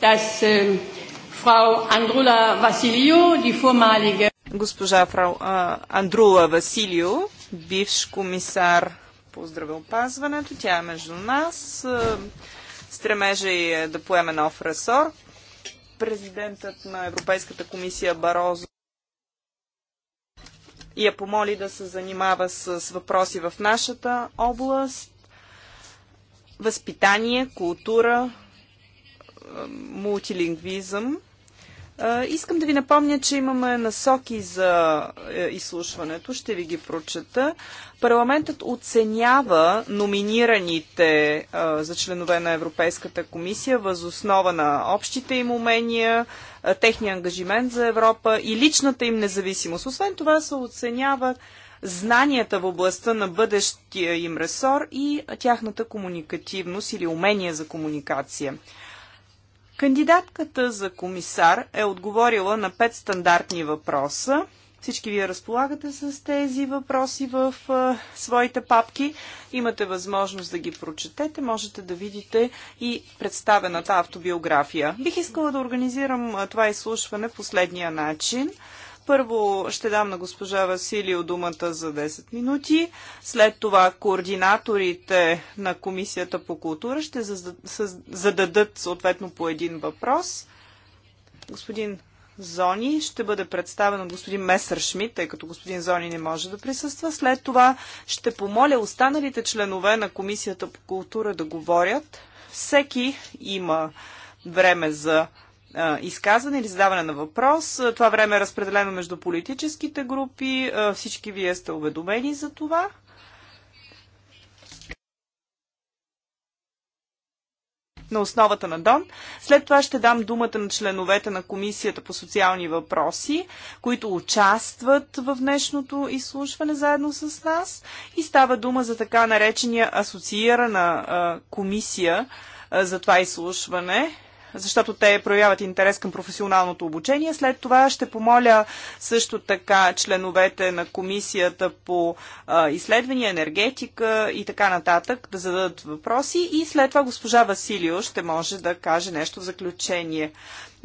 dass ähm, Frau Andrula Vassilio, die vormalige Госпожа Фрау Андрула Василио, бивш комисар по здравеопазването, тя е между нас. Стремежа и е да поеме нов ресор. Президентът на Европейската комисия Барозо я помоли да се занимава с въпроси в нашата област. Възпитание, култура, мултилингвизъм. Искам да ви напомня, че имаме насоки за е, изслушването. Ще ви ги прочета. Парламентът оценява номинираните за членове на Европейската комисия възоснова на общите им умения, техния ангажимент за Европа и личната им независимост. Освен това се оценява знанията в областта на бъдещия им ресор и тяхната комуникативност или умения за комуникация. Кандидатката за комисар е отговорила на пет стандартни въпроса. Всички вие разполагате с тези въпроси в а, своите папки. Имате възможност да ги прочетете. Можете да видите и представената автобиография. Бих искала да организирам а, това изслушване последния начин. Първо ще дам на госпожа Василио думата за 10 минути. След това координаторите на Комисията по култура ще зададат съответно по един въпрос. Господин Зони ще бъде представен от господин Месър Шмидт, тъй като господин Зони не може да присъства. След това ще помоля останалите членове на Комисията по култура да говорят. Всеки има време за изказване или задаване на въпрос. Това време е разпределено между политическите групи. Всички вие сте уведомени за това. на основата на Дон. След това ще дам думата на членовете на Комисията по социални въпроси, които участват в днешното изслушване заедно с нас. И става дума за така наречения асоциирана а, комисия а, за това изслушване защото те проявяват интерес към професионалното обучение. След това ще помоля също така членовете на комисията по изследвания, енергетика и така нататък да зададат въпроси и след това госпожа Василио ще може да каже нещо в заключение.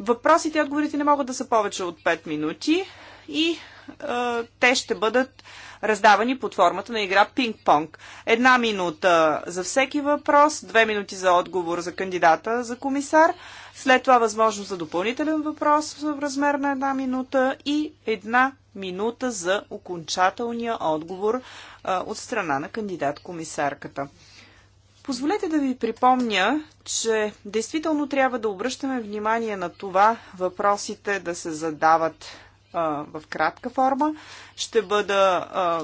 Въпросите и отговорите не могат да са повече от 5 минути и а, те ще бъдат раздавани под формата на игра пинг-понг. Една минута за всеки въпрос, две минути за отговор за кандидата за комисар, след това възможност за допълнителен въпрос в размер на една минута и една минута за окончателния отговор а, от страна на кандидат-комисарката. Позволете да ви припомня, че действително трябва да обръщаме внимание на това въпросите да се задават а, в кратка форма. Ще бъда а,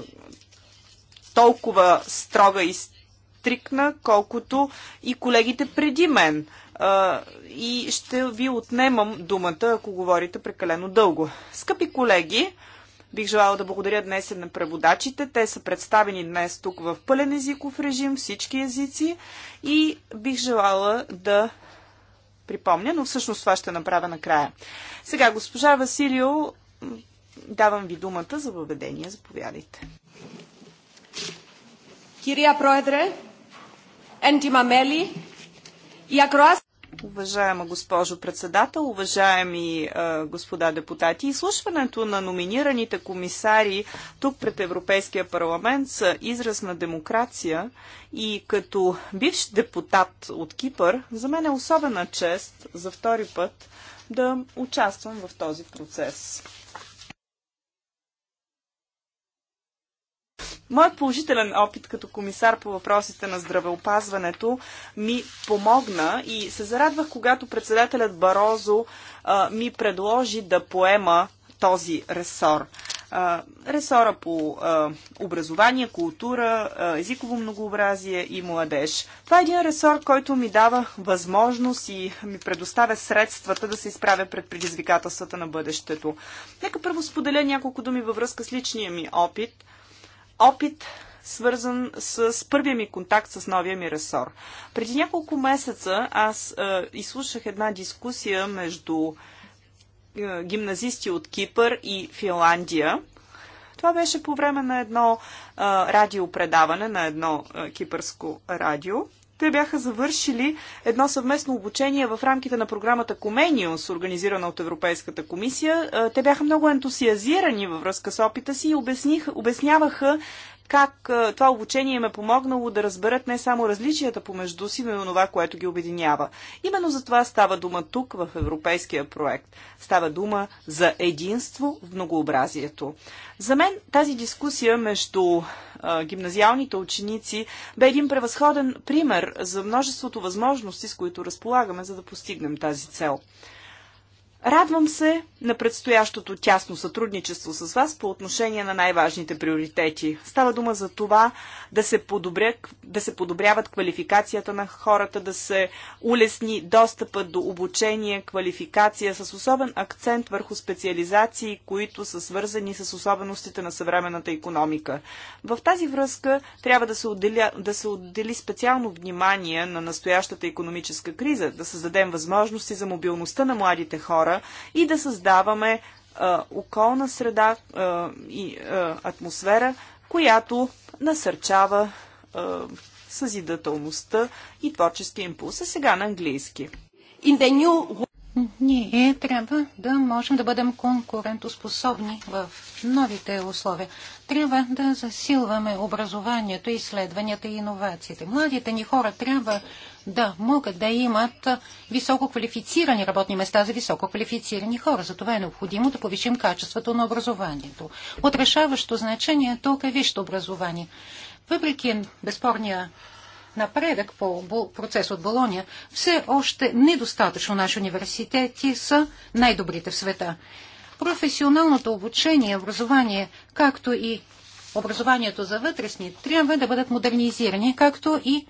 толкова строга и стрикна, колкото и колегите преди мен. А, и ще ви отнемам думата, ако говорите прекалено дълго. Скъпи колеги, Бих желала да благодаря днес на преводачите. Те са представени днес тук в пълен езиков режим, всички езици. И бих желала да припомня, но всъщност това ще направя накрая. Сега, госпожа Василио Давам ви думата за въведение. Заповядайте. Кирия Проедре, Ентима мели, Уважаема госпожо председател, уважаеми е, господа депутати, изслушването на номинираните комисари тук пред Европейския парламент са израз на демокрация и като бивш депутат от Кипър, за мен е особена чест за втори път да участвам в този процес. Моят положителен опит като комисар по въпросите на здравеопазването ми помогна и се зарадвах, когато председателят Барозо а, ми предложи да поема този ресор. А, ресора по а, образование, култура, а, езиково многообразие и младеж. Това е един ресор, който ми дава възможност и ми предоставя средствата да се изправя пред предизвикателствата на бъдещето. Нека първо споделя няколко думи във връзка с личния ми опит – опит, свързан с първия ми контакт с новия ми ресор. Преди няколко месеца аз е, изслушах една дискусия между е, гимназисти от Кипър и Финландия. Това беше по време на едно е, радиопредаване на едно е, кипърско радио. Те бяха завършили едно съвместно обучение в рамките на програмата Comenius, организирана от Европейската комисия. Те бяха много ентусиазирани във връзка с опита си и обясняваха как това обучение им е помогнало да разберат не само различията помежду си, но и онова, което ги обединява. Именно за това става дума тук, в европейския проект. Става дума за единство в многообразието. За мен тази дискусия между гимназиалните ученици бе един превъзходен пример за множеството възможности, с които разполагаме, за да постигнем тази цел. Радвам се на предстоящото тясно сътрудничество с вас по отношение на най-важните приоритети. Става дума за това да се, подобря, да се подобряват квалификацията на хората, да се улесни достъпа до обучение, квалификация с особен акцент върху специализации, които са свързани с особеностите на съвременната економика. В тази връзка трябва да се, отделя, да се отдели специално внимание на настоящата економическа криза, да създадем възможности за мобилността на младите хора, хора и да създаваме а, околна среда а, и а, атмосфера, която насърчава а, съзидателността и творческия импулс. А сега на английски. In the new ние трябва да можем да бъдем конкурентоспособни в новите условия. Трябва да засилваме образованието, изследванията и иновациите. Младите ни хора трябва да могат да имат високо квалифицирани работни места за високо квалифицирани хора. Затова е необходимо да повишим качеството на образованието. Отрешаващо значение тук е висшето образование. Въпреки безспорния напредък по процес от Болония, все още недостатъчно наши университети са най-добрите в света. Професионалното обучение, образование, както и образованието за вътресни, трябва да бъдат модернизирани, както и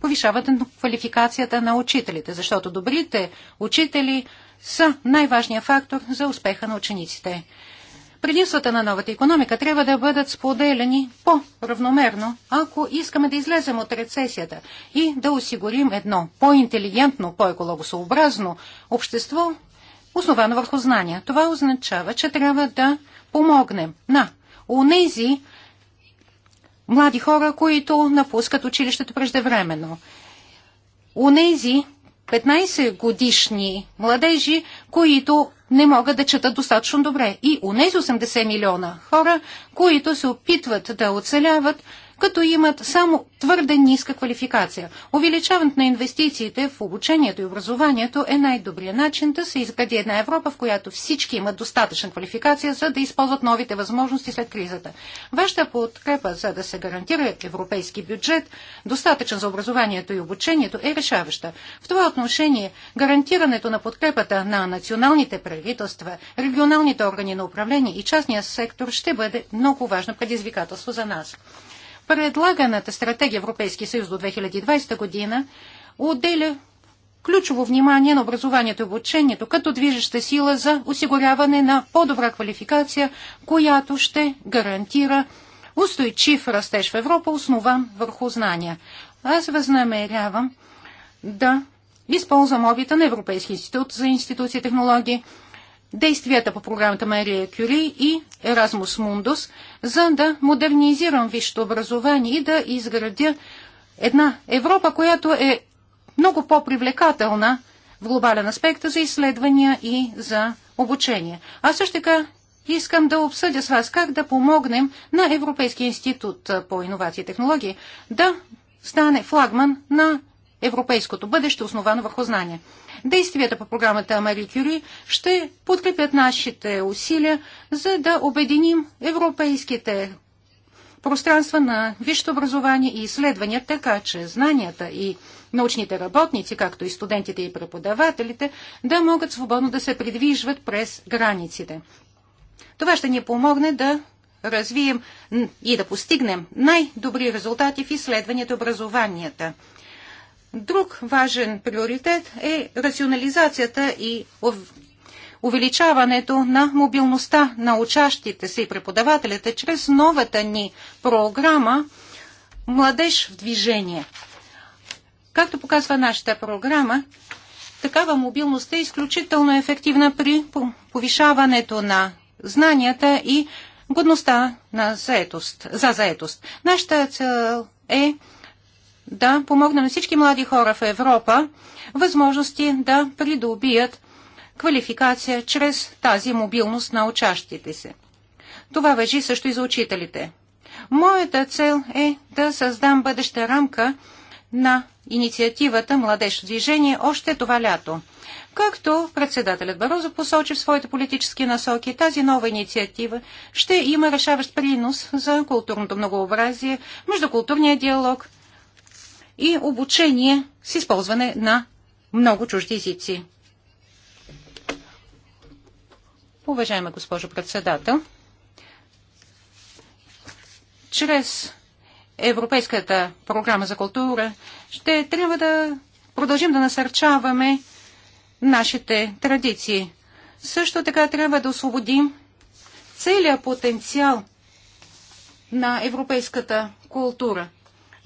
повишават квалификацията на учителите, защото добрите учители са най-важният фактор за успеха на учениците. Предимствата на новата економика трябва да бъдат споделени по-равномерно, ако искаме да излезем от рецесията и да осигурим едно по-интелигентно, по-екологосообразно общество, основано върху знания. Това означава, че трябва да помогнем на унези млади хора, които напускат училището преждевременно. Унези, 15 годишни младежи, които не могат да четат достатъчно добре. И у нези 80 милиона хора, които се опитват да оцеляват, като имат само твърде ниска квалификация. Увеличаването на инвестициите в обучението и образованието е най-добрият начин да се изгради една Европа, в която всички имат достатъчна квалификация, за да използват новите възможности след кризата. Вашата подкрепа, за да се гарантира европейски бюджет, достатъчен за образованието и обучението, е решаваща. В това отношение гарантирането на подкрепата на националните правителства, регионалните органи на управление и частния сектор ще бъде много важно предизвикателство за нас. Предлаганата стратегия Европейски съюз до 2020 година отделя ключово внимание на образованието и обучението като движеща сила за осигуряване на по-добра квалификация, която ще гарантира устойчив растеж в Европа, основан върху знания. Аз възнамерявам да използвам обита на Европейски институт за институции и технологии – действията по програмата Мария Кюри и Еразмус Мундус, за да модернизирам висшето образование и да изградя една Европа, която е много по-привлекателна в глобален аспект за изследвания и за обучение. А също така искам да обсъдя с вас как да помогнем на Европейския институт по иновации и технологии да стане флагман на европейското бъдеще, основано върху знания. Действията по програмата Мари Кюри ще подкрепят нашите усилия, за да обединим европейските пространства на висшето образование и изследвания, така че знанията и научните работници, както и студентите и преподавателите, да могат свободно да се придвижват през границите. Това ще ни помогне да развием и да постигнем най-добри резултати в изследванията и образованията – Друг важен приоритет е рационализацията и увеличаването на мобилността на учащите се и преподавателите чрез новата ни програма Младеж в движение. Както показва нашата програма, такава мобилност е изключително ефективна при повишаването на знанията и годността на заетост, за заетост. Нашата цел е да помогна на всички млади хора в Европа възможности да придобият квалификация чрез тази мобилност на учащите се. Това въжи също и за учителите. Моята цел е да създам бъдеща рамка на инициативата Младеж движение още това лято. Както председателят Барозо посочи в своите политически насоки, тази нова инициатива ще има решаващ принос за културното многообразие, междукултурния диалог, и обучение с използване на много чужди езици. Уважаема госпожо председател, чрез Европейската програма за култура ще трябва да продължим да насърчаваме нашите традиции. Също така трябва да освободим целият потенциал на европейската култура.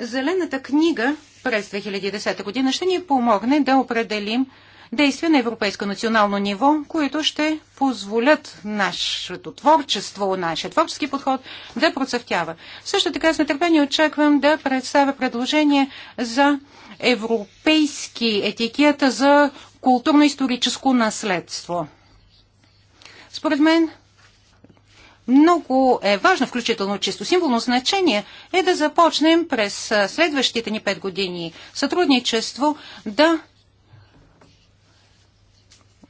Зелената книга през 2010 година ще ни помогне да определим действия на европейско национално ниво, които ще позволят нашето творчество, нашия творчески подход да процъфтява. Също така с нетърпение очаквам да представя предложение за европейски етикета за културно-историческо наследство. Според мен много е важно, включително чисто символно значение, е да започнем през следващите ни 5 години сътрудничество да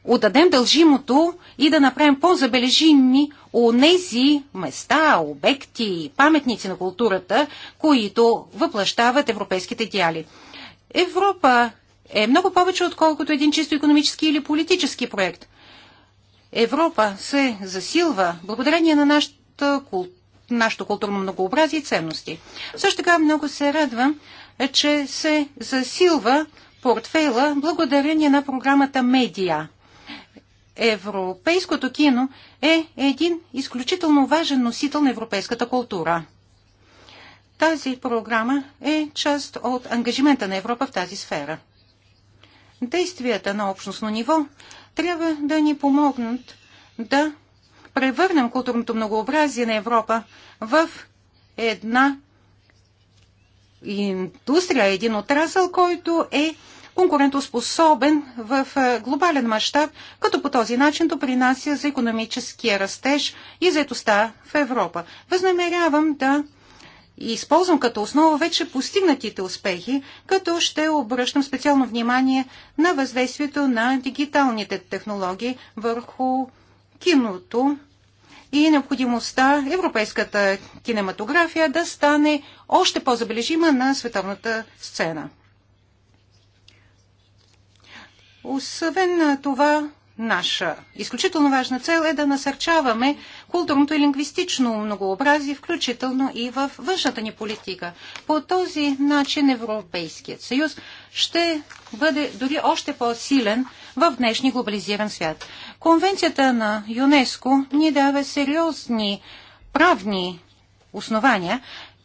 отдадем дължимото и да направим по-забележими у нези места, обекти и паметници на културата, които въплащават европейските идеали. Европа е много повече, отколкото един чисто економически или политически проект – Европа се засилва благодарение на нашата култура нашето културно многообразие и ценности. Също така много се радвам, че се засилва портфейла благодарение на програмата Медиа. Европейското кино е един изключително важен носител на европейската култура. Тази програма е част от ангажимента на Европа в тази сфера. Действията на общностно ниво трябва да ни помогнат да превърнем културното многообразие на Европа в една индустрия, един отрасъл, който е конкурентоспособен в е, глобален мащаб, като по този начин допринася за економическия растеж и заетостта в Европа. Възнамерявам да и използвам като основа вече постигнатите успехи, като ще обръщам специално внимание на въздействието на дигиталните технологии върху киното и необходимостта европейската кинематография да стане още по-забележима на световната сцена. Освен това, наша изключително важна цел е да насърчаваме културното и лингвистично многообразие, включително и в външната ни политика. По този начин Европейският съюз ще бъде дори още по-силен в днешния глобализиран свят. Конвенцията на ЮНЕСКО ни дава сериозни правни основания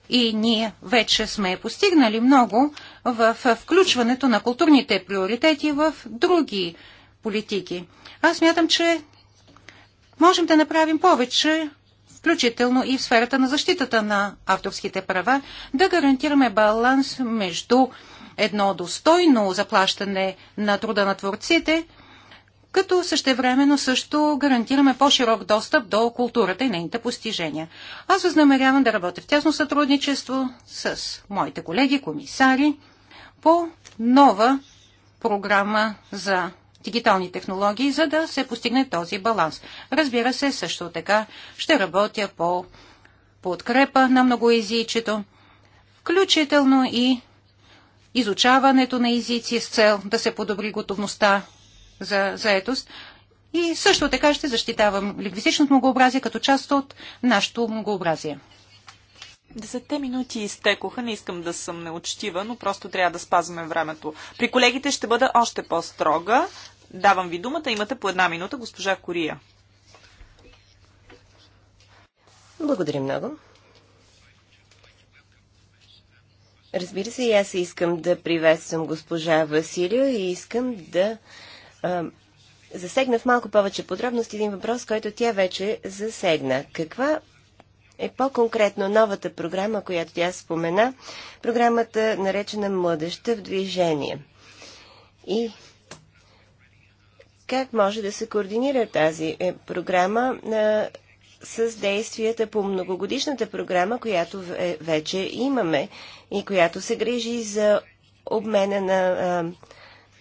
и ние вече сме постигнали много в включването на културните приоритети в други политики. Аз мятам, че Можем да направим повече, включително и в сферата на защитата на авторските права, да гарантираме баланс между едно достойно заплащане на труда на творците, като същевременно също гарантираме по-широк достъп до културата и нейните постижения. Аз възнамерявам да работя в тясно сътрудничество с моите колеги, комисари, по нова програма за дигитални технологии, за да се постигне този баланс. Разбира се, също така ще работя по подкрепа на многоязичието, включително и изучаването на езици с цел да се подобри готовността за заетост. И също така ще защитавам лингвистичното многообразие като част от нашето многообразие. Десетте минути изтекоха, не искам да съм неучтива, но просто трябва да спазваме времето. При колегите ще бъда още по-строга. Давам ви думата. Имате по една минута госпожа Кория. Благодаря много. Разбира се, и аз искам да приветствам госпожа Василио и искам да а, засегна в малко повече подробности един въпрос, който тя вече засегна. Каква е по-конкретно новата програма, която тя спомена, програмата наречена Младеща в движение. И как може да се координира тази е, програма с действията по многогодишната програма, която е, вече имаме и която се грижи за обмена на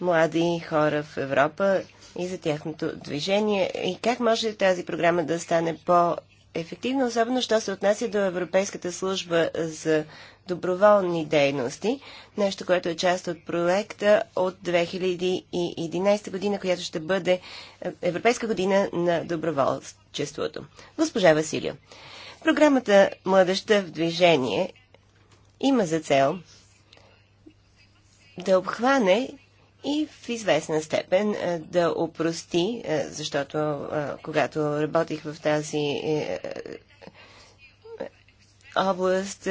млади хора в Европа и за тяхното движение. И как може тази програма да стане по-ефективна, особено що се отнася до Европейската служба за доброволни дейности, нещо, което е част от проекта от 2011 година, която ще бъде е, Европейска година на доброволчеството. Госпожа Василио, програмата Младеща в движение има за цел да обхване и в известна степен е, да опрости, е, защото когато работих в тази област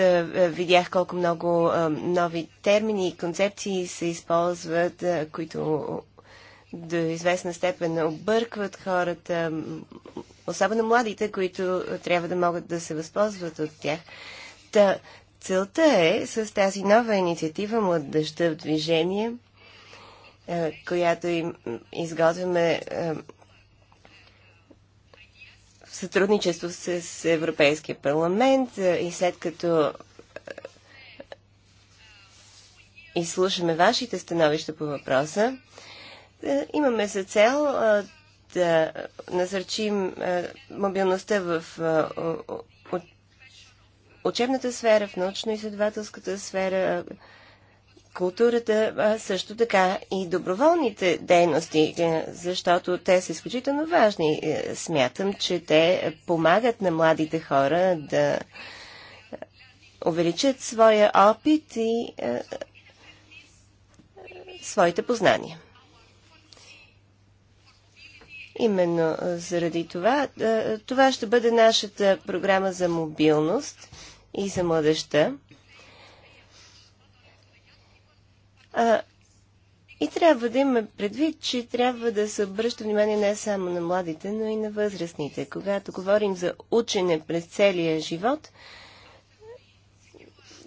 видях колко много нови термини и концепции се използват, които до известна степен объркват хората, особено младите, които трябва да могат да се възползват от тях. Та, целта е с тази нова инициатива Младежта в движение, която им изготвяме сътрудничество с Европейския парламент е, и след като е, изслушаме вашите становища по въпроса, е, имаме за цел да насърчим мобилността в учебната сфера, в научно-изследователската сфера, културата, а също така и доброволните дейности, е, защото те са изключително важни. Е, смятам, че те помагат на младите хора да е, увеличат своя опит и а, своите познания. Именно заради това, това ще бъде нашата програма за мобилност и за младеща. А, и трябва да имаме предвид, че трябва да се обръща внимание не само на младите, но и на възрастните. Когато говорим за учене през целия живот,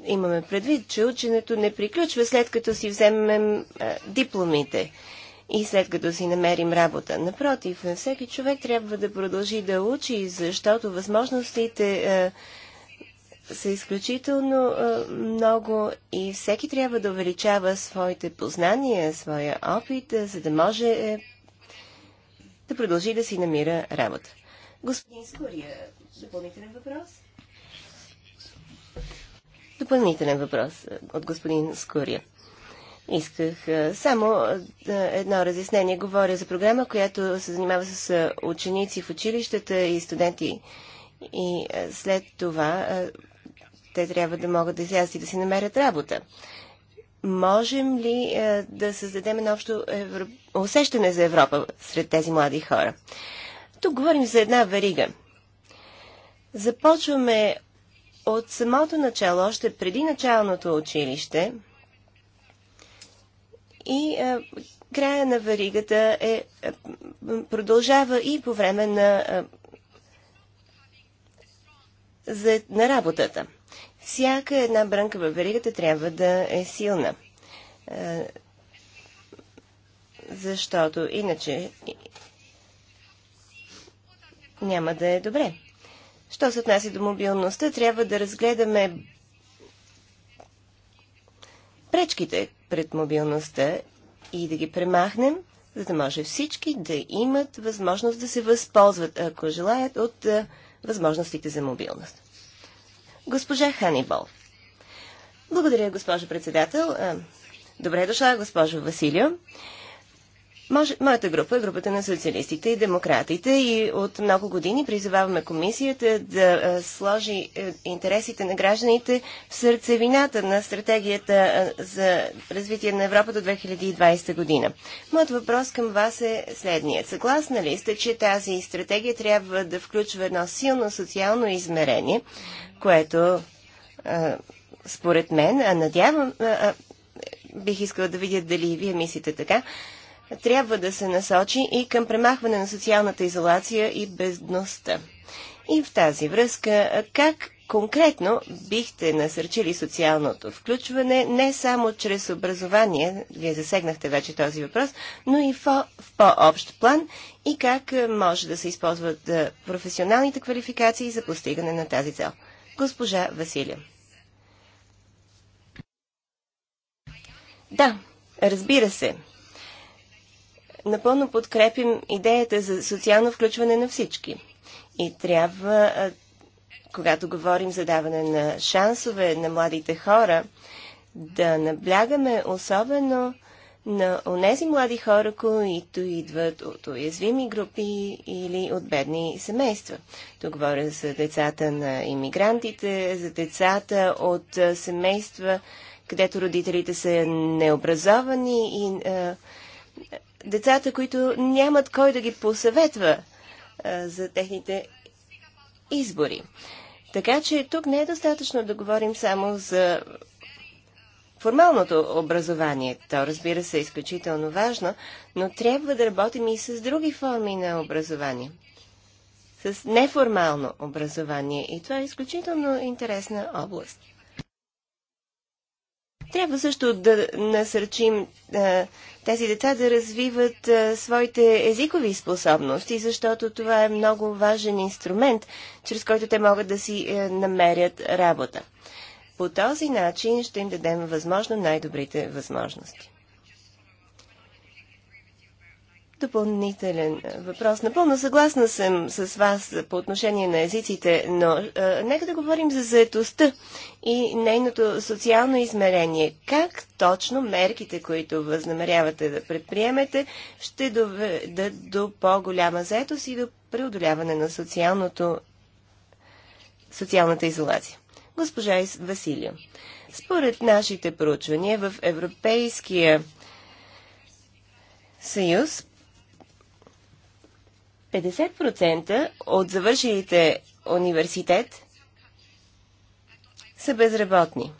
имаме предвид, че ученето не приключва след като си вземем а, дипломите и след като си намерим работа. Напротив, всеки човек трябва да продължи да учи, защото възможностите а, са изключително много и всеки трябва да увеличава своите познания, своя опит, за да може е, да продължи да си намира работа. Господин Скория, допълнителен въпрос? Допълнителен въпрос от господин Скория. Исках само едно разяснение. Говоря за програма, която се занимава с ученици в училищата и студенти. И след това те трябва да могат да излязат и да си намерят работа. Можем ли е, да създадем едно общо евро... усещане за Европа сред тези млади хора? Тук говорим за една верига. Започваме от самото начало, още преди началното училище и е, края на варигата е, е, продължава и по време на, за, на работата. Всяка една брънка във веригата трябва да е силна. Защото иначе няма да е добре. Що се отнася до мобилността, трябва да разгледаме пречките пред мобилността и да ги премахнем, за да може всички да имат възможност да се възползват, ако желаят, от възможностите за мобилност. Госпожа Ханибол. Благодаря, госпожо председател. Е, добре дошла, госпожо Василио. Може, моята група е групата на социалистите и демократите и от много години призоваваме комисията да сложи е, интересите на гражданите в сърцевината на стратегията за развитие на Европа до 2020 година. Моят въпрос към вас е следният. Съгласна ли сте, че тази стратегия трябва да включва едно силно социално измерение, което а, според мен, а надявам, а, бих искала да видя дали и вие мислите така, трябва да се насочи и към премахване на социалната изолация и бездността. И в тази връзка, как конкретно бихте насърчили социалното включване не само чрез образование, вие засегнахте вече този въпрос, но и в, в по-общ план и как може да се използват професионалните квалификации за постигане на тази цел. Госпожа Василия. Да, разбира се напълно подкрепим идеята за социално включване на всички. И трябва, когато говорим за даване на шансове на младите хора, да наблягаме особено на онези млади хора, които идват от уязвими групи или от бедни семейства. Тук говоря за децата на иммигрантите, за децата от семейства, където родителите са необразовани и децата, които нямат кой да ги посъветва а, за техните избори. Така че тук не е достатъчно да говорим само за формалното образование. То, разбира се, е изключително важно, но трябва да работим и с други форми на образование. С неформално образование. И това е изключително интересна област. Трябва също да насърчим а, тези деца да развиват а, своите езикови способности, защото това е много важен инструмент, чрез който те могат да си а, е, намерят работа. По този начин ще им дадем възможно най-добрите възможности. Допълнителен е, въпрос. Напълно съгласна съм с вас по отношение на езиците, но е, нека да говорим за заетостта и нейното социално измерение. Как точно мерките, които възнамерявате да предприемете, ще доведат до по-голяма заетост и до преодоляване на социалното, социалната изолация? Госпожа Василия, според нашите проучвания в Европейския съюз 50% от завършилите университет са безработни.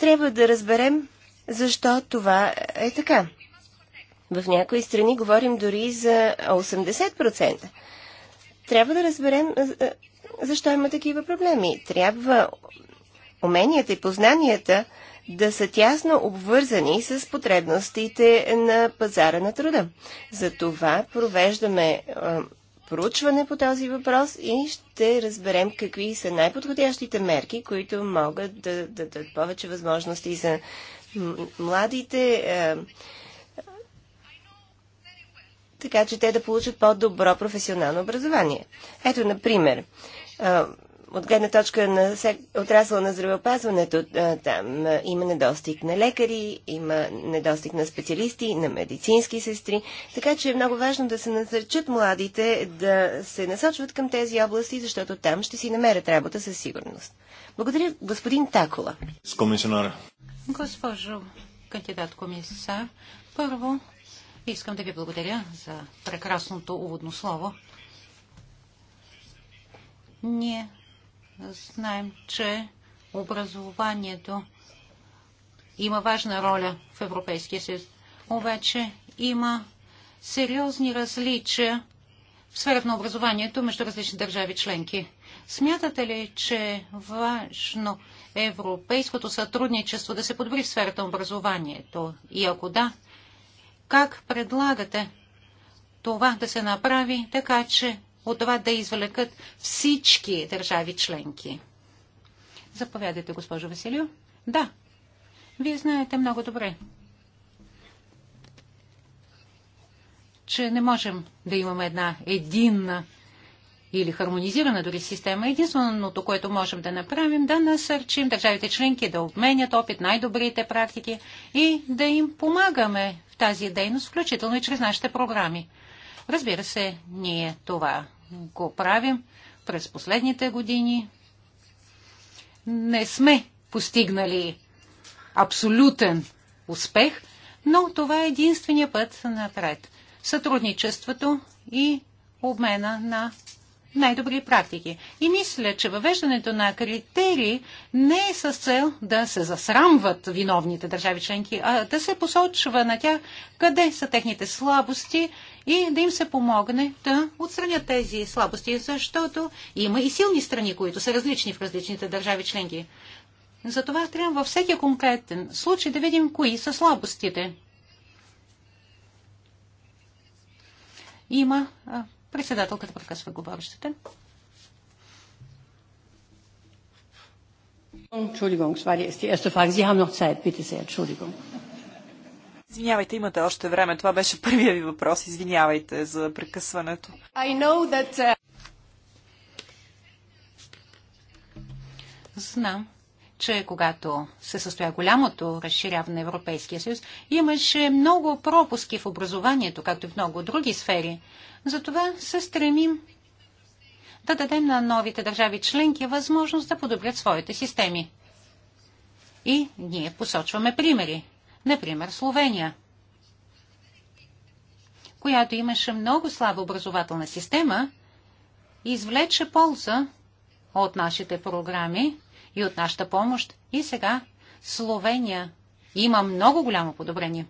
Трябва да разберем защо това е така. В някои страни говорим дори за 80%. Трябва да разберем защо има такива проблеми. Трябва уменията и познанията да са тясно обвързани с потребностите на пазара на труда. Затова провеждаме проучване по този въпрос и ще разберем какви са най-подходящите мерки, които могат да, дадат повече възможности за младите. така че те да получат по-добро професионално образование. Ето, например, от гледна точка на сек... на здравеопазването, там има недостиг на лекари, има недостиг на специалисти, на медицински сестри, така че е много важно да се насърчат младите да се насочват към тези области, защото там ще си намерят работа със сигурност. Благодаря, господин Такола. С комисионара. Госпожо кандидат комисар, първо искам да ви благодаря за прекрасното уводно слово. Ние знаем, че образованието има важна роля в Европейския съюз. Обаче има сериозни различия в сферата на образованието между различни държави членки. Смятате ли, че е важно европейското сътрудничество да се подобри в сферата на образованието? И ако да, как предлагате това да се направи така, че от това да извлекат всички държави членки. Заповядайте, госпожо Василио. Да, вие знаете много добре, че не можем да имаме една единна или хармонизирана дори система. Единственото, което можем да направим, да насърчим държавите членки да обменят опит, най-добрите практики и да им помагаме в тази дейност, включително и чрез нашите програми. Разбира се, ние това го правим през последните години. Не сме постигнали абсолютен успех, но това е единствения път напред. Сътрудничеството и обмена на най-добри практики. И мисля, че въвеждането на критерии не е с цел да се засрамват виновните държави членки, а да се посочва на тях къде са техните слабости и да им се помогне да отстранят тези слабости, защото има и силни страни, които са различни в различните държави членки. Затова трябва във всеки конкретен случай да видим кои са слабостите. Има председателката прекъсва говорещите. Entschuldigung, es war die erste Frage. Sie haben noch Zeit, bitte sehr. Entschuldigung. Извинявайте, имате още време. Това беше първия ви въпрос. Извинявайте за прекъсването. I know that, uh... Знам, че когато се състоя голямото разширяване на Европейския съюз, имаше много пропуски в образованието, както и в много други сфери. Затова се стремим да дадем на новите държави членки възможност да подобрят своите системи. И ние посочваме примери например Словения, която имаше много слаба образователна система, извлече полза от нашите програми и от нашата помощ. И сега Словения има много голямо подобрение.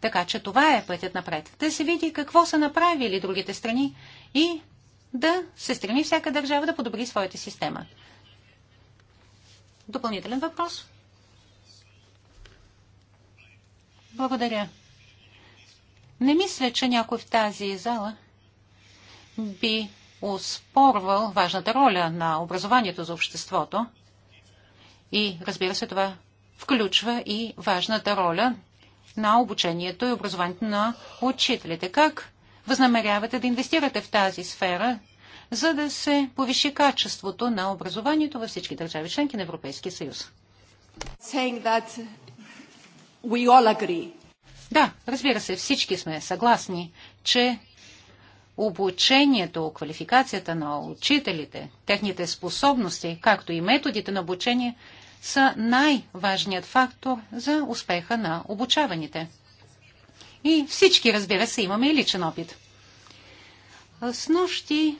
Така че това е пътят напред. Да се види какво са направили другите страни и да се стреми всяка държава да подобри своята система. Допълнителен въпрос? Благодаря. Не мисля, че някой в тази зала би успорвал важната роля на образованието за обществото. И, разбира се, това включва и важната роля на обучението и образованието на учителите. Как възнамерявате да инвестирате в тази сфера, за да се повиши качеството на образованието във всички държави, членки на Европейския съюз? We all agree. Да, разбира се, всички сме съгласни, че обучението, квалификацията на учителите, техните способности, както и методите на обучение са най-важният фактор за успеха на обучаваните. И всички, разбира се, имаме и личен опит. С нощи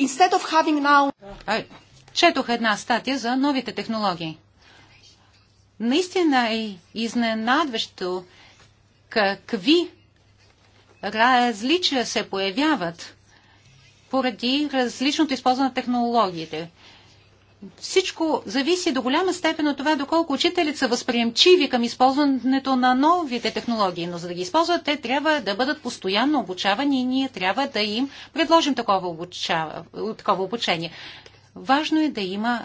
Instead of having now... Четох една статия за новите технологии. Наистина е изненадващо какви различия се появяват поради различното използване на технологиите. Всичко зависи до голяма степен от това, доколко учителите са възприемчиви към използването на новите технологии. Но за да ги използват, те трябва да бъдат постоянно обучавани и ние трябва да им предложим такова, обучава, такова обучение. Важно е да има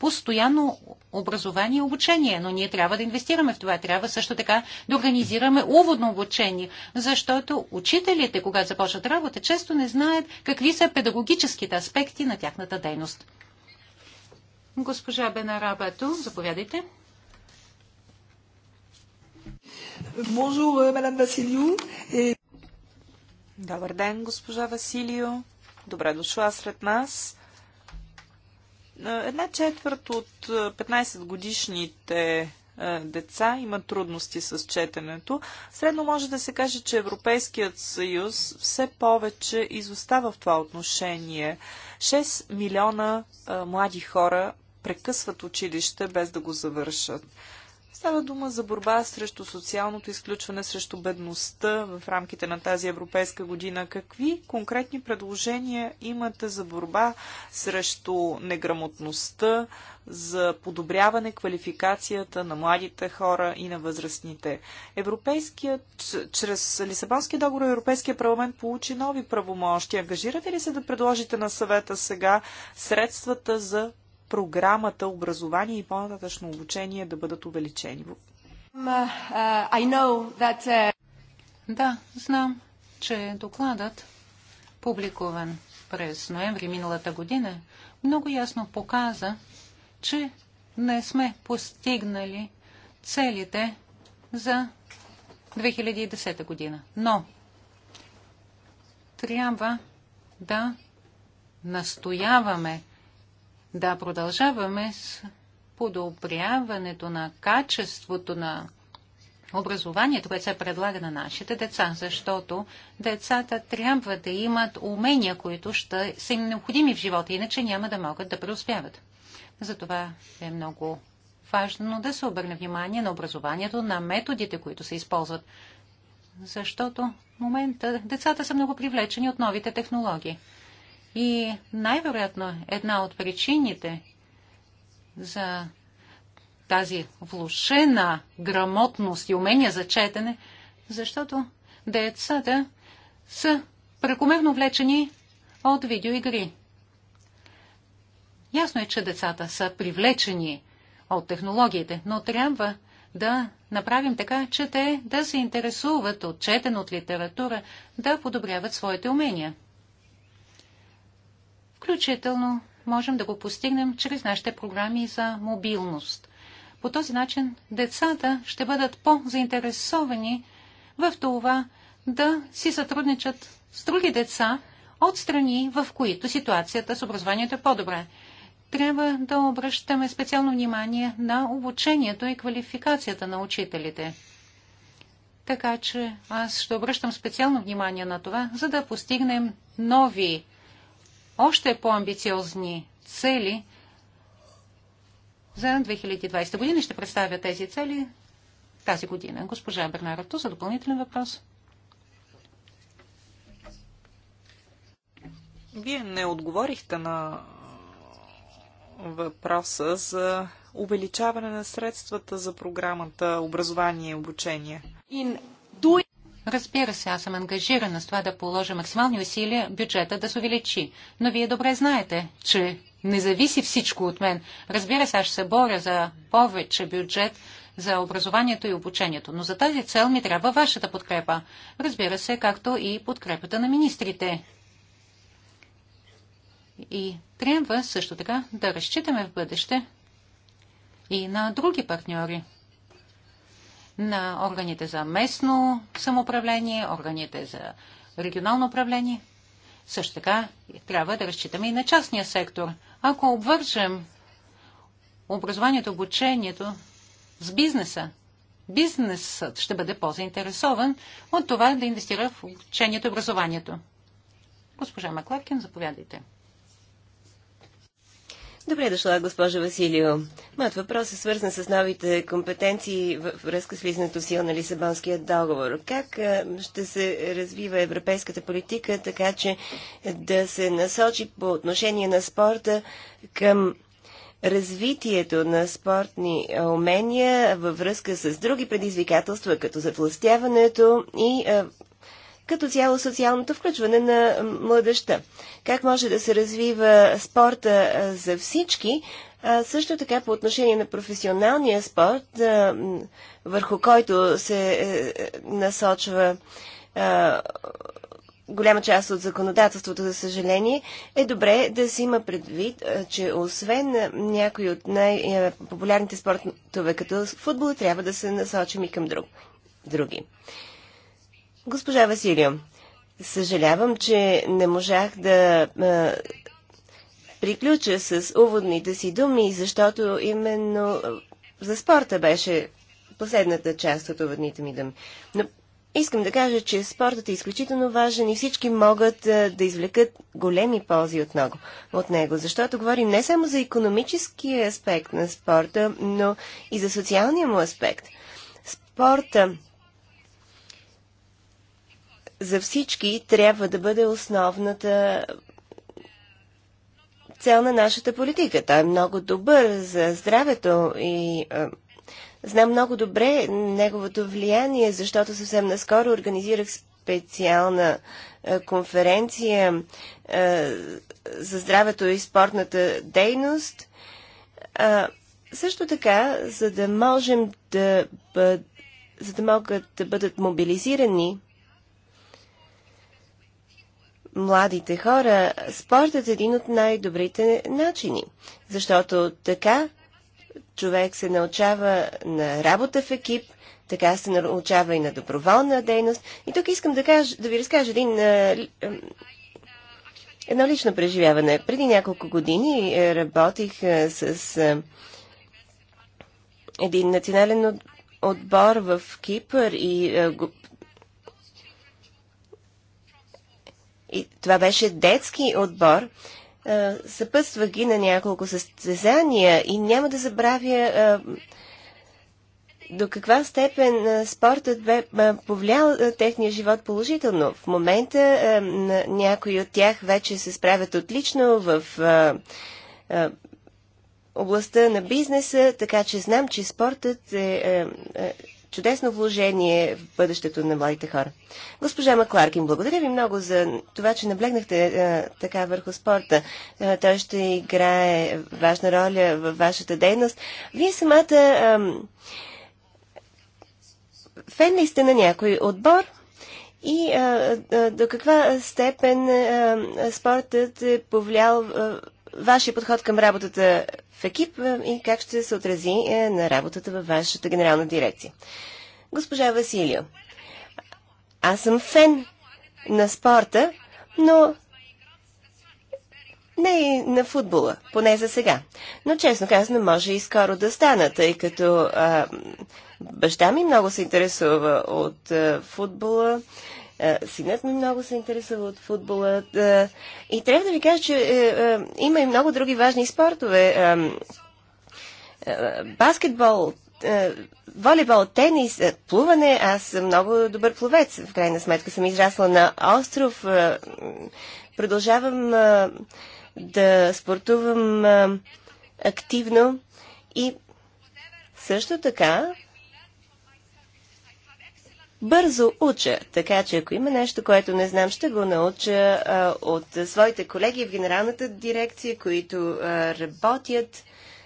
постоянно образование и обучение, но ние трябва да инвестираме в това. Трябва също така да организираме уводно обучение, защото учителите, когато започват работа, често не знаят какви са педагогическите аспекти на тяхната дейност. Госпожа Бенарабато, заповядайте. мадам Василио. Euh, Добър ден, госпожа Василио. Добре дошла сред нас. Е, една четвърт от 15 е, годишните е, деца имат трудности с четенето. Средно може да се каже, че Европейският съюз все повече изостава в това отношение. 6 милиона млади хора прекъсват училище без да го завършат. Става дума за борба срещу социалното изключване, срещу бедността в рамките на тази европейска година. Какви конкретни предложения имате за борба срещу неграмотността, за подобряване квалификацията на младите хора и на възрастните? Европейският, чрез Лисабонския договор Европейския парламент получи нови правомощи. Ангажирате ли се да предложите на съвета сега средствата за програмата образование и по-нататъчно обучение да бъдат увеличени. Е, да, знам, че докладът, публикуван през ноември миналата година, много ясно показа, че не сме постигнали целите за 2010 година. Но трябва да настояваме да продължаваме с подобряването на качеството на образованието, което се предлага на нашите деца, защото децата трябва да имат умения, които ще са им необходими в живота, иначе няма да могат да преуспяват. Затова е много важно да се обърне внимание на образованието, на методите, които се използват, защото в момента децата са много привлечени от новите технологии. И най-вероятно една от причините за тази влушена грамотност и умение за четене, защото децата са прекомерно влечени от видеоигри. Ясно е, че децата са привлечени от технологиите, но трябва да направим така, че те да се интересуват от четен от литература, да подобряват своите умения включително можем да го постигнем чрез нашите програми за мобилност. По този начин децата ще бъдат по-заинтересовани в това да си сътрудничат с други деца от страни, в които ситуацията с образованието е по добре Трябва да обръщаме специално внимание на обучението и квалификацията на учителите. Така че аз ще обръщам специално внимание на това, за да постигнем нови още по-амбициозни цели за 2020 година. Ще представя тези цели тази година. Госпожа Бернарато за допълнителен въпрос. Вие не отговорихте на въпроса за увеличаване на средствата за програмата образование и обучение. In Разбира се, аз съм ангажирана с това да положа максимални усилия бюджета да се увеличи. Но вие добре знаете, че не зависи всичко от мен. Разбира се, аз ще се боря за повече бюджет за образованието и обучението, но за тази цел ми трябва вашата подкрепа. Разбира се, както и подкрепата на министрите. И трябва също така да разчитаме в бъдеще и на други партньори на органите за местно самоуправление, органите за регионално управление. Също така трябва да разчитаме и на частния сектор. Ако обвържем образованието, обучението с бизнеса, бизнесът ще бъде по-заинтересован от това да инвестира в обучението и образованието. Госпожа Макларкин, заповядайте. Добре дошла, госпожа Василио. Моят въпрос е свързан с новите компетенции във връзка с влизането сила на Лисабонския договор. Как ще се развива европейската политика, така че да се насочи по отношение на спорта към развитието на спортни умения във връзка с други предизвикателства, като завластяването и като цяло социалното включване на младеща. Как може да се развива спорта за всички, а също така по отношение на професионалния спорт, върху който се е, е, насочва голяма част от законодателството, за съжаление, е добре да се има предвид, че освен някои от най-популярните спортове като футбол, трябва да се насочим и към друг, други. Госпожа Василио, съжалявам, че не можах да а, приключа с уводните си думи, защото именно за спорта беше последната част от уводните ми думи. Но искам да кажа, че спортът е изключително важен и всички могат а, да извлекат големи ползи от него, от него, защото говорим не само за економическия аспект на спорта, но и за социалния му аспект. Спорта за всички трябва да бъде основната цел на нашата политика. Той е много добър за здравето и а, знам много добре неговото влияние, защото съвсем наскоро организирах специална а, конференция а, за здравето и спортната дейност. А, също така, за да можем да бъд, за да могат да бъдат мобилизирани младите хора, спортът е един от най-добрите начини, защото така човек се научава на работа в екип, така се научава и на доброволна дейност. И тук искам да, кажа, да ви разкажа един, едно лично преживяване. Преди няколко години е, работих е, с е, един национален отбор в Кипър и и това беше детски отбор, съпътства ги на няколко състезания и няма да забравя до каква степен спортът бе повлиял техния живот положително. В момента някои от тях вече се справят отлично в областта на бизнеса, така че знам, че спортът е, е чудесно вложение в бъдещето на младите хора. Госпожа Макларкин, благодаря ви много за това, че наблегнахте а, така върху спорта. А, той ще играе важна роля във вашата дейност. Вие самата а, фен ли сте на някой отбор? И а, а, до каква степен а, спортът е повлиял а, вашия подход към работата в екип е, и как ще се отрази е, на работата във вашата генерална дирекция. Госпожа Василио, аз съм фен на спорта, но не и на футбола, поне за сега. Но честно казано, може и скоро да стана, тъй като а, баща ми много се интересува от а, футбола е, синът ми много се интересува от футбола. Е, и трябва да ви кажа, че е, има и много други важни спортове. Баскетбол, волейбол, тенис, плуване. Аз съм много добър пловец. В крайна сметка съм израсла на остров. Продължавам да спортувам активно и също така бързо уча, така че ако има нещо, което не знам, ще го науча а, от своите колеги в Генералната дирекция, които а, работят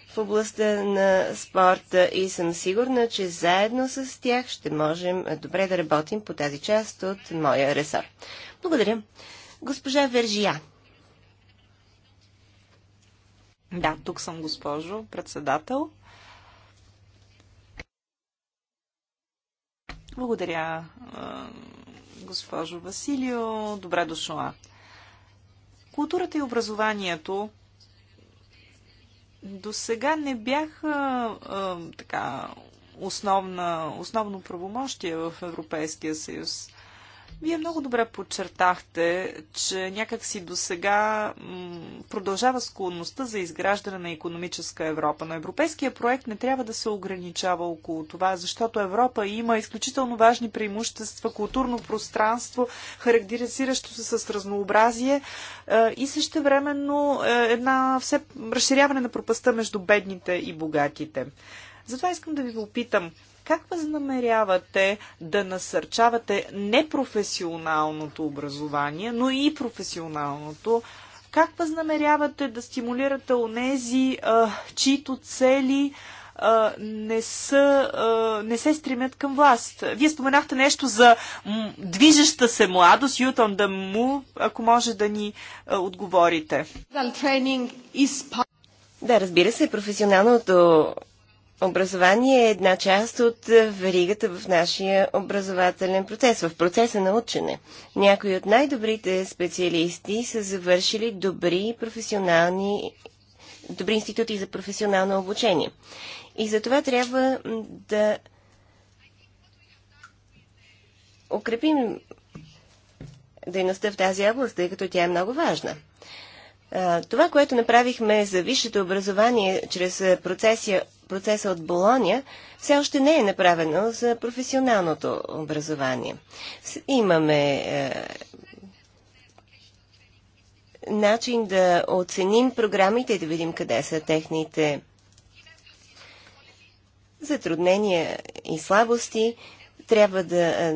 в областта на спорта и съм сигурна, че заедно с тях ще можем добре да работим по тази част от моя ресор. Благодаря. Госпожа Вержия. Да, тук съм госпожо председател. Благодаря, госпожо Василио. Добре дошла. Културата и образованието до сега не бяха така, основна, основно правомощие в Европейския съюз. Вие много добре подчертахте, че някакси до сега продължава склонността за изграждане на економическа Европа. Но европейския проект не трябва да се ограничава около това, защото Европа има изключително важни преимущества, културно пространство, характеризиращо се с разнообразие е, и също времено е, една все разширяване на пропаста между бедните и богатите. Затова искам да ви го опитам. Как възнамерявате да насърчавате непрофесионалното образование, но и професионалното? Как възнамерявате да стимулирате онези, а, чието цели а, не, са, а, не се стремят към власт? Вие споменахте нещо за движеща се младост, Ютон on the ако може да ни а, отговорите. Да, разбира се, професионалното образование е една част от е, веригата в нашия образователен процес, в процеса на учене. Някои от най-добрите специалисти са завършили добри професионални добри институти за професионално обучение. И за това трябва да укрепим дейността в тази област, тъй като тя е много важна. Това, което направихме за висшето образование чрез процесия процеса от Болония, все още не е направено за професионалното образование. Имаме е, начин да оценим програмите и да видим къде са техните затруднения и слабости. Трябва да е,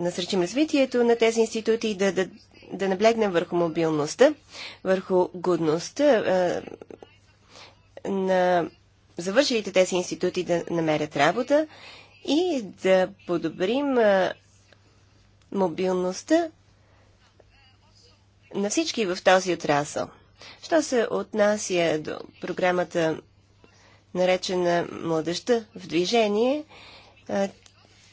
насръчим развитието на тези институти и да, да, да наблегнем върху мобилността, върху годността е, на завършилите тези институти да намерят работа и да подобрим мобилността на всички в този отрасъл. Що се отнася до програмата наречена Младеща в движение,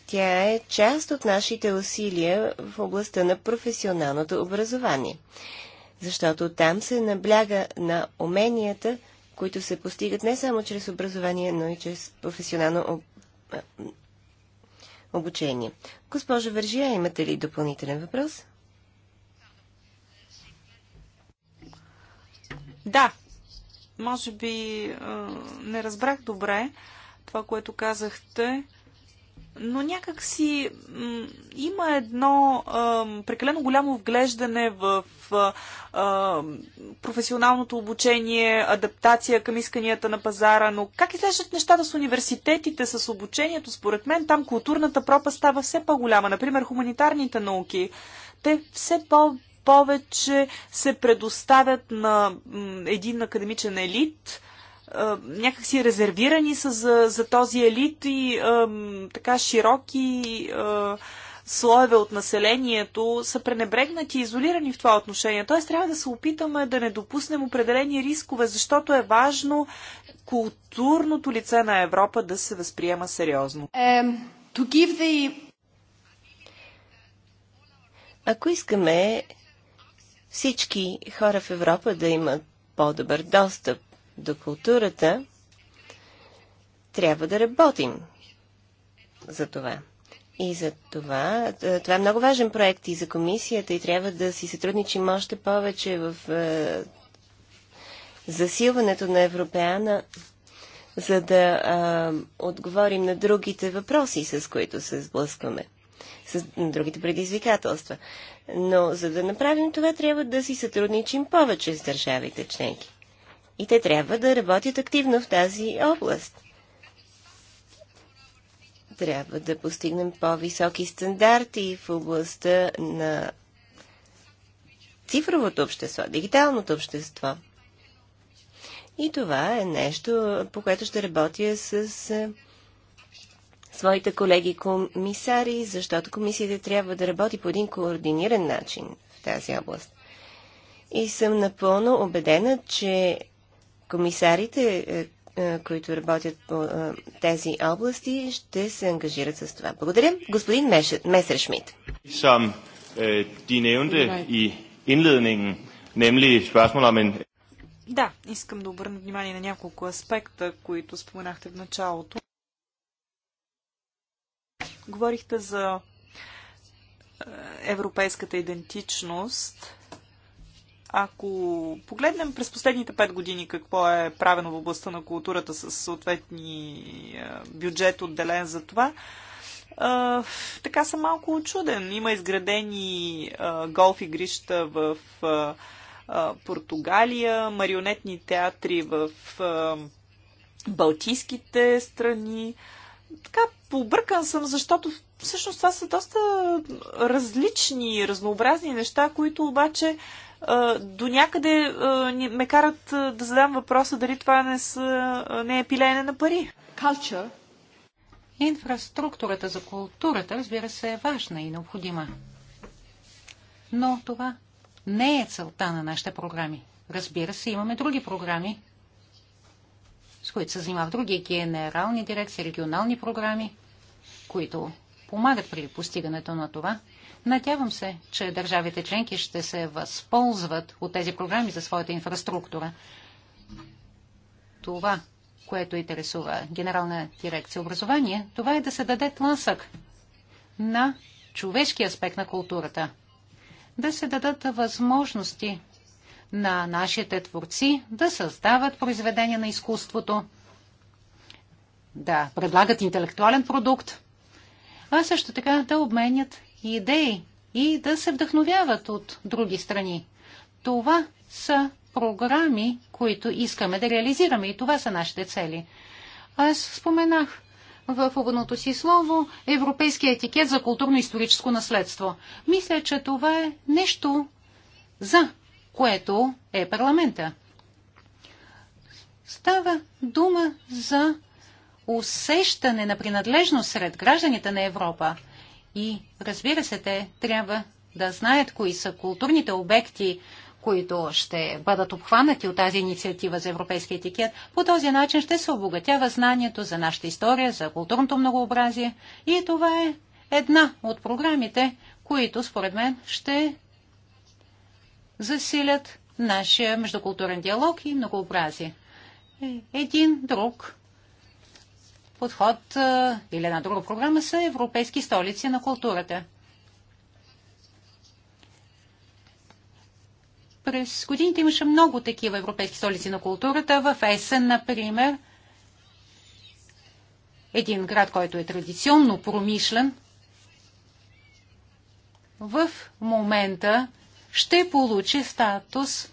тя е част от нашите усилия в областта на професионалното образование, защото там се набляга на уменията, които се постигат не само чрез образование, но и чрез професионално обучение. Госпожа Вържия, имате ли допълнителен въпрос? Да, може би не разбрах добре това, което казахте но някак си има едно а, прекалено голямо вглеждане в а, професионалното обучение, адаптация към исканията на пазара, но как изглеждат нещата с университетите, с обучението? Според мен там културната пропа става все по-голяма. Например, хуманитарните науки, те все по- повече се предоставят на един академичен елит, някакси резервирани са за, за този елит и а, така широки а, слоеве от населението са пренебрегнати и изолирани в това отношение. Т.е. трябва да се опитаме да не допуснем определени рискове, защото е важно културното лице на Европа да се възприема сериозно. Um, the... Ако искаме всички хора в Европа да имат по-добър достъп до културата, трябва да работим за това. И за това, е, това е много важен проект и за комисията и трябва да си сътрудничим още повече в е, засилването на Европеана, за да е, отговорим на другите въпроси, с които се сблъскваме, с на другите предизвикателства. Но за да направим това, трябва да си сътрудничим повече с държавите членки. И те трябва да работят активно в тази област. Трябва да постигнем по-високи стандарти в областта на цифровото общество, дигиталното общество. И това е нещо, по което ще работя с е, своите колеги комисари, защото комисията трябва да работи по един координиран начин в тази област. И съм напълно убедена, че комисарите, е, е, които работят по е, тези области, ще се ангажират с това. Благодаря. Господин Месершмит. Som Да, искам да обърна внимание на няколко аспекта, които споменахте в началото. Говорихте за европейската идентичност ако погледнем през последните пет години какво е правено в областта на културата с съответни е, бюджет отделен за това, е, така съм малко очуден. Има изградени е, голф игрища в Португалия, марионетни театри в Балтийските страни. Така, побъркан съм, защото всъщност това са доста различни, разнообразни неща, които обаче до някъде ме карат да задам въпроса дали това не, са, не е пилеене на пари. Culture. Инфраструктурата за културата, разбира се, е важна и необходима. Но това не е целта на нашите програми. Разбира се, имаме други програми, с които се занимават други генерални дирекции, регионални програми, които помагат при постигането на това. Надявам се, че държавите членки ще се възползват от тези програми за своята инфраструктура. Това, което интересува Генерална дирекция образование, това е да се даде тласък на човешки аспект на културата. Да се дадат възможности на нашите творци да създават произведения на изкуството, да предлагат интелектуален продукт, а също така да обменят идеи и да се вдъхновяват от други страни. Това са програми, които искаме да реализираме и това са нашите цели. Аз споменах в уводното си слово европейския етикет за културно-историческо наследство. Мисля, че това е нещо за което е парламента. Става дума за усещане на принадлежност сред гражданите на Европа. И разбира се, те трябва да знаят кои са културните обекти, които ще бъдат обхванати от тази инициатива за европейски етикет. По този начин ще се обогатява знанието за нашата история, за културното многообразие. И това е една от програмите, които според мен ще засилят нашия междукултурен диалог и многообразие. Е, един друг подход или една друга програма са Европейски столици на културата. През годините имаше много такива европейски столици на културата. В Есен, например, един град, който е традиционно промишлен, в момента ще получи статус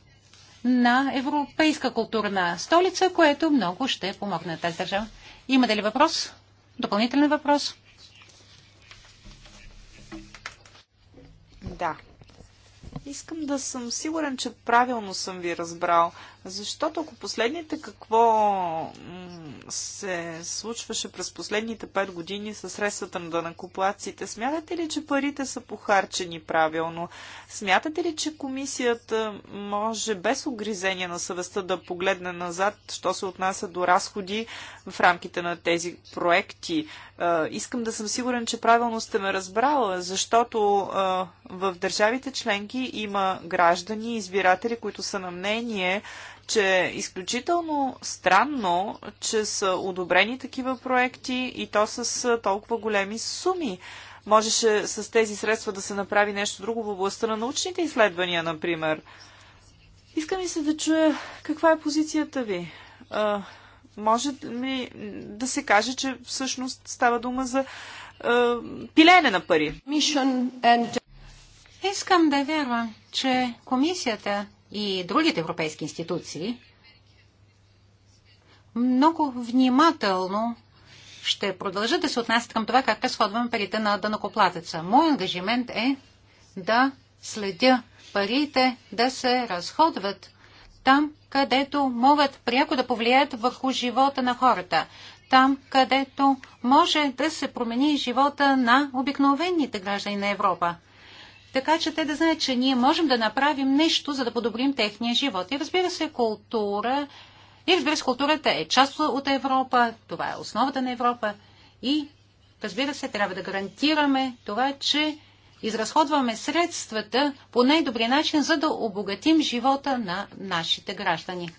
на европейска културна столица, което много ще помогне тази държава. Имате ли въпрос? Допълнителен въпрос? Да, Искам да съм сигурен, че правилно съм ви разбрал, защото ако последните какво се случваше през последните 5 години със средствата на данакоплаците, смятате ли, че парите са похарчени правилно? Смятате ли, че комисията може без огризение на съвестта да погледне назад, що се отнася до разходи в рамките на тези проекти? Искам да съм сигурен, че правилно сте ме разбрала, защото в държавите членки има граждани, избиратели, които са на мнение, че е изключително странно, че са одобрени такива проекти и то с толкова големи суми. Можеше с тези средства да се направи нещо друго в областта на научните изследвания, например. Искам и се да чуя каква е позицията ви. Може ли да се каже, че всъщност става дума за е, пилене на пари? Искам да вярвам, че комисията и другите европейски институции много внимателно ще продължат да се отнасят към това как разходваме парите на данокоплатеца. Мой ангажимент е да следя парите да се разходват там, където могат пряко да повлияят върху живота на хората, там, където може да се промени живота на обикновените граждани на Европа. Така че те да знаят, че ние можем да направим нещо, за да подобрим техния живот. И разбира се, култура. И разбира се, културата е част от Европа. Това е основата на Европа. И разбира се, трябва да гарантираме това, че изразходваме средствата по най-добрия начин, за да обогатим живота на нашите граждани.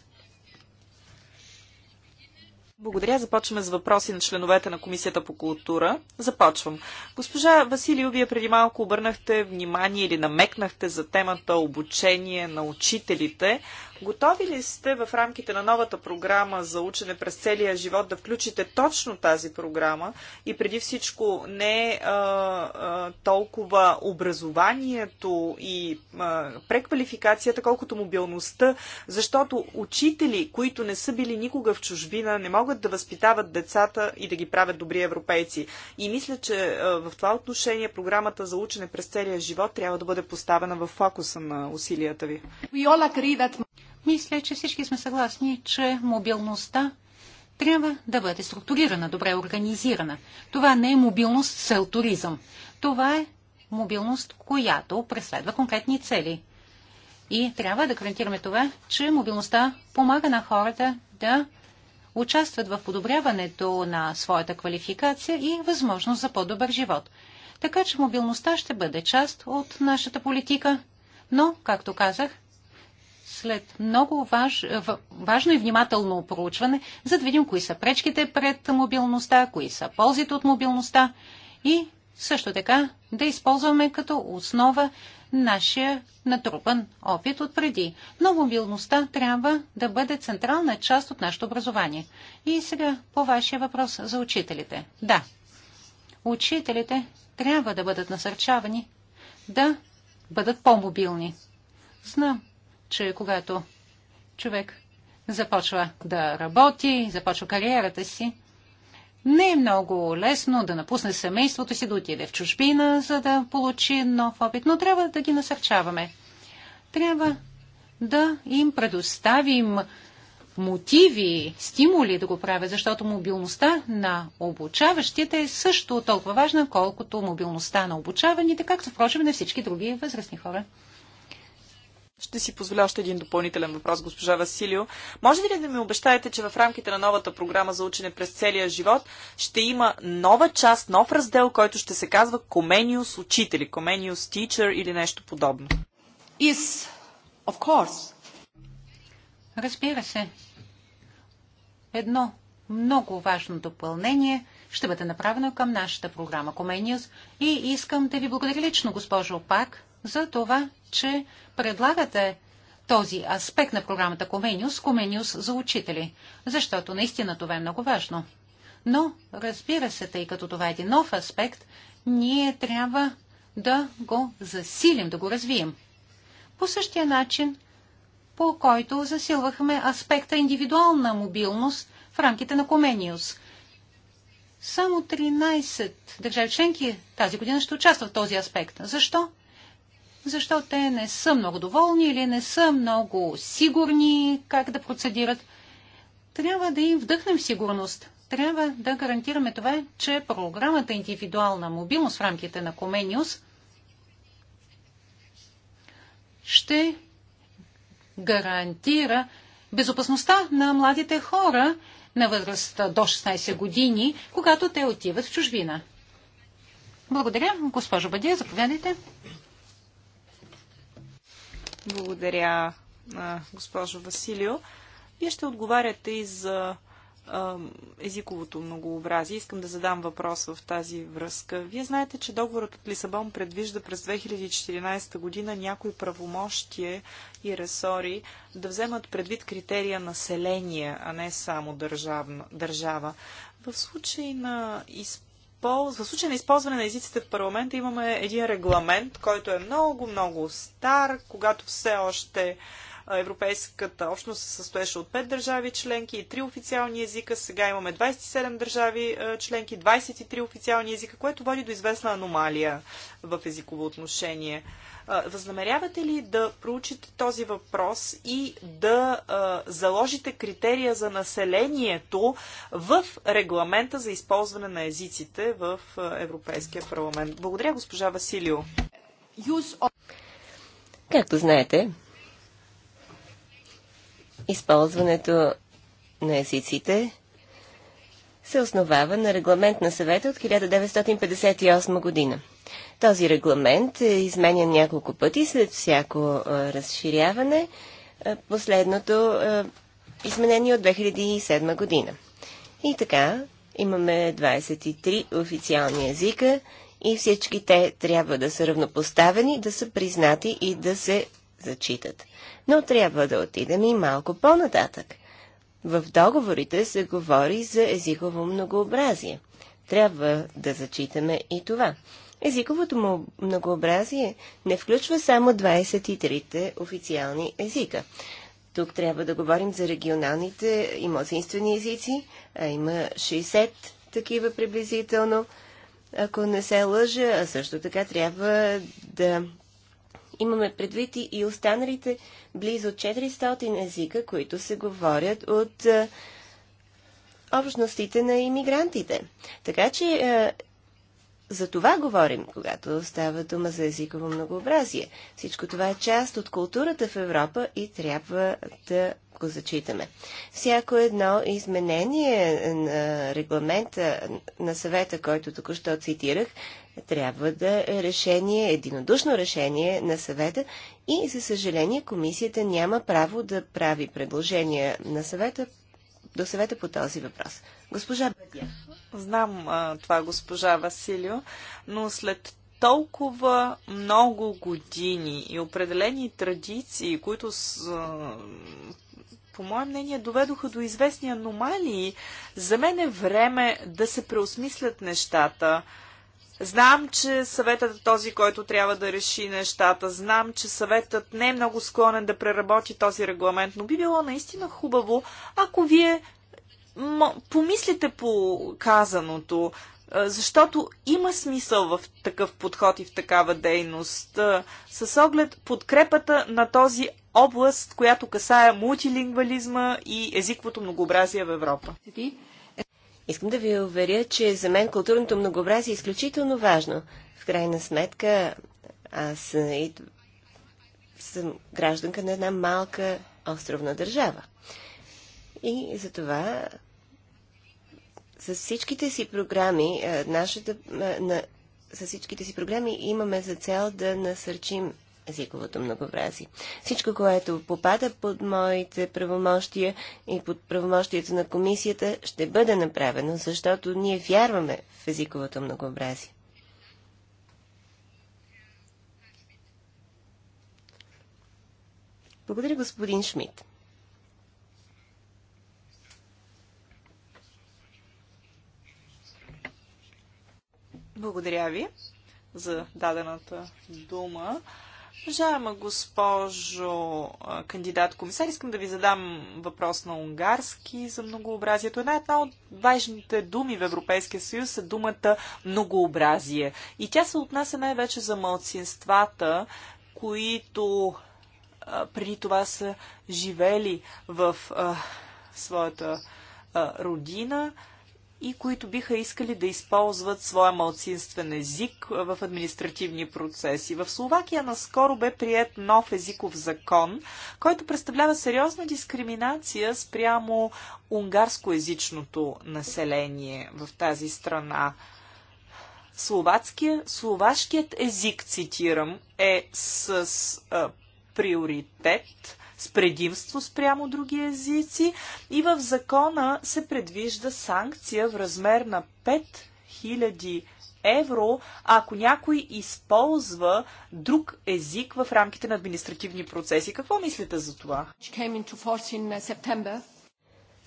Благодаря. Започваме с въпроси на членовете на Комисията по култура. Започвам. Госпожа Василио, вие преди малко обърнахте внимание или намекнахте за темата обучение на учителите. Готови ли сте в рамките на новата програма за учене през целия живот да включите точно тази програма и преди всичко не а, а, толкова образованието и а, преквалификацията, колкото мобилността, защото учители, които не са били никога в чужбина, не могат да възпитават децата и да ги правят добри европейци. И мисля, че а, в това отношение програмата за учене през целия живот трябва да бъде поставена в фокуса на усилията ви. Мисля, че всички сме съгласни, че мобилността трябва да бъде структурирана, добре организирана. Това не е мобилност с туризъм. Това е мобилност, която преследва конкретни цели. И трябва да гарантираме това, че мобилността помага на хората да участват в подобряването на своята квалификация и възможност за по-добър живот. Така че мобилността ще бъде част от нашата политика, но, както казах, след много важ, важно и внимателно проучване, за да видим кои са пречките пред мобилността, кои са ползите от мобилността и също така да използваме като основа нашия натрупан опит от преди. Но мобилността трябва да бъде централна част от нашето образование. И сега по вашия въпрос за учителите. Да, учителите трябва да бъдат насърчавани да бъдат по-мобилни. Знам, че когато човек започва да работи, започва кариерата си, не е много лесно да напусне семейството си, да отиде в чужбина, за да получи нов опит, но трябва да ги насърчаваме. Трябва да им предоставим мотиви, стимули да го правят, защото мобилността на обучаващите е също толкова важна, колкото мобилността на обучаваните, както впрочем на всички други възрастни хора. Ще си позволя още един допълнителен въпрос, госпожа Василио. Може ли да ми обещаете, че в рамките на новата програма за учене през целия живот ще има нова част, нов раздел, който ще се казва Comenius учители, Comenius teacher или нещо подобно? Is, of course. Разбира се. Едно много важно допълнение ще бъде направено към нашата програма Comenius и искам да ви благодаря лично, госпожо Пак, за това, че предлагате този аспект на програмата Комениус, Комениус за учители, защото наистина това е много важно. Но, разбира се, тъй като това е един нов аспект, ние трябва да го засилим, да го развием. По същия начин, по който засилвахме аспекта индивидуална мобилност в рамките на Комениус. Само 13 държави членки тази година ще участват в този аспект. Защо? защото те не са много доволни или не са много сигурни как да процедират. Трябва да им вдъхнем сигурност. Трябва да гарантираме това, че програмата индивидуална мобилност в рамките на Comenius ще гарантира безопасността на младите хора на възраст до 16 години, когато те отиват в чужбина. Благодаря. Госпожо Бадия, заповядайте. Благодаря, госпожо Василио. Вие ще отговаряте и за езиковото многообразие. Искам да задам въпрос в тази връзка. Вие знаете, че договорът от Лисабон предвижда през 2014 година някои правомощие и ресори да вземат предвид критерия население, а не само държавна, държава. В случай на изпълнение използва, в случай на използване на езиците в парламента имаме един регламент, който е много-много стар, когато все още Европейската общност се състоеше от 5 държави членки и 3 официални езика. Сега имаме 27 държави членки, 23 официални езика, което води до известна аномалия в езиково отношение. Възнамерявате ли да проучите този въпрос и да а, заложите критерия за населението в регламента за използване на езиците в Европейския парламент? Благодаря, госпожа Василио. Както знаете, Използването на езиците се основава на регламент на съвета от 1958 година. Този регламент е изменен няколко пъти след всяко разширяване. последното изменение от 2007 година. И така, имаме 23 официални езика и всички те трябва да са равнопоставени, да са признати и да се зачитат. Но трябва да отидем и малко по-нататък. В договорите се говори за езиково многообразие. Трябва да зачитаме и това. Езиковото му многообразие не включва само 23-те официални езика. Тук трябва да говорим за регионалните и мозинствени езици, а има 60 такива приблизително, ако не се лъжа, а също така трябва да Имаме предвид и останалите близо 400 езика, които се говорят от е, общностите на иммигрантите. Така че е, за това говорим, когато става дума за езиково многообразие. Всичко това е част от културата в Европа и трябва да го зачитаме. Всяко едно изменение на регламента на съвета, който току-що цитирах, трябва да е решение, единодушно решение на съвета и, за съжаление, комисията няма право да прави предложения на съвета до съвета по този въпрос. Госпожа Бадя. Знам а, това, госпожа Василио, но след толкова много години и определени традиции, които с, а, по мое мнение, доведоха до известни аномалии, за мен е време да се преосмислят нещата, Знам, че съветът е този, който трябва да реши нещата. Знам, че съветът не е много склонен да преработи този регламент, но би било наистина хубаво, ако вие помислите по казаното, защото има смисъл в такъв подход и в такава дейност. С оглед подкрепата на този област, която касае мултилингвализма и езиквото многообразие в Европа. Искам да ви уверя, че за мен културното многообразие е изключително важно. В крайна сметка, аз съм гражданка на една малка островна държава. И за това с всичките си програми, нашата, на, с всичките си програми имаме за цел да насърчим езиковото многообразие. Всичко, което попада под моите правомощия и под правомощията на комисията, ще бъде направено, защото ние вярваме в езиковото многообразие. Благодаря, господин Шмидт. Благодаря ви за дадената дума. Уважаема госпожо кандидат комисар, искам да ви задам въпрос на унгарски за многообразието. Една, една от важните думи в Европейския съюз е думата многообразие. И тя се отнася най-вече за малцинствата, които а, преди това са живели в а, своята а, родина. А, и които биха искали да използват своя малцинствен език в административни процеси. В Словакия наскоро бе прият нов езиков закон, който представлява сериозна дискриминация спрямо унгарскоязичното население в тази страна. Словацкия, словашкият език, цитирам, е с а, приоритет с предимство спрямо други езици и в закона се предвижда санкция в размер на 5000 евро, ако някой използва друг език в рамките на административни процеси. Какво мислите за това? Uh,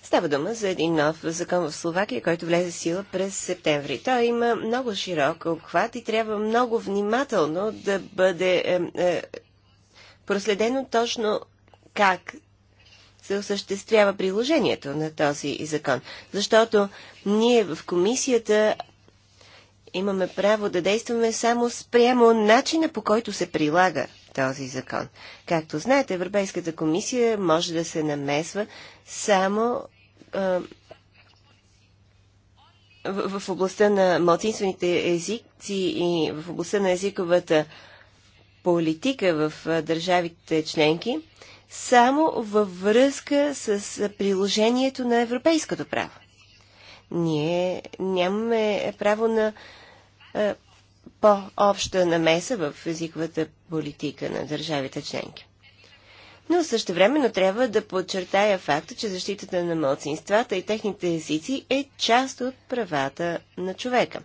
Става дума за един нов закон в Словакия, който влезе в сила през септември. Той има много широк обхват и трябва много внимателно да бъде е, е, проследено точно как се осъществява приложението на този закон. Защото ние в комисията имаме право да действаме само спрямо начина по който се прилага този закон. Както знаете, Европейската комисия може да се намесва само а, в, в областта на младсинствените езици и в областта на езиковата политика в държавите членки само във връзка с приложението на европейското право. Ние нямаме право на е, по-обща намеса в езиковата политика на държавите членки. Но също времено трябва да подчертая факта, че защитата на младсинствата и техните езици е част от правата на човека.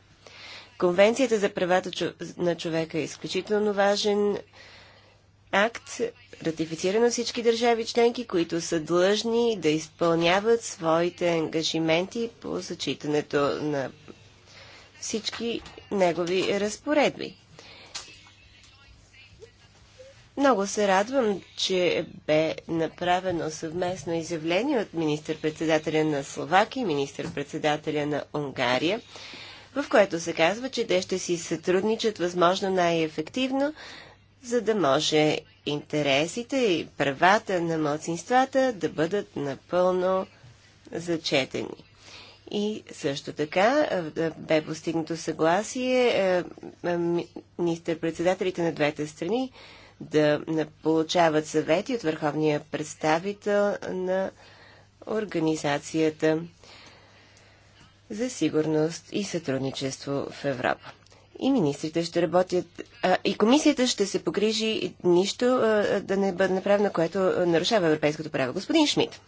Конвенцията за правата на човека е изключително важен акт, ратифициран от всички държави членки, които са длъжни да изпълняват своите ангажименти по зачитането на всички негови разпоредби. Много се радвам, че бе направено съвместно изявление от министър-председателя на Словакия и министър-председателя на Унгария, в което се казва, че те ще си сътрудничат възможно най-ефективно, за да може интересите и правата на младсинствата да бъдат напълно зачетени. И също така бе постигнато съгласие министър-председателите на двете страни да получават съвети от върховния представител на Организацията за сигурност и сътрудничество в Европа и министрите ще работят, а, и комисията ще се погрижи нищо а, да не бъде направено, което нарушава европейското право. Господин Шмидт.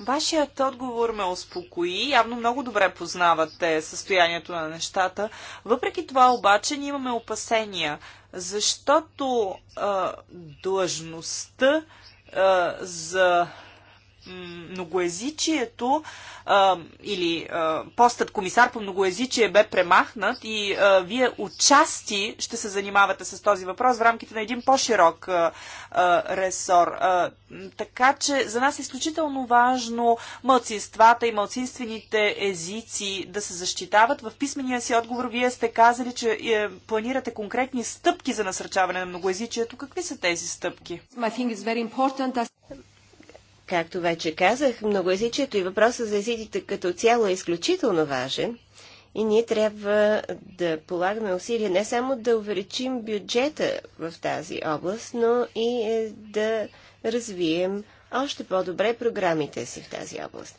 Вашият отговор ме успокои. Явно много добре познавате състоянието на нещата. Въпреки това обаче ние имаме опасения, защото а, длъжността а, за многоязичието а, или а, постът комисар по многоезичие бе премахнат и а, вие отчасти ще се занимавате с този въпрос в рамките на един по-широк ресор. А, така че за нас е изключително важно мълцинствата и мълцинствените езици да се защитават. В писмения си отговор вие сте казали, че е, планирате конкретни стъпки за насърчаване на многоезичието. Какви са тези стъпки? That... Както вече казах, многоязичието и въпроса за езиците като цяло е изключително важен и ние трябва да полагаме усилия не само да увеличим бюджета в тази област, но и е, да развием още по-добре програмите си в тази област.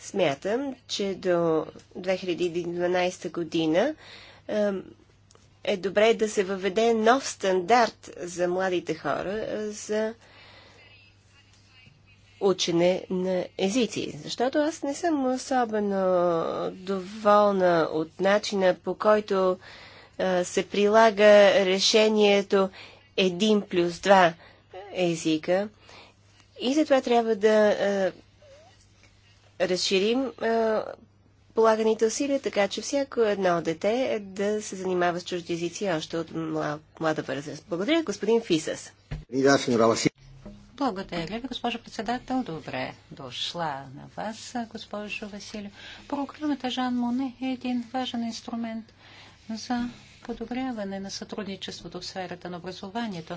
Смятам, че до 2012 година е добре да се въведе нов стандарт за младите хора за учене на езици. Защото аз не съм особено доволна от начина по който а, се прилага решението 1 плюс 2 езика. И затова трябва да а, разширим а, полаганите усилия, така че всяко едно дете е да се занимава с чужди езици още от млад, млада възраст. Благодаря, господин Фисас. Благодаря ви, госпожо председател. Добре дошла на вас, госпожо Василио. Програмата Жан Моне е един важен инструмент за подобряване на сътрудничеството в сферата на образованието.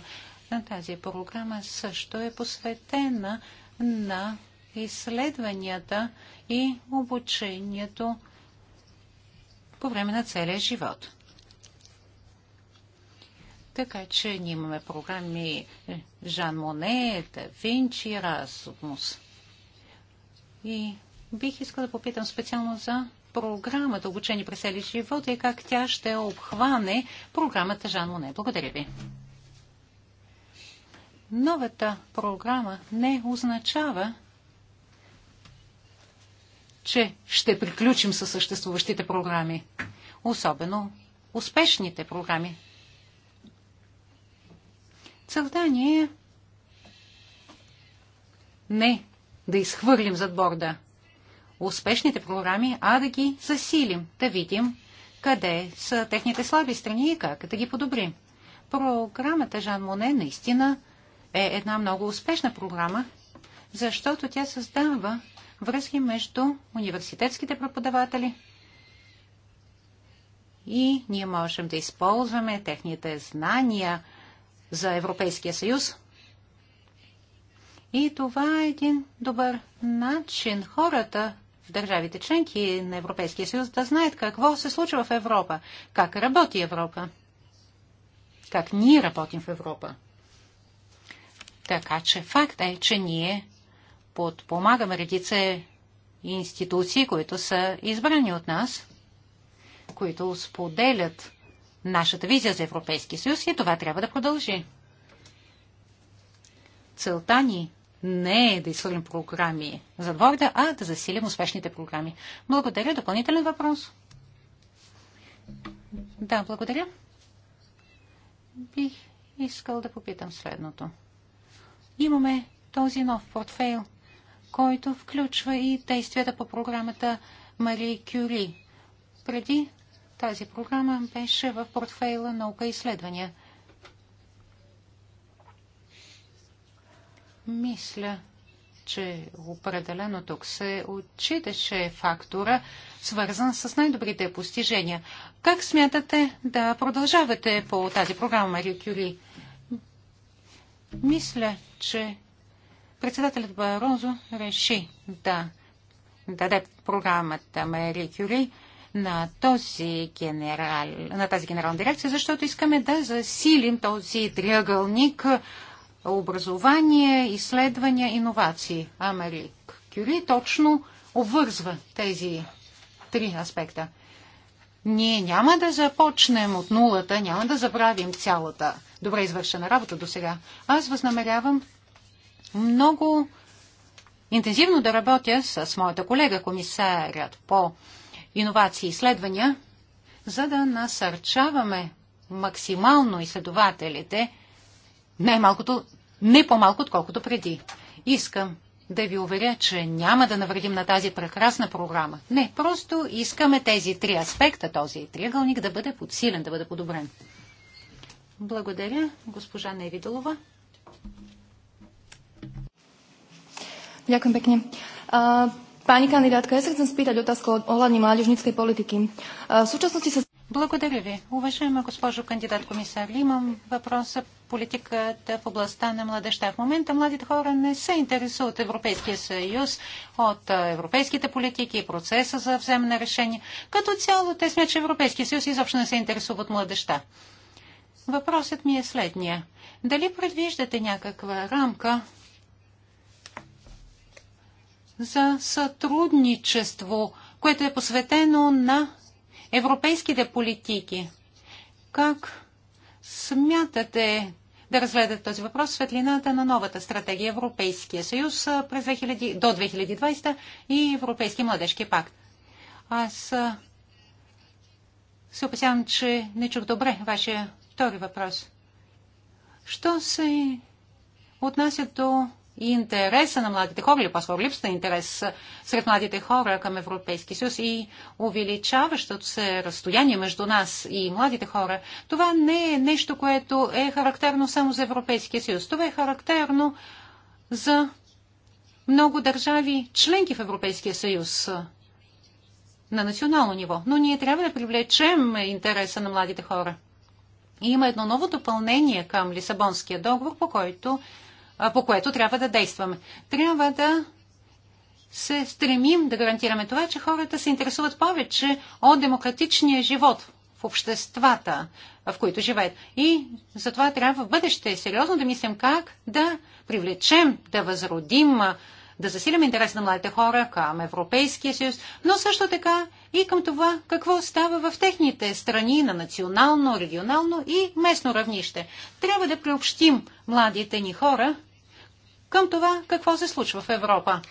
Тази програма също е посветена на изследванията и обучението по време на целия живот. Така че ние имаме програми е, Жан Моне, Да Винчи, Разумус. И бих искал да попитам специално за програмата Обучение през цели живот и как тя ще обхване програмата Жан Моне. Благодаря ви. Новата програма не означава, че ще приключим със съществуващите програми, особено успешните програми. Целта ни е не да изхвърлим зад борда успешните програми, а да ги засилим, да видим къде са техните слаби страни и как да ги подобрим. Програмата Жан Моне наистина е една много успешна програма, защото тя създава връзки между университетските преподаватели и ние можем да използваме техните знания – за Европейския съюз. И това е един добър начин хората в държавите членки на Европейския съюз да знаят какво се случва в Европа, как работи Европа, как ние работим в Европа. Така че факт е, че ние подпомагаме редица институции, които са избрани от нас, които споделят нашата визия за Европейски съюз и това трябва да продължи. Целта ни не е да изхвърлим програми за борда, а да засилим успешните програми. Благодаря. Допълнителен въпрос? Да, благодаря. Бих искал да попитам следното. Имаме този нов портфейл, който включва и действията по програмата Мари Кюри. Преди тази програма беше в портфейла наука и изследвания. Мисля, че определено тук се отчиташе фактора, свързан с най-добрите постижения. Как смятате да продължавате по тази програма, Марио Кюри? Мисля, че председателят Барозо реши да даде програмата Мари Кюри на, този генерал, на тази генерална дирекция, защото искаме да засилим този триъгълник образование, изследвания, иновации. Америк Кюри точно обвързва тези три аспекта. Ние няма да започнем от нулата, няма да забравим цялата добре извършена работа до сега. Аз възнамерявам много интензивно да работя с моята колега комисарят по иновации и изследвания, за да насърчаваме максимално изследователите, най-малкото, не по-малко, отколкото преди. Искам да ви уверя, че няма да навредим на тази прекрасна програма. Не, просто искаме тези три аспекта, този триъгълник да бъде подсилен, да бъде подобрен. Благодаря, госпожа Невидолова. Дякую пекне. Пани кандидатка, я sa chcem spýtať otázku ohľadne mládežníckej politiky. V súčasnosti Благодаря ви. Уважаема госпожо кандидат комисар, имам въпроса политиката в областта на младеща. В момента младите хора не се интересуват от Европейския съюз, от европейските политики и процеса за вземане на решения. Като цяло те сме, че Европейския съюз изобщо не се интересува от младеща. Въпросът ми е следния. Дали предвиждате някаква рамка за сътрудничество, което е посветено на европейските политики. Как смятате да разгледате този въпрос в светлината на новата стратегия Европейския съюз през 2000, до 2020 и Европейски младежки пакт. Аз се опасявам, че не чух добре вашия втори въпрос. Що се отнася до интереса на младите хора, или по-скоро липсата на интерес сред младите хора към Европейски съюз и увеличаващото се разстояние между нас и младите хора, това не е нещо, което е характерно само за Европейския съюз. Това е характерно за много държави членки в Европейския съюз на национално ниво. Но ние трябва да привлечем интереса на младите хора. И има едно ново допълнение към Лисабонския договор, по който по което трябва да действаме. Трябва да се стремим да гарантираме това, че хората се интересуват повече от демократичния живот в обществата, в които живеят. И затова трябва в бъдеще сериозно да мислим как да привлечем, да възродим, да засилим интерес на младите хора към Европейския съюз, но също така и към това какво става в техните страни на национално, регионално и местно равнище. Трябва да приобщим младите ни хора към това какво се случва в Европа.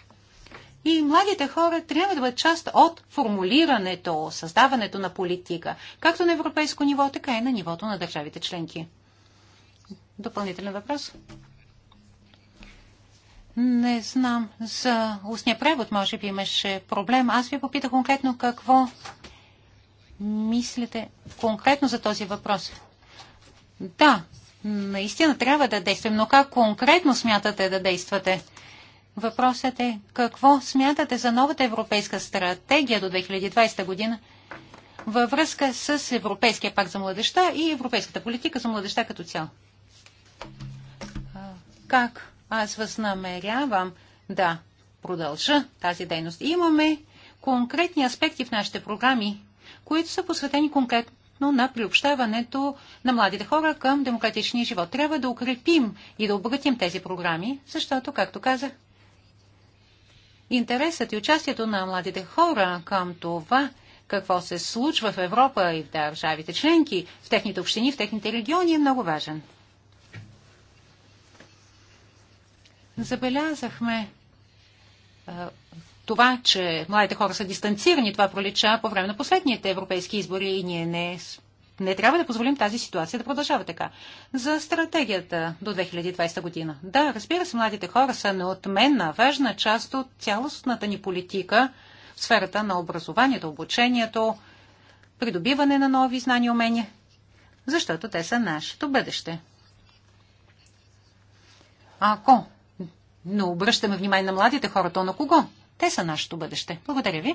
И младите хора трябва да бъдат част от формулирането, създаването на политика, както на европейско ниво, така и на нивото на държавите членки. Допълнителен въпрос? Не знам. За устния превод може би имаше проблем. Аз ви попитах конкретно какво мислите конкретно за този въпрос. Да, наистина трябва да действаме, но как конкретно смятате да действате? Въпросът е какво смятате за новата европейска стратегия до 2020 година във връзка с Европейския пакт за младеща и европейската политика за младеща като цяло? Как аз възнамерявам да продължа тази дейност? Имаме конкретни аспекти в нашите програми, които са посветени конкретно но на приобщаването на младите хора към демократичния живот. Трябва да укрепим и да обогатим тези програми, защото, както казах, интересът и участието на младите хора към това, какво се случва в Европа и в държавите членки, в техните общини, в техните региони е много важен. Забелязахме това, че младите хора са дистанцирани, това пролича по време на последните европейски избори и ние не, не трябва да позволим тази ситуация да продължава така. За стратегията до 2020 година. Да, разбира се, младите хора са неотменна, важна част от цялостната ни политика в сферата на образованието, обучението, придобиване на нови знания и умения, защото те са нашето бъдеще. Ако не обръщаме внимание на младите хора, то на кого? Те са нашето бъдеще. Благодаря ви.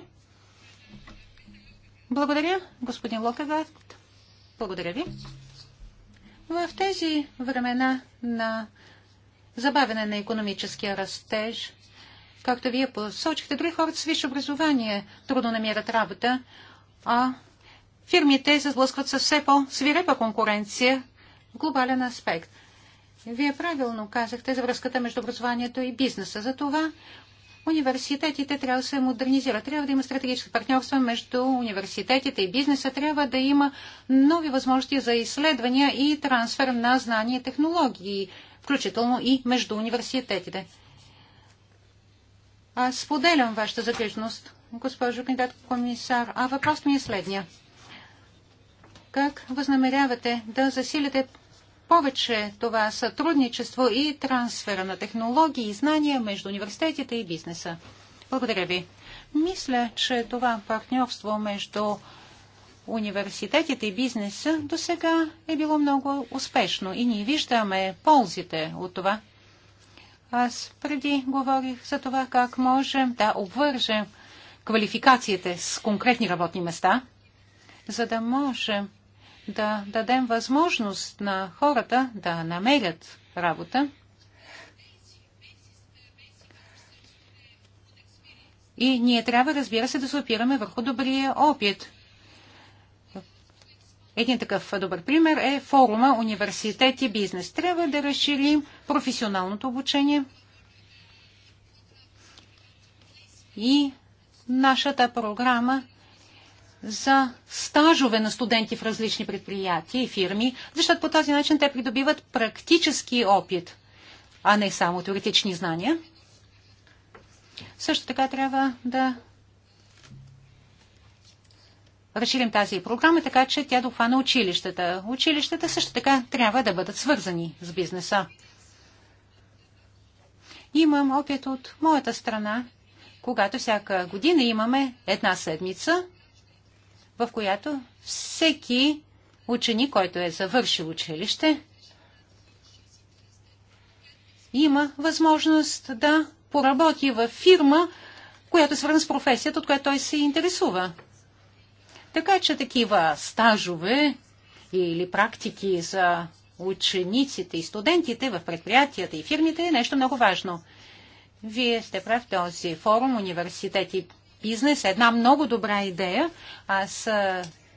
Благодаря, господин Локегард. Благодаря ви. В тези времена на забавяне на економическия растеж, както вие посочихте, други хората с висше образование трудно намират работа, а фирмите се сблъскват с все по-свирепа конкуренция в глобален аспект. Вие правилно казахте за връзката между образованието и бизнеса. За това университетите трябва да се модернизират. Трябва да има стратегически партньорства между университетите и бизнеса. Трябва да има нови възможности за изследвания и трансфер на знания и технологии, включително и между университетите. Аз споделям вашата загриженост, госпожо кандидат комисар, а въпросът ми е следния. Как възнамерявате да засилите повече това сътрудничество и трансфера на технологии и знания между университетите и бизнеса. Благодаря ви. Мисля, че това партньорство между университетите и бизнеса до сега е било много успешно и ние виждаме ползите от това. Аз преди говорих за това как можем да обвържем квалификациите с конкретни работни места, за да можем да дадем възможност на хората да намерят работа. И ние трябва, разбира се, да се опираме върху добрия опит. Един такъв добър пример е форума Университет и бизнес. Трябва да разширим професионалното обучение и нашата програма за стажове на студенти в различни предприятия и фирми, защото по този начин те придобиват практически опит, а не само теоретични знания. Също така трябва да разширим тази програма, така че тя да училищата. Училищата също така трябва да бъдат свързани с бизнеса. Имам опит от моята страна, когато всяка година имаме една седмица – в която всеки ученик, който е завършил училище, има възможност да поработи във фирма, която е свързана с професията, от която той се интересува. Така че такива стажове или практики за учениците и студентите в предприятията и фирмите е нещо много важно. Вие сте прав, този форум университетите изнес една много добра идея. Аз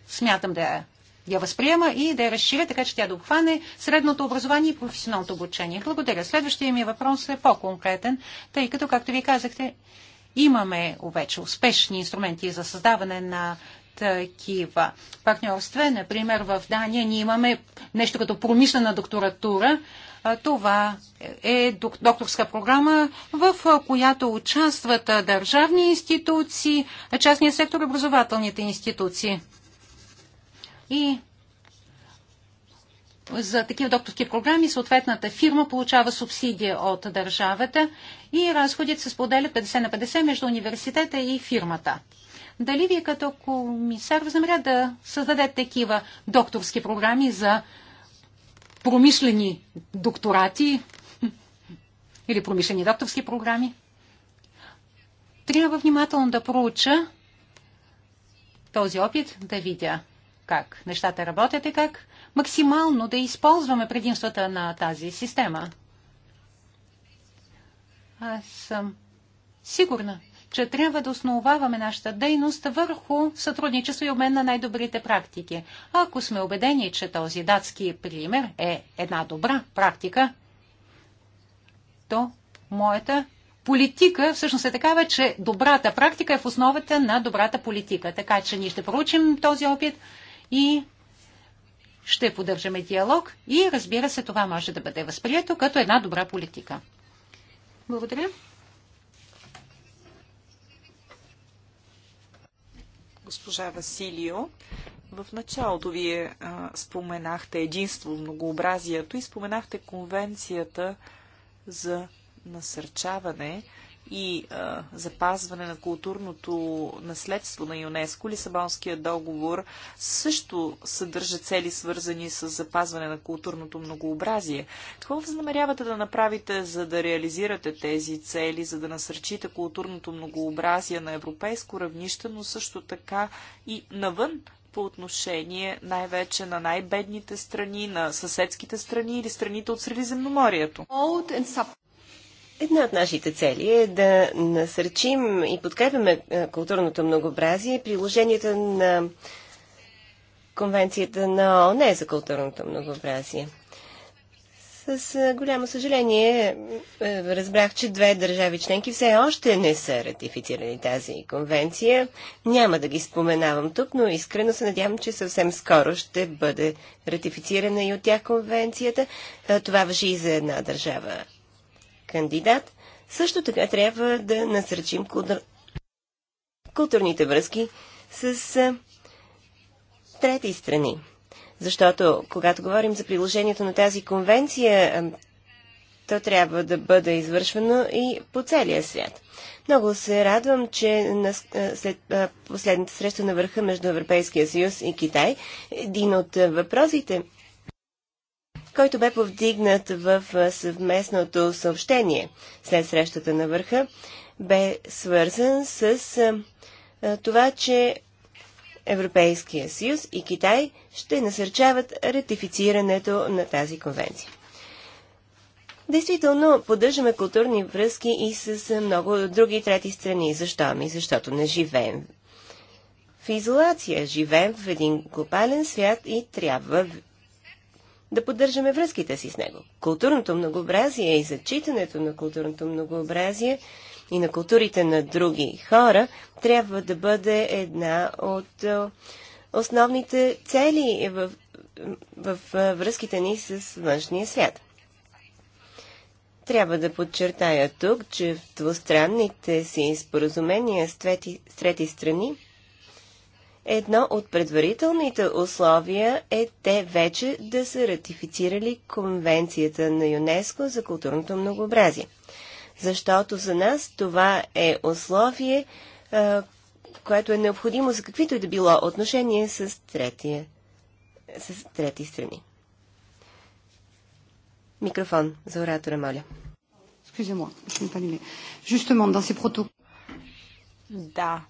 смятам да я възприема и да я разширя, така че тя да обхване средното образование и професионалното обучение. Благодаря. Следващия ми въпрос е по-конкретен, тъй като, както ви казахте, имаме вече успешни инструменти за създаване на такива партньорства. Например, в Дания ние имаме нещо като промишлена докторатура, това е докторска програма, в която участват държавни институции, частния сектор и образователните институции. И за такива докторски програми съответната фирма получава субсидия от държавата и разходите се споделят 50 на 50 между университета и фирмата. Дали вие като комисар възнамеря да създадете такива докторски програми за промишлени докторати или промишлени докторски програми. Трябва внимателно да проуча този опит, да видя как нещата работят и как максимално да използваме предимствата на тази система. Аз съм сигурна, че трябва да основаваме нашата дейност върху сътрудничество и обмен на най-добрите практики. Ако сме убедени, че този датски пример е една добра практика, то моята политика всъщност е такава, че добрата практика е в основата на добрата политика. Така че ние ще проучим този опит и ще поддържаме диалог и разбира се, това може да бъде възприето като една добра политика. Благодаря. госпожа Василио. В началото вие а, споменахте единство в многообразието и споменахте конвенцията за насърчаване и а, запазване на културното наследство на ЮНЕСКО, Лисабонския договор също съдържа цели свързани с запазване на културното многообразие. Какво възнамерявате да направите, за да реализирате тези цели, за да насърчите културното многообразие на европейско равнище, но също така и навън по отношение най-вече на най-бедните страни, на съседските страни или страните от Средиземноморието. Една от нашите цели е да насърчим и подкрепяме е, културното многообразие и приложението на Конвенцията на ООН за културното многообразие. С е, голямо съжаление е, разбрах, че две държави членки все още не са ратифицирали тази конвенция. Няма да ги споменавам тук, но искрено се надявам, че съвсем скоро ще бъде ратифицирана и от тях конвенцията. Това въжи и за една държава кандидат, също така трябва да насръчим култур... културните връзки с а, трети страни. Защото, когато говорим за приложението на тази конвенция, а, то трябва да бъде извършвано и по целия свят. Много се радвам, че на, след последната среща на върха между Европейския съюз и Китай, един от въпросите, който бе повдигнат в съвместното съобщение след срещата на върха, бе свързан с това, че Европейския съюз и Китай ще насърчават ратифицирането на тази конвенция. Действително, поддържаме културни връзки и с много други трети страни. Защо? Ми, защото не живеем в изолация. Живеем в един глобален свят и трябва да поддържаме връзките си с него. Културното многообразие и зачитането на културното многообразие и на културите на други хора трябва да бъде една от основните цели в, в, връзките ни с външния свят. Трябва да подчертая тук, че в двустранните си споразумения с трети, с трети страни едно от предварителните условия е те вече да са ратифицирали Конвенцията на ЮНЕСКО за културното многообразие. Защото за нас това е условие, което е необходимо за каквито и да било отношение с, третия, с трети страни. Микрофон за оратора, моля. Да,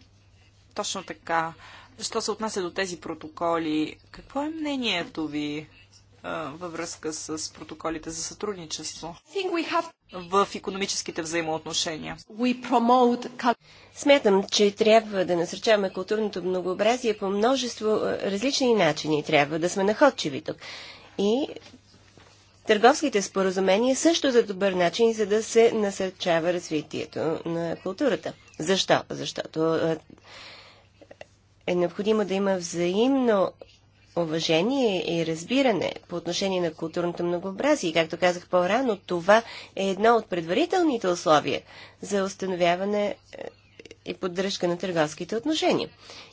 точно така. Що се отнася до тези протоколи, какво е мнението ви а, във връзка с протоколите за сътрудничество have... в економическите взаимоотношения? Promote... Смятам, че трябва да насърчаваме културното многообразие по множество различни начини. Трябва да сме находчиви тук. И търговските споразумения също за добър начин, за да се насърчава развитието на културата. Защо? Защото е необходимо да има взаимно уважение и разбиране по отношение на културното многообразие. И както казах по-рано, това е едно от предварителните условия за установяване е, и поддръжка на търговските отношения.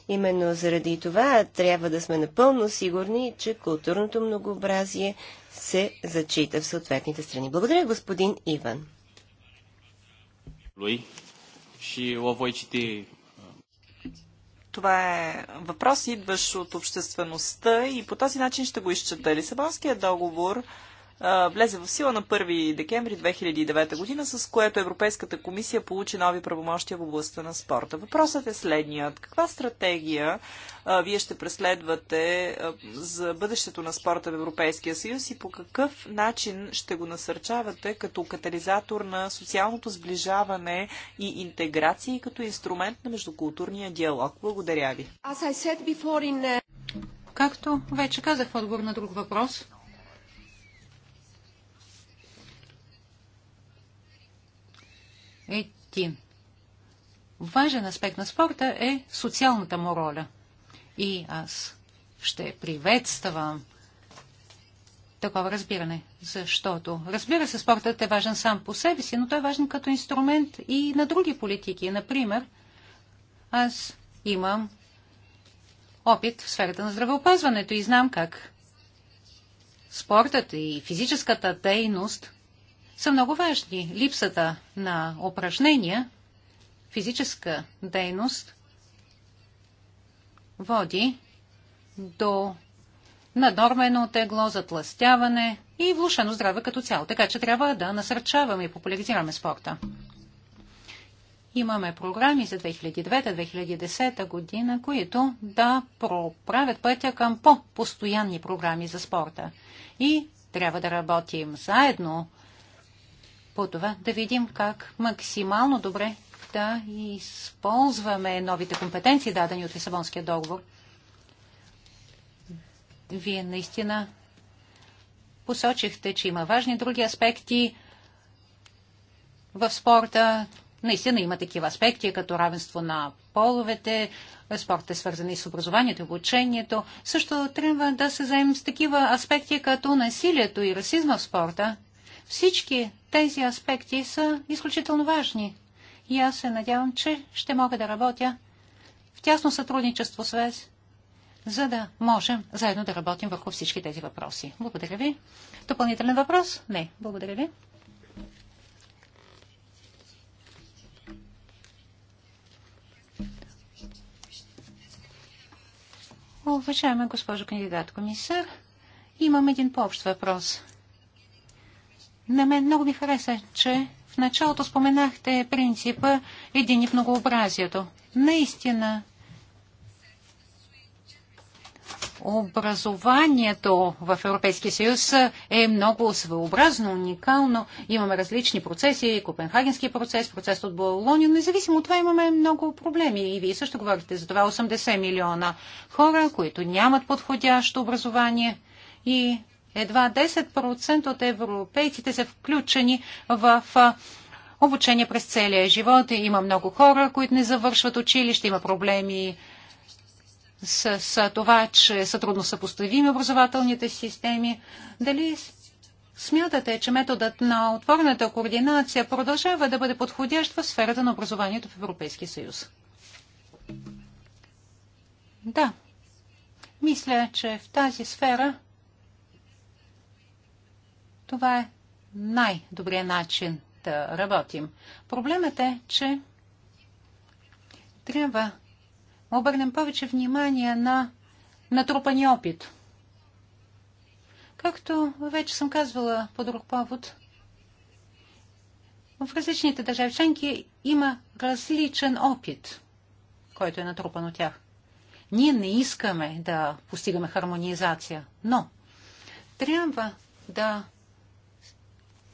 Именно заради това трябва да сме напълно сигурни, че културното многообразие се зачита в съответните страни. Благодаря, господин Иван. Луи, ще това е въпрос, идващ от обществеността и по този начин ще го изчета. Лисабонският договор влезе в сила на 1 декември 2009 година, с което Европейската комисия получи нови правомощия в областта на спорта. Въпросът е следният. Каква стратегия а, вие ще преследвате а, за бъдещето на спорта в Европейския съюз и по какъв начин ще го насърчавате като катализатор на социалното сближаване и интеграция и като инструмент на междукултурния диалог? Благодаря ви. Uh, Както вече казах в отговор на друг въпрос, Един важен аспект на спорта е социалната му роля. И аз ще приветствам такова разбиране. Защото, разбира се, спортът е важен сам по себе си, но той е важен като инструмент и на други политики. Например, аз имам опит в сферата на здравеопазването и знам как спортът и физическата дейност са много важни. Липсата на упражнения, физическа дейност води до наднормено тегло, затластяване и влушено здраве като цяло. Така че трябва да насърчаваме и популяризираме спорта. Имаме програми за 2009-2010 година, които да проправят пътя към по-постоянни програми за спорта. И трябва да работим заедно по това да видим как максимално добре да използваме новите компетенции, дадени от Лисабонския договор. Вие наистина посочихте, че има важни други аспекти в спорта. Наистина има такива аспекти, като равенство на половете, спорт е свързан и с образованието и обучението. Също трябва да се заем с такива аспекти, като насилието и расизма в спорта. Всички тези аспекти са изключително важни и аз се надявам, че ще мога да работя в тясно сътрудничество с вас, за да можем заедно да работим върху всички тези въпроси. Благодаря ви. Допълнителен въпрос? Не. Благодаря ви. Уважаема госпожо кандидат комисар, имам един по-общ въпрос. На мен много ми хареса, че в началото споменахте принципа един в многообразието. Наистина, образованието в Европейския съюз е много своеобразно, уникално. Имаме различни процеси, Копенхагенски процес, процес от Болония. Независимо от това имаме много проблеми. И вие също говорите за това 80 милиона хора, които нямат подходящо образование. И едва 10% от европейците са включени в обучение през целия живот. Има много хора, които не завършват училище, има проблеми с, с това, че са трудно съпоставими образователните системи. Дали смятате, че методът на отворената координация продължава да бъде подходящ в сферата на образованието в Европейския съюз? Да. Мисля, че в тази сфера това е най-добрият начин да работим. Проблемът е, че трябва да обърнем повече внимание на натрупания опит. Както вече съм казвала по друг повод, в различните държави членки има различен опит, който е натрупан от тях. Ние не искаме да постигаме хармонизация, но трябва да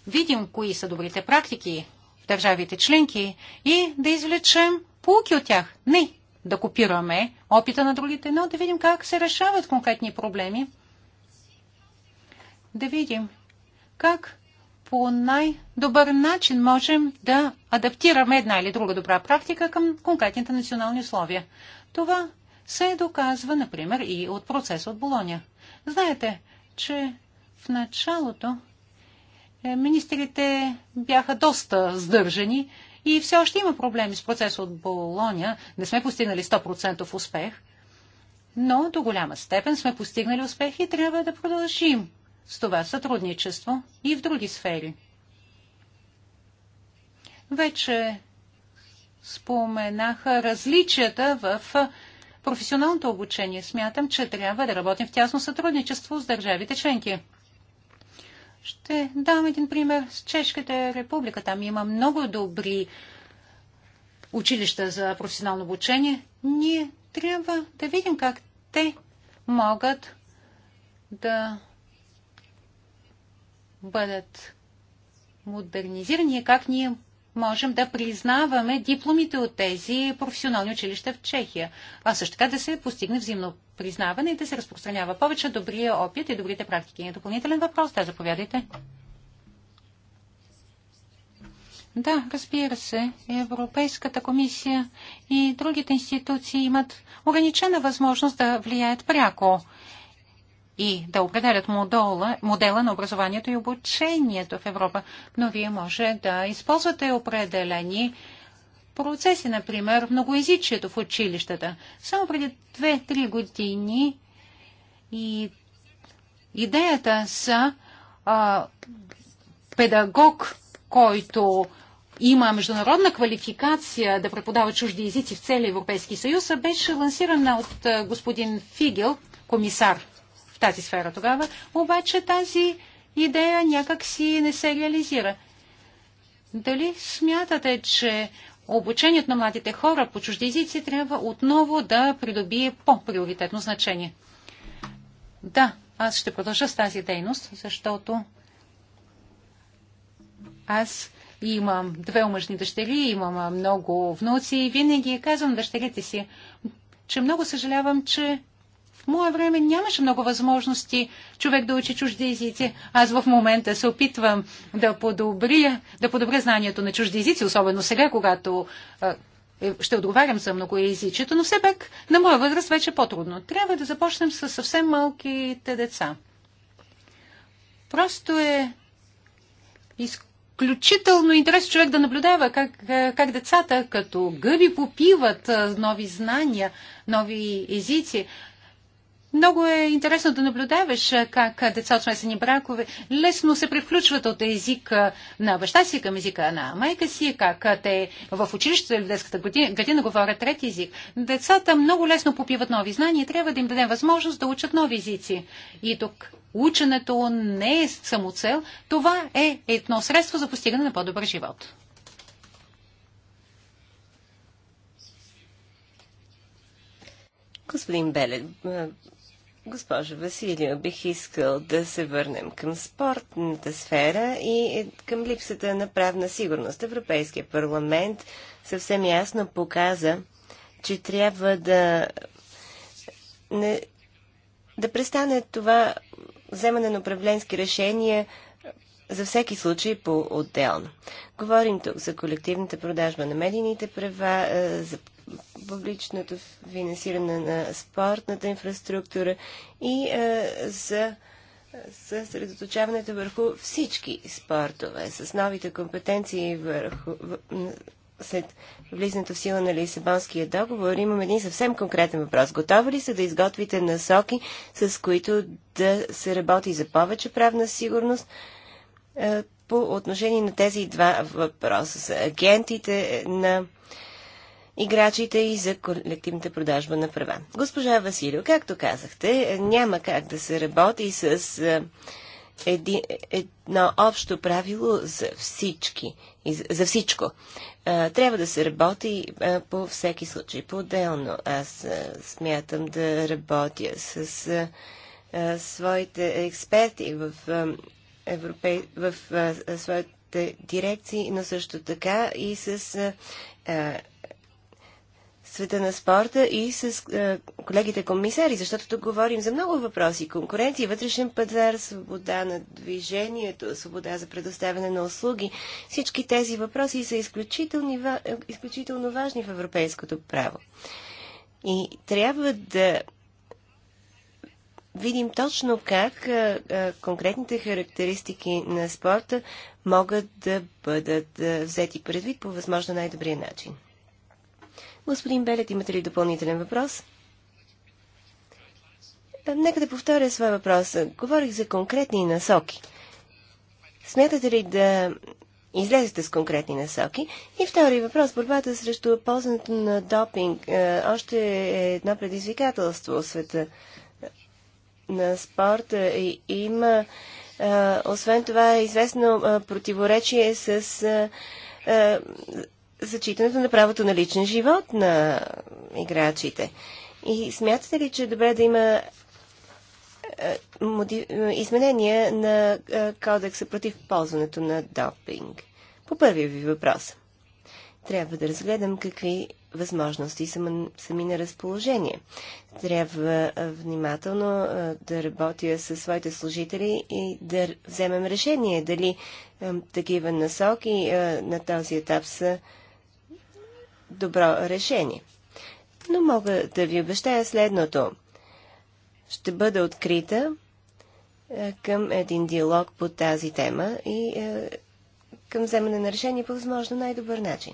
видим кои са добрите практики в държавите членки и да извлечем полки от тях. Не да копираме опита на другите, но да видим как се решават конкретни проблеми. Да видим как по най-добър начин можем да адаптираме една или друга добра практика към конкретните национални условия. Това се доказва, например, и от процеса от Болония. Знаете, че в началото е, министрите бяха доста сдържани и все още има проблеми с процеса от Болония. Не сме постигнали 100% успех, но до голяма степен сме постигнали успех и трябва да продължим с това сътрудничество и в други сфери. Вече споменаха различията в професионалното обучение. Смятам, че трябва да работим в тясно сътрудничество с държавите членки. Ще дам един пример с Чешката република. Там има много добри училища за професионално обучение. Ние трябва да видим как те могат да бъдат модернизирани и как ние можем да признаваме дипломите от тези професионални училища в Чехия, а също така да се постигне взаимно признаване и да се разпространява повече добрия опит и добрите практики. И допълнителен въпрос, да, заповядайте. Да, разбира се, Европейската комисия и другите институции имат ограничена възможност да влияят пряко и да определят модела, модела на образованието и обучението в Европа, но вие може да използвате определени процеси, например, многоязичието в училищата. Само преди 2-3 години и идеята са а, педагог, който има международна квалификация да преподава чужди езици в целия Европейски съюз, беше лансирана от господин Фигел, комисар в тази сфера тогава, обаче тази идея някак си не се реализира. Дали смятате, че обучението на младите хора по чужди езици трябва отново да придобие по-приоритетно значение? Да, аз ще продължа с тази дейност, защото аз имам две омъжни дъщери, имам много внуци и винаги казвам дъщерите си, че много съжалявам, че в мое време нямаше много възможности човек да учи чужди езици. Аз в момента се опитвам да подобря, да подобря знанието на чужди езици, особено сега, когато е, ще отговарям за много езичето, но все пак на моя възраст вече е по-трудно. Трябва да започнем с съвсем малките деца. Просто е изключително интересно човек да наблюдава как, е, как децата като гъби попиват е, нови знания, нови езици. Много е интересно да наблюдаваш как деца от смесени бракове лесно се превключват от езика на баща си към езика на майка си, как те в училището или в детската година, година говорят трети език. Децата много лесно попиват нови знания и трябва да им дадем възможност да учат нови езици. И тук ученето не е самоцел, това е едно средство за постигане на по-добър живот. Господин Беле, Госпожо Василио, бих искал да се върнем към спортната сфера и към липсата на правна сигурност. Европейския парламент съвсем ясно показа, че трябва да, не, да престане това вземане на управленски решения за всеки случай по-отделно. Говорим тук за колективната продажба на медийните права, е, за публичното финансиране на спортната инфраструктура и а, е, за съсредоточаването върху всички спортове, с новите компетенции върху, в, след влизането в сила на Лисабонския договор, имам един съвсем конкретен въпрос. Готови ли са да изготвите насоки, с които да се работи за повече правна сигурност е, по отношение на тези два въпроса? Агентите на играчите и за колективната продажба на права. Госпожа Василио, както казахте, няма как да се работи с е, еди, едно общо правило за всички, за всичко. Е, трябва да се работи е, по всеки случай, по-отделно. Аз смятам да работя с своите експерти в, европе... в своите дирекции, но също така и с света на спорта и с е, колегите комисари, защото тук говорим за много въпроси. Конкуренция, вътрешен пазар, свобода на движението, свобода за предоставяне на услуги. Всички тези въпроси са изключително, е, изключително важни в европейското право. И трябва да видим точно как е, е, конкретните характеристики на спорта могат да бъдат е, взети предвид по възможно най-добрия начин. Господин Белет, имате ли допълнителен въпрос? Е, нека да повторя своя въпрос. Говорих за конкретни насоки. Смятате ли да излезете с конкретни насоки? И втори въпрос. Борбата срещу ползването на допинг е, още е едно предизвикателство в света на спорта. И има, е, освен това, известно противоречие с зачитането на правото на личен живот на играчите. И смятате ли, че е добре да има е, е, изменения на е, кодекса против ползването на допинг? По първия ви въпрос. Трябва да разгледам какви възможности са, са ми на разположение. Трябва внимателно да работя със своите служители и да вземем решение дали такива насоки на този етап са добро решение. Но мога да ви обещая следното. Ще бъда открита е, към един диалог по тази тема и е, към вземане на решение по възможно най-добър начин.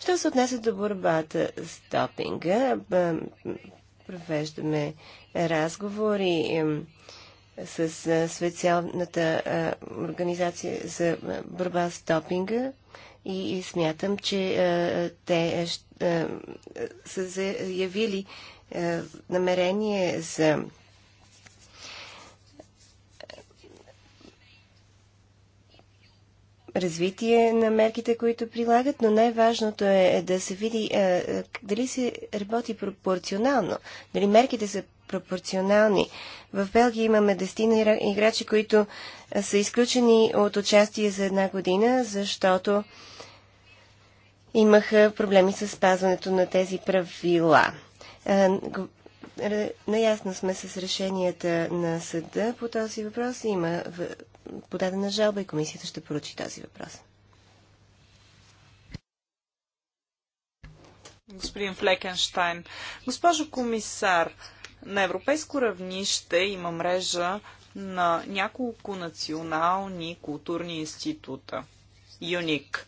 Що се отнесе до борбата с допинга, е, провеждаме разговори с Специалната организация за борба с допинга и смятам, че е, те е, е, са заявили намерение за развитие на мерките, които прилагат, но най-важното е да се види дали се работи пропорционално, дали мерките са пропорционални в Белгия имаме дестина играчи, които са изключени от участие за една година, защото имаха проблеми с спазването на тези правила. Наясно сме с решенията на съда по този въпрос. Има подадена жалба и комисията ще поручи този въпрос. Господин Флекенштайн. Госпожо комисар, на европейско равнище има мрежа на няколко национални културни института. ЮНИК.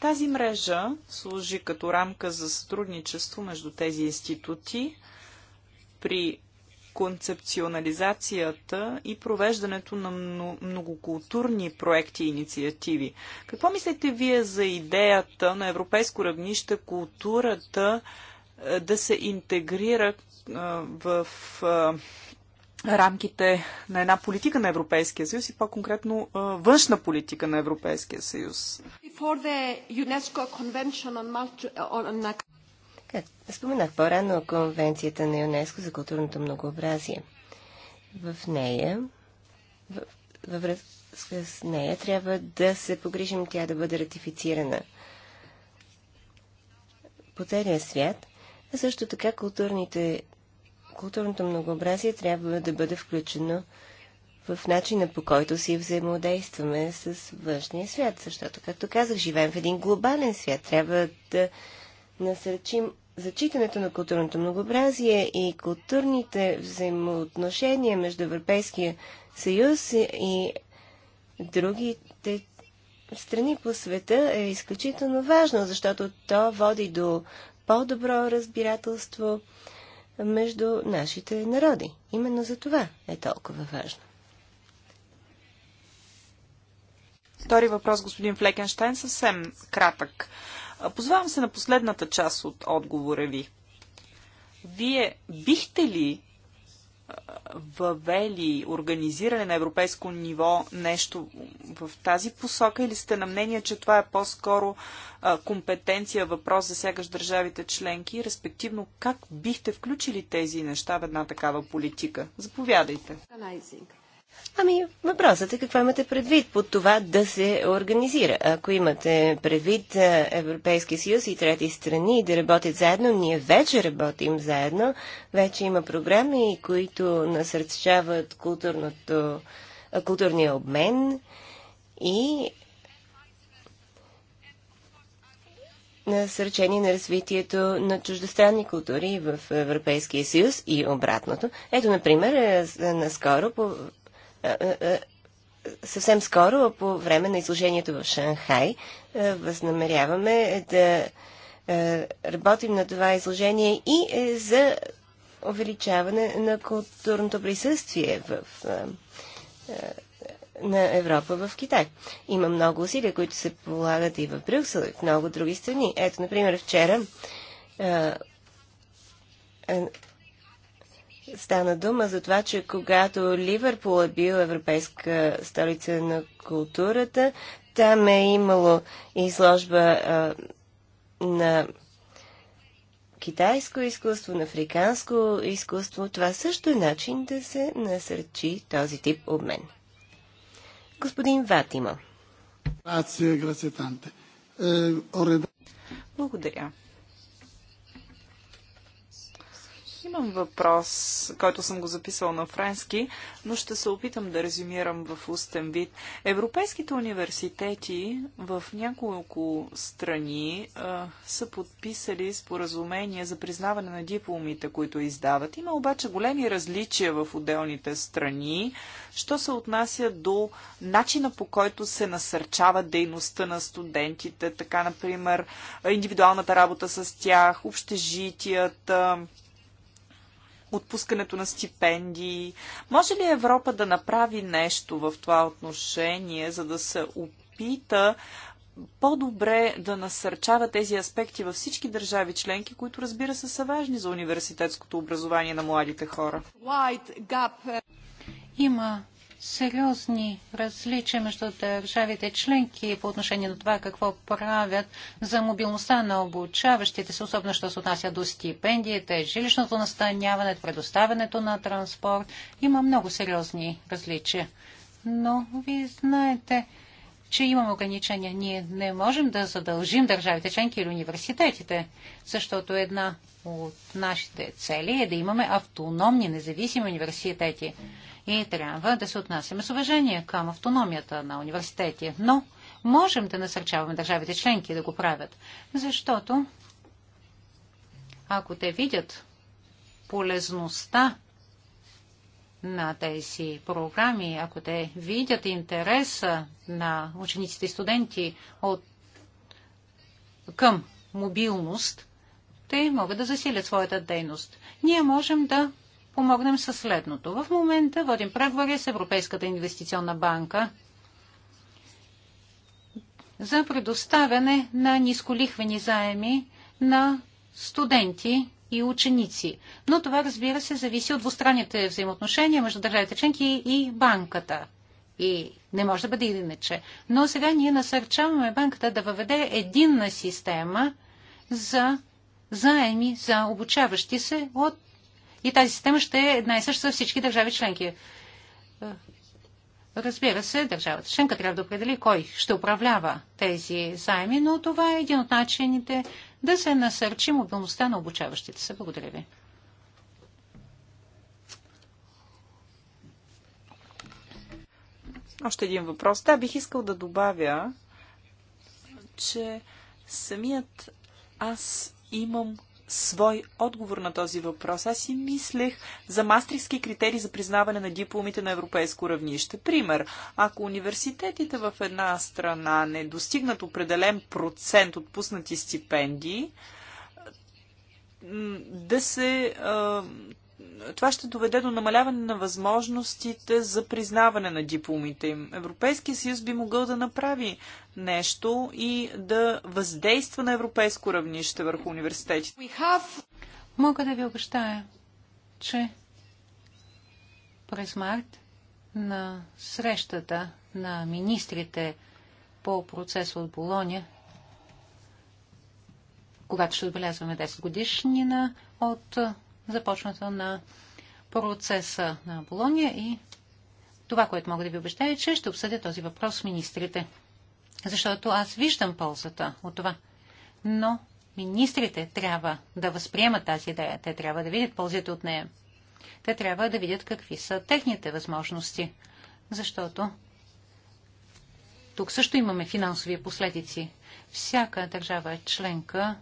Тази мрежа служи като рамка за сътрудничество между тези институти при концепционализацията и провеждането на многокултурни проекти и инициативи. Какво мислите вие за идеята на европейско равнище културата е, да се интегрира е, в е, рамките на една политика на Европейския съюз и по-конкретно външна политика на Европейския съюз. споменах по-рано конвенцията на ЮНЕСКО за културното многообразие. В нея, в, във връзка с нея, трябва да се погрижим тя да бъде ратифицирана по целия свят а също така културните, културното многообразие трябва да бъде включено в начина по който си взаимодействаме с външния свят. Защото, както казах, живеем в един глобален свят. Трябва да насърчим зачитането на културното многообразие и културните взаимоотношения между Европейския съюз и другите страни по света е изключително важно, защото то води до по-добро разбирателство между нашите народи. Именно за това е толкова важно. Втори въпрос, господин Флекенштайн, съвсем кратък. Позвавам се на последната част от отговора ви. Вие бихте ли въвели организиране на европейско ниво нещо в тази посока или сте на мнение, че това е по-скоро компетенция, въпрос засягащ държавите членки, респективно как бихте включили тези неща в една такава политика? Заповядайте. Amazing. Ами, въпросът е какво имате предвид под това да се организира. Ако имате предвид е, Европейския съюз и трети страни да работят заедно, ние вече работим заедно. Вече има програми, които насърчават културното, е, културния обмен и насърчение на развитието на чуждестранни култури в Европейския съюз и обратното. Ето, например, е, наскоро по е, е, е, съвсем скоро, по време на изложението в Шанхай, възнамеряваме да работим на това изложение и за увеличаване на културното присъствие в, на Европа в Китай. Има много усилия, които се полагат и в Брюксел, и в много други страни. Ето, например, вчера стана дума за това, че когато Ливърпул е бил европейска столица на културата, там е имало изложба а, на китайско изкуство, на африканско изкуство. Това също е начин да се насърчи този тип обмен. Господин Ватима. Е, Благодаря. Имам въпрос, който съм го записал на френски, но ще се опитам да резюмирам в устен вид. Европейските университети в няколко страни а, са подписали споразумение за признаване на дипломите, които издават. Има обаче големи различия в отделните страни, що се отнася до начина по който се насърчава дейността на студентите, така например индивидуалната работа с тях, общежитията, отпускането на стипендии. Може ли Европа да направи нещо в това отношение, за да се опита по-добре да насърчава тези аспекти във всички държави членки, които разбира се са важни за университетското образование на младите хора? Има сериозни различия между държавите членки по отношение на това какво правят за мобилността на обучаващите се, особено що се отнася до стипендиите, жилищното настаняване, предоставянето на транспорт. Има много сериозни различия. Но вие знаете, че имаме ограничения. Ние не можем да задължим държавите членки или университетите, защото една от нашите цели е да имаме автономни, независими университети и трябва да се отнасяме с уважение към автономията на университети. Но можем да насърчаваме държавите членки да го правят, защото ако те видят полезността на тези програми, ако те видят интереса на учениците и студенти от... към мобилност, те могат да засилят своята дейност. Ние можем да помогнем със следното. В момента водим преговори с Европейската инвестиционна банка за предоставяне на нисколихвени заеми на студенти и ученици. Но това, разбира се, зависи от двустранните взаимоотношения между държавите членки и банката. И не може да бъде иначе. Но сега ние насърчаваме банката да въведе единна система за заеми за обучаващи се от и тази система ще е една и съща за всички държави членки. Е, разбира се, държавата членка трябва да определи кой ще управлява тези заеми, но това е един от начините да се насърчи мобилността на обучаващите се. Благодаря ви. Още един въпрос. Да, бих искал да добавя, че самият аз имам свой отговор на този въпрос. Аз си мислех за мастрихски критерии за признаване на дипломите на европейско равнище. Пример, ако университетите в една страна не достигнат определен процент отпуснати стипендии, да се а, това ще доведе до намаляване на възможностите за признаване на дипломите им. Европейския съюз би могъл да направи нещо и да въздейства на европейско равнище върху университетите. Мога да ви обещая, че през март на срещата на министрите по процеса от Болония, когато ще отбелязваме 10 годишнина от започването на процеса на Болония и това, което мога да ви обещая, е, че ще обсъдя този въпрос с министрите. Защото аз виждам ползата от това. Но министрите трябва да възприемат тази идея. Те трябва да видят ползите от нея. Те трябва да видят какви са техните възможности. Защото тук също имаме финансови последици. Всяка държава членка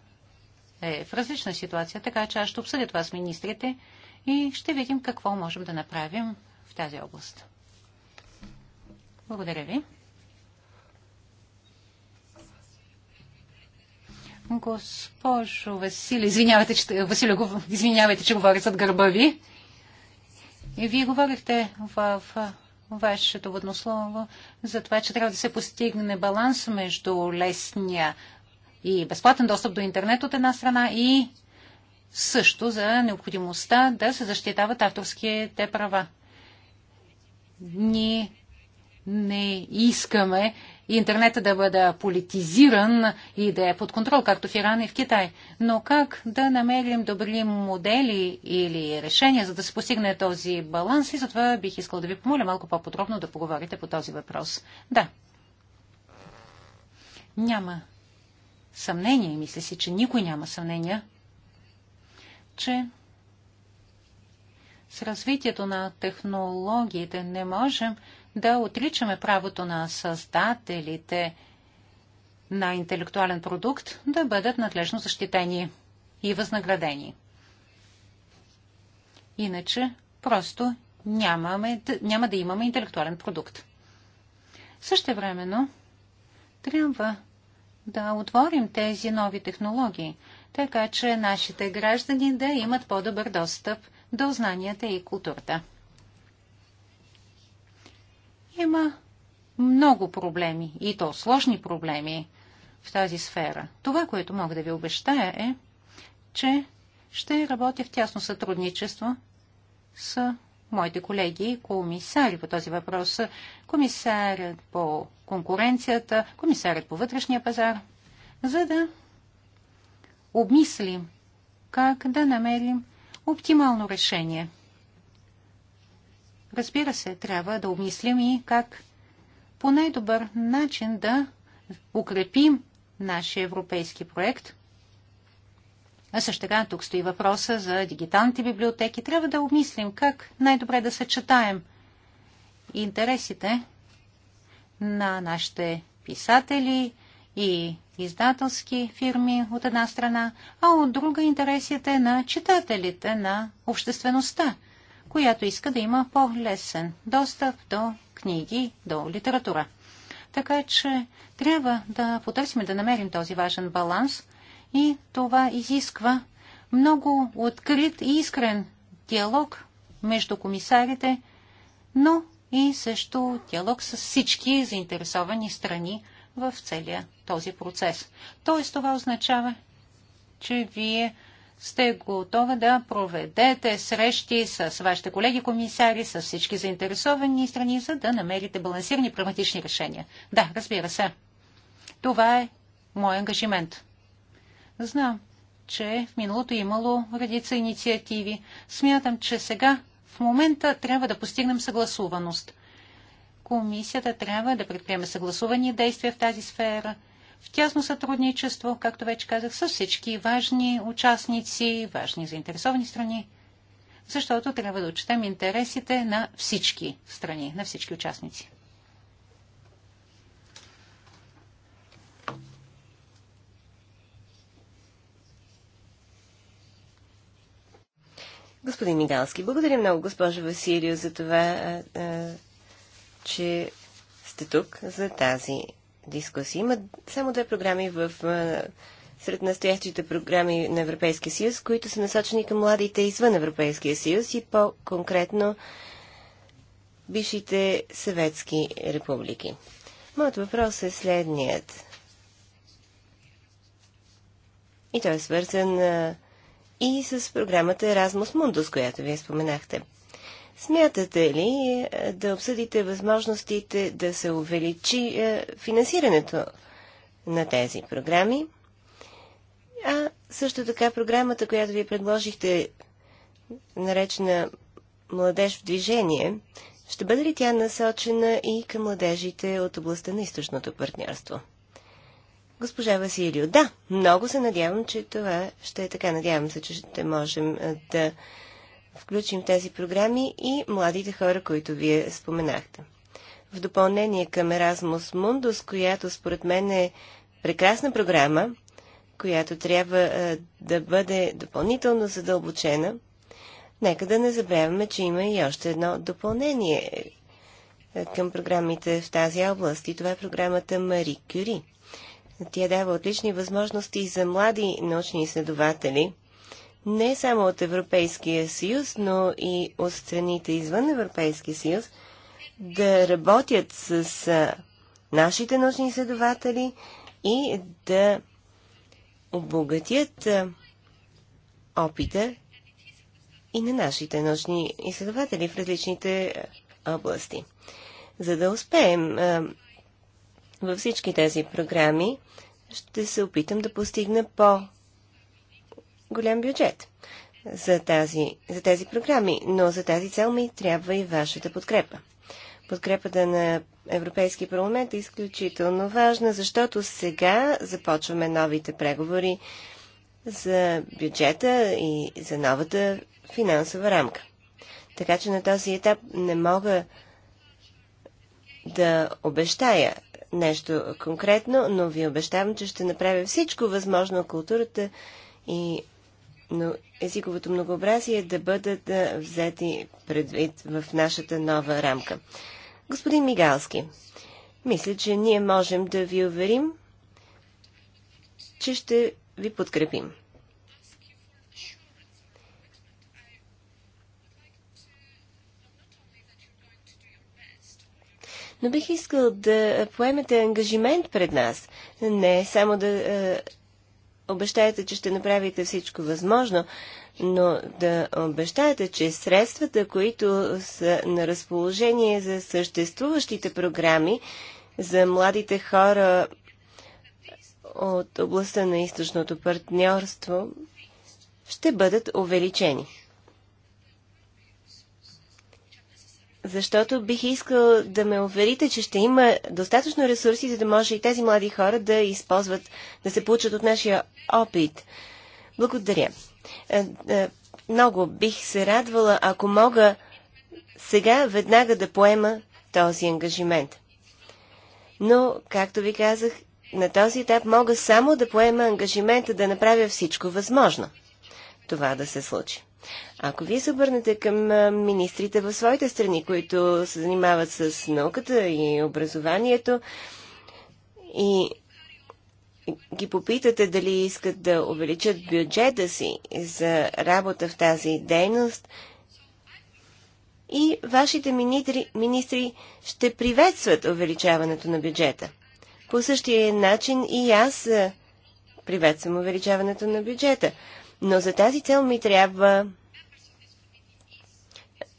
е в различна ситуация, така че аз ще обсъдя това с министрите и ще видим какво можем да направим в тази област. Благодаря ви. Госпожо Васили, извинявайте, че, Василе, извинявайте, че говоря зад гърба ви. И вие говорихте в вашето воднослово за това, че трябва да се постигне баланс между лесния и безплатен достъп до интернет от една страна и също за необходимостта да се защитават авторските права. Ние не искаме интернета да бъде политизиран и да е под контрол, както в Иран и в Китай. Но как да намерим добри модели или решения, за да се постигне този баланс? И затова бих искал да ви помоля малко по-подробно да поговорите по този въпрос. Да. Няма съмнение, мисля си, че никой няма съмнение, че с развитието на технологиите не можем да отричаме правото на създателите на интелектуален продукт да бъдат надлежно защитени и възнаградени. Иначе просто нямаме, няма да имаме интелектуален продукт. времено трябва да отворим тези нови технологии, така че нашите граждани да имат по-добър достъп до знанията и културата. Има много проблеми, и то сложни проблеми в тази сфера. Това, което мога да ви обещая е, че ще работя в тясно сътрудничество с моите колеги комисари по този въпрос. Комисарят по конкуренцията, комисарят по вътрешния пазар, за да обмислим как да намерим оптимално решение. Разбира се, трябва да обмислим и как по най-добър начин да укрепим нашия европейски проект – а също така тук стои въпроса за дигиталните библиотеки. Трябва да обмислим как най-добре да съчетаем интересите на нашите писатели и издателски фирми от една страна, а от друга интересите на читателите, на обществеността, която иска да има по-лесен достъп до книги, до литература. Така че трябва да потърсим да намерим този важен баланс – и това изисква много открит и искрен диалог между комисарите, но и също диалог с всички заинтересовани страни в целия този процес. Тоест това означава, че вие сте готова да проведете срещи с вашите колеги комисари, с всички заинтересовани страни, за да намерите балансирани прагматични решения. Да, разбира се. Това е мой ангажимент. Знам, че в миналото е имало редица инициативи. Смятам, че сега в момента трябва да постигнем съгласуваност. Комисията трябва да предприеме съгласувани действия в тази сфера, в тясно сътрудничество, както вече казах, с всички важни участници, важни заинтересовани страни, защото трябва да отчетем интересите на всички страни, на всички участници. Господин Мидалски, благодаря много, госпожа Василио, за това, че сте тук за тази дискусия. Има само две програми в сред настоящите програми на Европейския съюз, които са насочени към младите извън Европейския съюз и по-конкретно бившите съветски републики. Моят въпрос е следният. И той е свързан а, и с програмата Erasmus Mundus, която вие споменахте. Смятате ли е, да обсъдите възможностите да се увеличи е, финансирането на тези програми? А също така програмата, която ви предложихте, наречена Младеж в движение, ще бъде ли тя насочена и към младежите от областта на източното партньорство? Госпожа Василио, да, много се надявам, че това ще е така. Надявам се, че ще можем да включим тези програми и младите хора, които вие споменахте. В допълнение към Erasmus Mundus, която според мен е прекрасна програма, която трябва да бъде допълнително задълбочена, нека да не забравяме, че има и още едно допълнение към програмите в тази област и това е програмата Мари Кюри. Тя дава отлични възможности за млади научни изследователи, не само от Европейския съюз, но и от страните извън Европейския съюз, да работят с нашите научни изследователи и да обогатят опита и на нашите научни изследователи в различните области. За да успеем във всички тези програми ще се опитам да постигна по-голям бюджет за, тази, за тези програми, но за тази цел ми трябва и вашата подкрепа. Подкрепата на Европейски парламент е изключително важна, защото сега започваме новите преговори за бюджета и за новата финансова рамка. Така че на този етап не мога да обещая нещо конкретно, но ви обещавам, че ще направя всичко възможно културата и но езиковото многообразие да бъдат взети предвид в нашата нова рамка. Господин Мигалски, мисля, че ние можем да ви уверим, че ще ви подкрепим. но бих искал да поемете ангажимент пред нас. Не само да е, обещаете, че ще направите всичко възможно, но да обещаете, че средствата, които са на разположение за съществуващите програми за младите хора от областта на източното партньорство, ще бъдат увеличени. защото бих искал да ме уверите, че ще има достатъчно ресурси, за да може и тези млади хора да използват, да се получат от нашия опит. Благодаря. Е, е, много бих се радвала, ако мога сега веднага да поема този ангажимент. Но, както ви казах, на този етап мога само да поема ангажимента да направя всичко възможно това да се случи. Ако вие се обърнете към министрите в своите страни, които се занимават с науката и образованието, и ги попитате дали искат да увеличат бюджета си за работа в тази дейност, и вашите министри, министри ще приветстват увеличаването на бюджета. По същия начин и аз приветствам увеличаването на бюджета. Но за тази цел ми трябва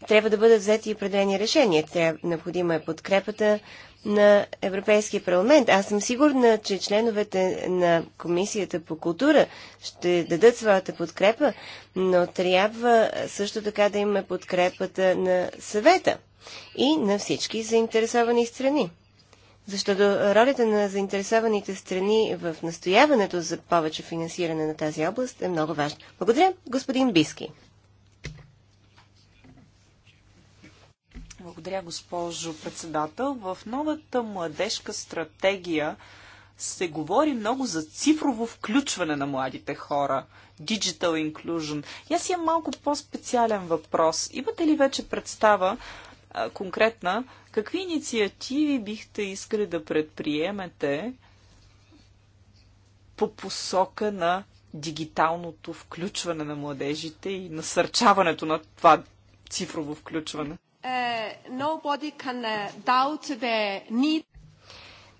трябва да бъдат взети определени решения. Трябва, необходима е подкрепата на Европейския парламент. Аз съм сигурна, че членовете на Комисията по култура ще дадат своята подкрепа, но трябва също така да имаме подкрепата на съвета и на всички заинтересовани страни. Защото ролята на заинтересованите страни в настояването за повече финансиране на тази област е много важна. Благодаря, господин Биски. Благодаря, госпожо председател. В новата младежка стратегия се говори много за цифрово включване на младите хора. Digital inclusion. И аз имам малко по-специален въпрос. Имате ли вече представа а, конкретна Какви инициативи бихте искали да предприемете по посока на дигиталното включване на младежите и насърчаването на това цифрово включване? Е, е,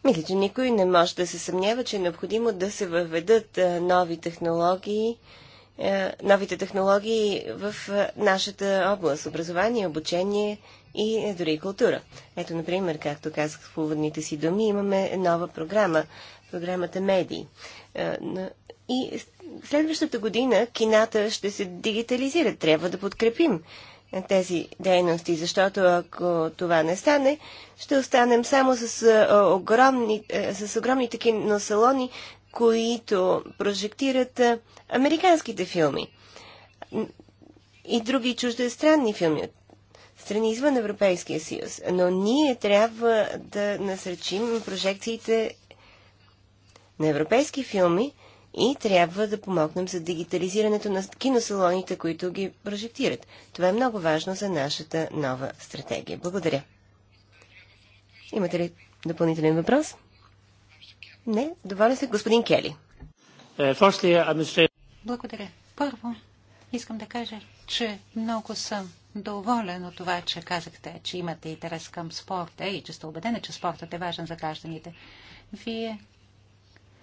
Мисля, че никой не може да се съмнява, че е необходимо да се въведат е, нови технологии, новите технологии в нашата област. Образование, обучение, и е дори култура. Ето, например, както казах в уводните си думи, имаме нова програма, програмата Медии. И следващата година кината ще се дигитализират. Трябва да подкрепим тези дейности, защото ако това не стане, ще останем само с, огромни, с таки киносалони, които прожектират американските филми и други чуждестранни филми страни извън Европейския съюз. Но ние трябва да насръчим прожекциите на европейски филми и трябва да помогнем за дигитализирането на киносалоните, които ги прожектират. Това е много важно за нашата нова стратегия. Благодаря. Имате ли допълнителен въпрос? Не? Доволен се господин Кели. Е, Благодаря. Първо, искам да кажа, че много съм доволен от това, че казахте, че имате интерес към спорта и че сте убедени, че спортът е важен за гражданите. Вие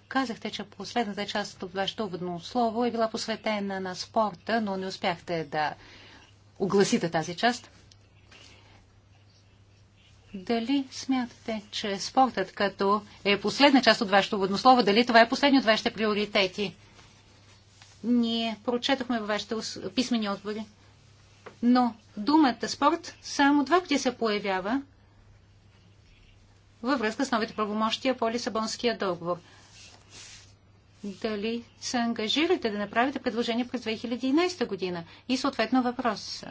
казахте, че последната част от вашето уводно слово е била посветена на спорта, но не успяхте да огласите тази част. Дали смятате, че спортът като е последна част от вашето уводно слово, дали това е последни от вашите приоритети? Ние прочетохме във вашите писмени отговори но думата спорт само два пъти се появява във връзка с новите правомощия по Лисабонския договор. Дали се ангажирате да направите предложение през 2011 година? И съответно въпрос.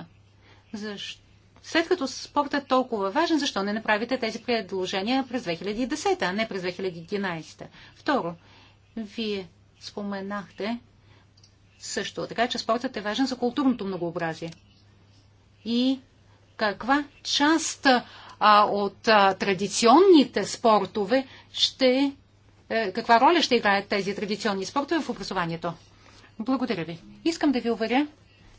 Защо? След като спортът е толкова важен, защо не направите тези предложения през 2010, а не през 2011? Второ, вие споменахте също така, че спортът е важен за културното многообразие и каква част а, от а, традиционните спортове ще. Е, каква роля ще играят тези традиционни спортове в образованието? Благодаря ви. Искам да ви уверя,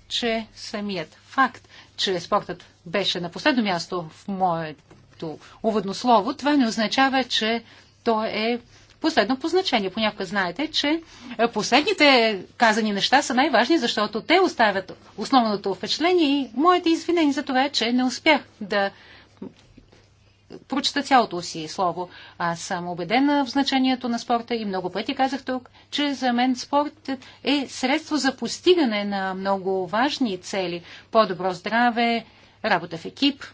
че самият факт, че спортът беше на последно място в моето уводно слово, това не означава, че то е последно по значение. Понякога знаете, че е, последните казани неща са най-важни, защото те оставят основното впечатление и моите извинени за това, че не успях да прочета цялото си слово. Аз съм убедена в значението на спорта и много пъти казах тук, че за мен спорт е средство за постигане на много важни цели. По-добро здраве, работа в екип –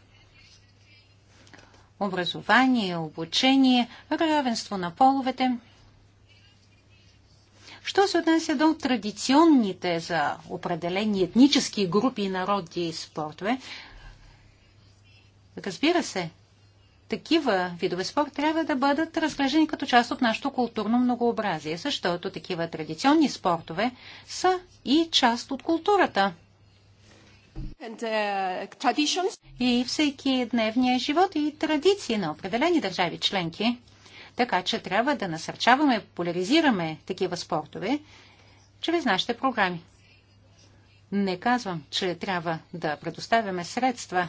образование, обучение, равенство на половете. Що се отнася до традиционните за определени етнически групи народи и спортове, разбира се, такива видове спорт трябва да бъдат разглеждани като част от нашето културно многообразие, защото такива традиционни спортове са и част от културата. Uh, и всеки дневния живот и традиции на определени държави членки. Така че трябва да насърчаваме, поляризираме такива спортове чрез нашите програми. Не казвам, че трябва да предоставяме средства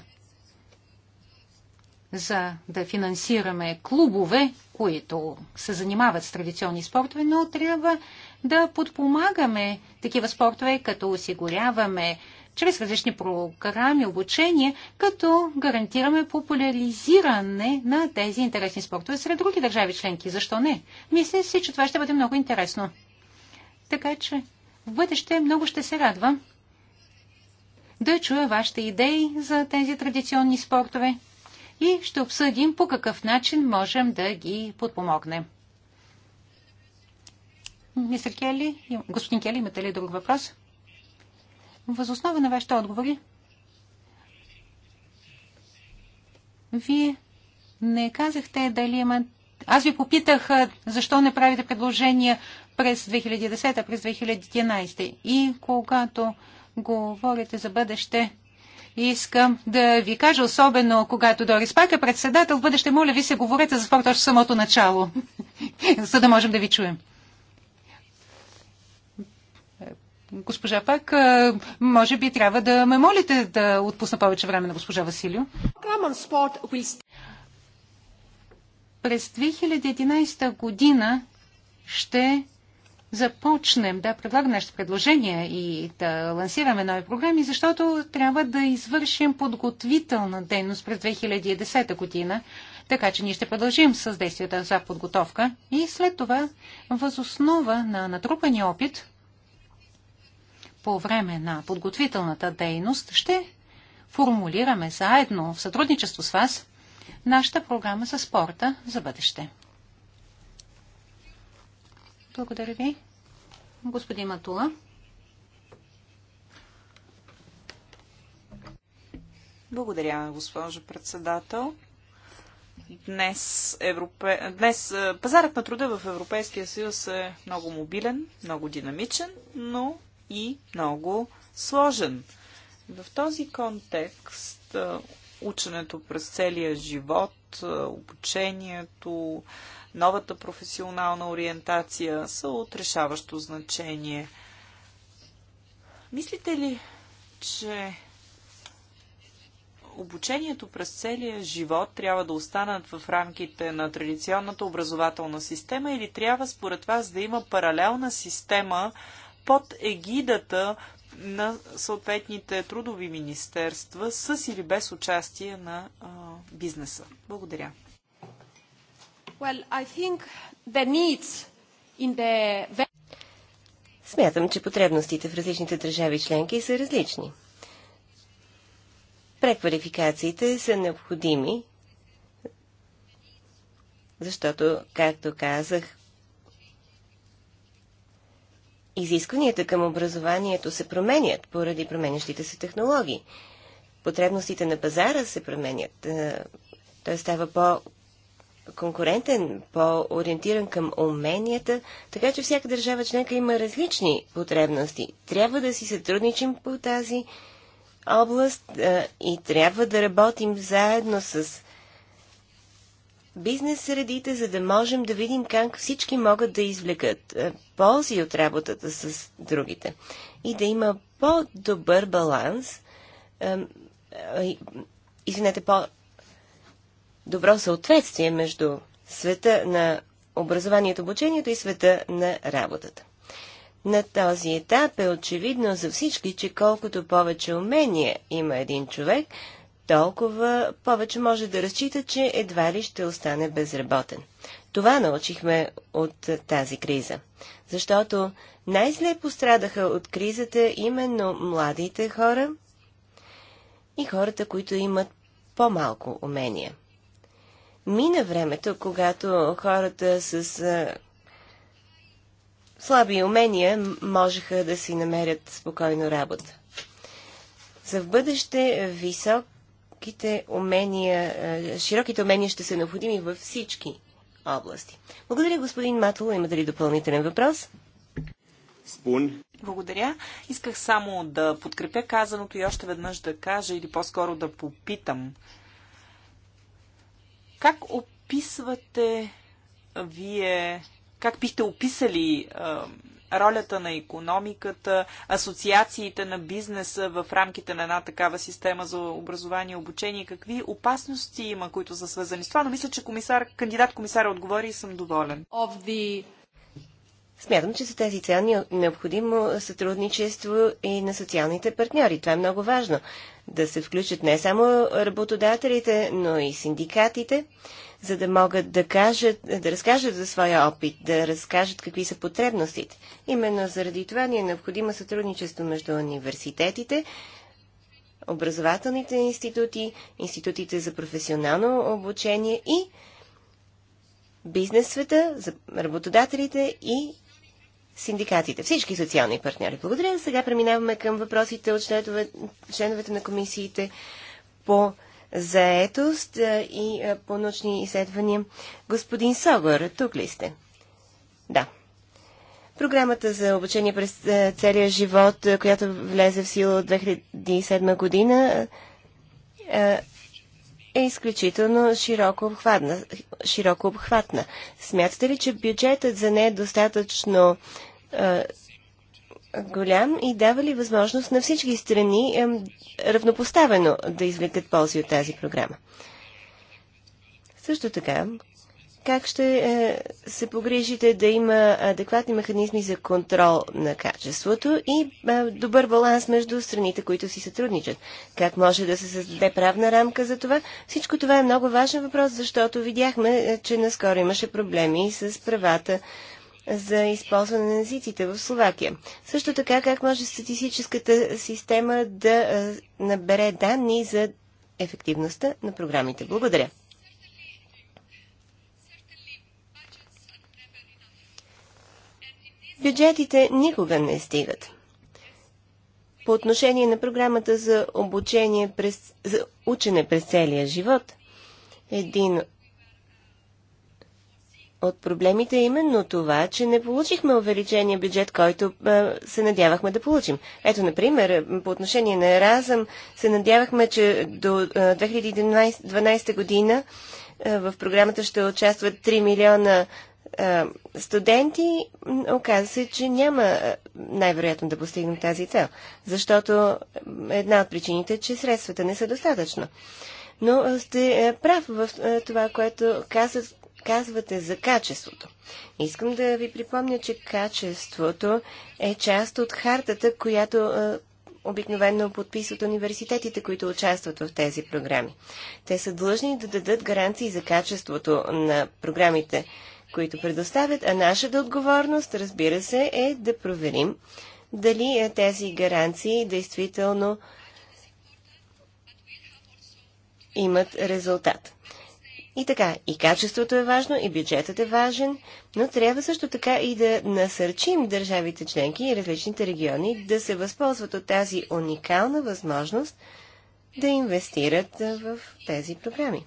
за да финансираме клубове, които се занимават с традиционни спортове, но трябва да подпомагаме такива спортове, като осигуряваме чрез различни програми, обучение, като гарантираме популяризиране на тези интересни спортове сред други държави членки. Защо не? Мисля си, че това ще бъде много интересно. Така че в бъдеще много ще се радвам да чуя вашите идеи за тези традиционни спортове и ще обсъдим по какъв начин можем да ги подпомогнем. Мистер Кели, господин Кели, имате ли друг въпрос? Възоснова на вашите отговори, вие не казахте дали има... Аз ви попитах защо не правите предложения през 2010, през 2011. И когато говорите за бъдеще, искам да ви кажа, особено когато Дорис Пак е председател, в бъдеще, моля ви се, говорете за спорт още самото начало, за да можем да ви чуем. Госпожа Пак, може би трябва да ме молите да отпусна повече време на госпожа Василио. През 2011 година ще започнем да предлагаме нашите предложения и да лансираме нови програми, защото трябва да извършим подготвителна дейност през 2010 година. Така че ние ще продължим с действията за подготовка и след това, възоснова на натрупания опит, по време на подготвителната дейност ще формулираме заедно в сътрудничество с вас нашата програма за спорта за бъдеще. Благодаря ви. Господин Матула. Благодаря, госпожо председател. Днес, Европе... Днес е, пазарът на труда в Европейския съюз е много мобилен, много динамичен, но и много сложен. В този контекст ученето през целия живот, обучението, новата професионална ориентация са от решаващо значение. Мислите ли, че обучението през целия живот трябва да останат в рамките на традиционната образователна система или трябва според вас да има паралелна система под егидата на съответните трудови министерства с или без участие на а, бизнеса. Благодаря. Well, I think the needs in the... Смятам, че потребностите в различните държави членки са различни. Преквалификациите са необходими, защото, както казах, изискванията към образованието се променят поради променящите се технологии. Потребностите на пазара се променят. Е, той става по-конкурентен, по-ориентиран към уменията, така че всяка държава членка има различни потребности. Трябва да си сътрудничим по тази област е, и трябва да работим заедно с бизнес средите, за да можем да видим как всички могат да извлекат е, ползи от работата с другите и да има по-добър баланс, е, е, извинете, по-добро съответствие между света на образованието, обучението и света на работата. На този етап е очевидно за всички, че колкото повече умения има един човек, толкова повече може да разчита, че едва ли ще остане безработен. Това научихме от тази криза. Защото най-зле пострадаха от кризата именно младите хора и хората, които имат по-малко умения. Мина времето, когато хората с а, слаби умения можеха да си намерят спокойно работа. За в бъдеще висок широките умения, е, широките умения ще са необходими във всички области. Благодаря, господин Матло. Имате ли допълнителен въпрос? Спун. Благодаря. Исках само да подкрепя казаното и още веднъж да кажа или по-скоро да попитам. Как описвате вие, как бихте описали ролята на економиката, асоциациите на бизнеса в рамките на една такава система за образование и обучение, какви опасности има, които са свързани с това, но мисля, че комисар, кандидат комисар отговори и съм доволен. The... Смятам, че за тези цели е необходимо сътрудничество и на социалните партньори. Това е много важно. Да се включат не само работодателите, но и синдикатите, за да могат да кажат, да разкажат за своя опит, да разкажат какви са потребностите. Именно заради това ни е необходимо сътрудничество между университетите, образователните институти, институтите за професионално обучение и бизнес света, за работодателите и синдикатите, всички социални партньори. Благодаря. Сега преминаваме към въпросите от членове, членовете на комисиите по заетост и по научни изследвания. Господин Согор, тук ли сте? Да. Програмата за обучение през целия живот, която влезе в сила от 2007 година, е изключително широко обхватна. Широко обхватна. Смятате ли, че бюджетът за нея е достатъчно голям и дава ли възможност на всички страни равнопоставено да извлекат ползи от тази програма? Също така, как ще е, се погрижите да има адекватни механизми за контрол на качеството и е, добър баланс между страните, които си сътрудничат? Как може да се създаде правна рамка за това? Всичко това е много важен въпрос, защото видяхме, е, че наскоро имаше проблеми с правата за използване на езиците в Словакия. Също така, как може статистическата система да е, набере данни за ефективността на програмите. Благодаря. Бюджетите никога не стигат. По отношение на програмата за обучение през, за учене през целия живот, един от проблемите е именно това, че не получихме увеличения бюджет, който се надявахме да получим. Ето, например, е, по отношение на Еразъм се надявахме, че до 2012 година в програмата ще участват 3 милиона студенти, Оказва се, че няма най-вероятно да постигнем тази цел, защото една от причините е, че средствата не са достатъчно. Но сте прав в това, което казах, казвате за качеството. Искам да ви припомня, че качеството е част от хартата, която е, обикновено подписват университетите, които участват в тези програми. Те са длъжни да дадат гаранции за качеството на програмите, които предоставят, а нашата отговорност, разбира се, е да проверим дали тези гаранции действително имат резултат. И така, и качеството е важно, и бюджетът е важен, но трябва също така и да насърчим държавите членки и различните региони да се възползват от тази уникална възможност да инвестират в тези програми.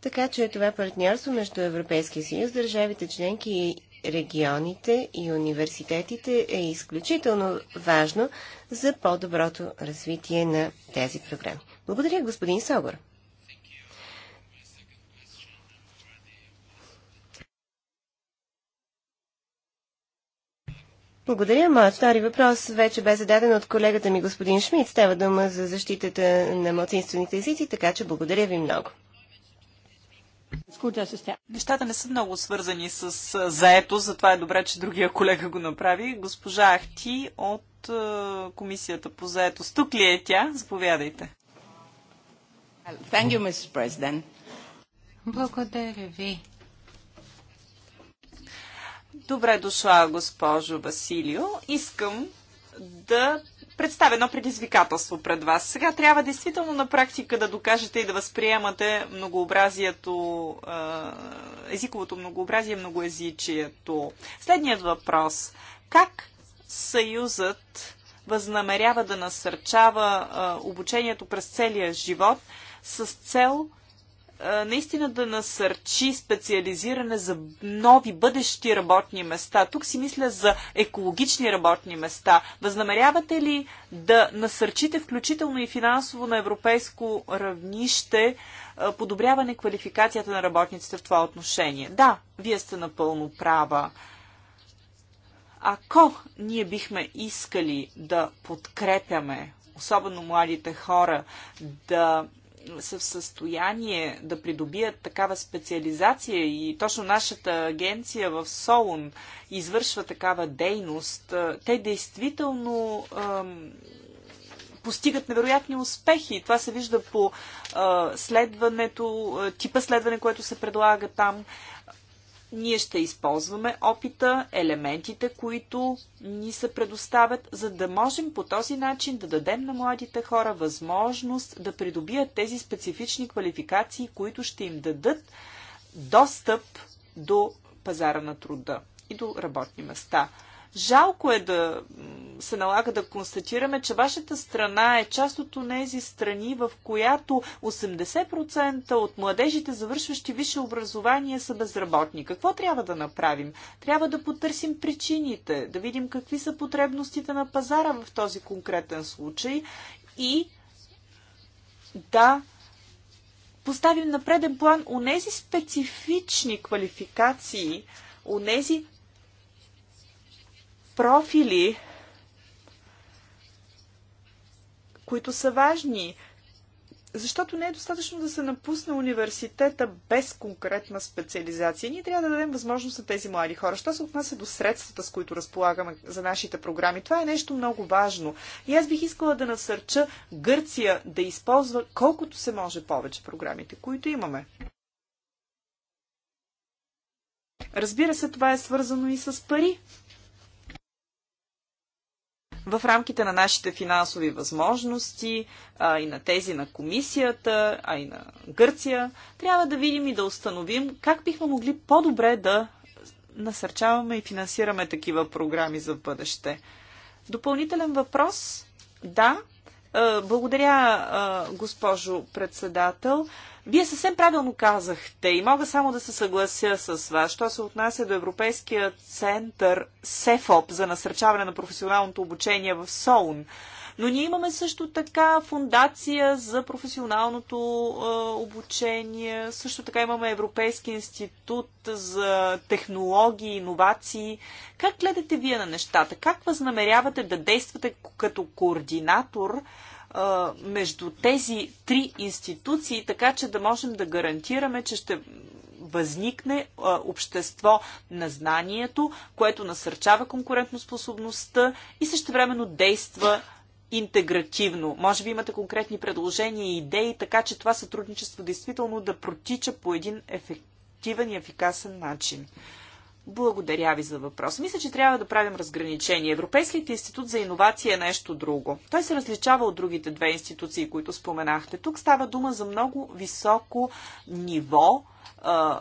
Така че това партньорство между Европейския съюз, държавите членки и регионите и университетите е изключително важно за по-доброто развитие на тези програми. Благодаря, господин Собор. Благодаря. Моя втори въпрос вече бе зададен от колегата ми господин Шмидт. Става дума за защитата на младсинствените езици, така че благодаря ви много. Нещата не са много свързани с заето, затова е добре, че другия колега го направи. Госпожа Ахти от Комисията по заето. Тук ли е тя? Заповядайте. Благодаря ви, Добре дошла, госпожо Василио. Искам да представя едно предизвикателство пред вас. Сега трябва действително на практика да докажете и да възприемате многообразието, езиковото многообразие, многоязичието. Следният въпрос. Как Съюзът възнамерява да насърчава обучението през целия живот с цел наистина да насърчи специализиране за нови бъдещи работни места. Тук си мисля за екологични работни места. Възнамерявате ли да насърчите включително и финансово на европейско равнище подобряване квалификацията на работниците в това отношение? Да, вие сте напълно права. Ако ние бихме искали да подкрепяме особено младите хора, да са в състояние да придобият такава специализация и точно нашата агенция в Солун извършва такава дейност, те действително постигат невероятни успехи. Това се вижда по следването, типа следване, което се предлага там. Ние ще използваме опита, елементите, които ни се предоставят, за да можем по този начин да дадем на младите хора възможност да придобият тези специфични квалификации, които ще им дадат достъп до пазара на труда и до работни места. Жалко е да се налага да констатираме, че вашата страна е част от тези страни, в която 80% от младежите, завършващи висше образование, са безработни. Какво трябва да направим? Трябва да потърсим причините, да видим какви са потребностите на пазара в този конкретен случай и да поставим на преден план нези специфични квалификации, нези профили, които са важни. Защото не е достатъчно да се напусне университета без конкретна специализация. Ние трябва да дадем възможност на тези млади хора. Що се отнася до средствата, с които разполагаме за нашите програми? Това е нещо много важно. И аз бих искала да насърча Гърция да използва колкото се може повече програмите, които имаме. Разбира се, това е свързано и с пари в рамките на нашите финансови възможности, а и на тези на комисията, а и на Гърция, трябва да видим и да установим как бихме могли по-добре да насърчаваме и финансираме такива програми за бъдеще. Допълнителен въпрос? Да. Благодаря, госпожо председател. Вие съвсем правилно казахте и мога само да се съглася с вас, що се отнася до Европейския център СЕФОП за насърчаване на професионалното обучение в СОУН. Но ние имаме също така фундация за професионалното е, обучение, също така имаме Европейски институт за технологии, иновации. Как гледате вие на нещата? Как възнамерявате да действате като координатор? между тези три институции, така че да можем да гарантираме, че ще възникне общество на знанието, което насърчава конкурентоспособността и същевременно действа интегративно. Може би имате конкретни предложения и идеи, така че това сътрудничество действително да протича по един ефективен и ефикасен начин. Благодаря ви за въпрос. Мисля, че трябва да правим разграничение. Европейският институт за иновация е нещо друго. Той се различава от другите две институции, които споменахте. Тук става дума за много високо ниво а,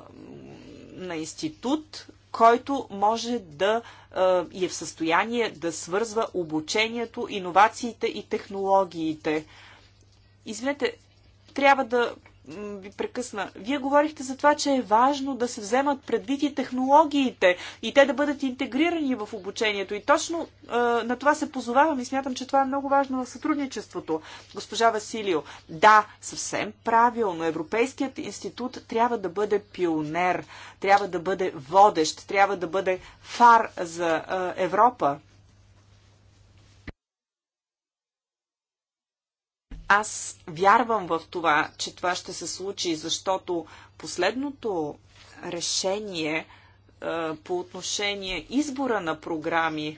на институт, който може да а, е в състояние да свързва обучението, иновациите и технологиите. Извинете, трябва да ви прекъсна. Вие говорихте за това, че е важно да се вземат предвид и технологиите и те да бъдат интегрирани в обучението. И точно е, на това се позовавам и смятам, че това е много важно в сътрудничеството. Госпожа Василио, да, съвсем правилно. Европейският институт трябва да бъде пионер, трябва да бъде водещ, трябва да бъде фар за е, Европа. Аз вярвам в това, че това ще се случи, защото последното решение а, е, по отношение избора на програми е,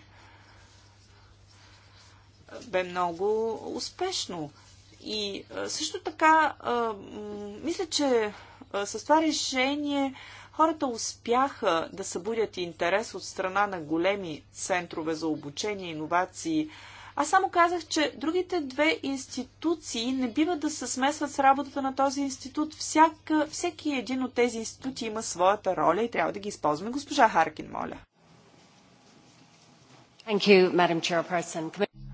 бе много успешно. И е, също така, мисля, че с това решение хората успяха да събудят интерес от страна на големи центрове за обучение, и иновации, аз само казах, че другите две институции не бива да се смесват с работата на този институт. Всяка, всеки един от тези институти има своята роля и трябва да ги използваме. Госпожа Харкин, моля.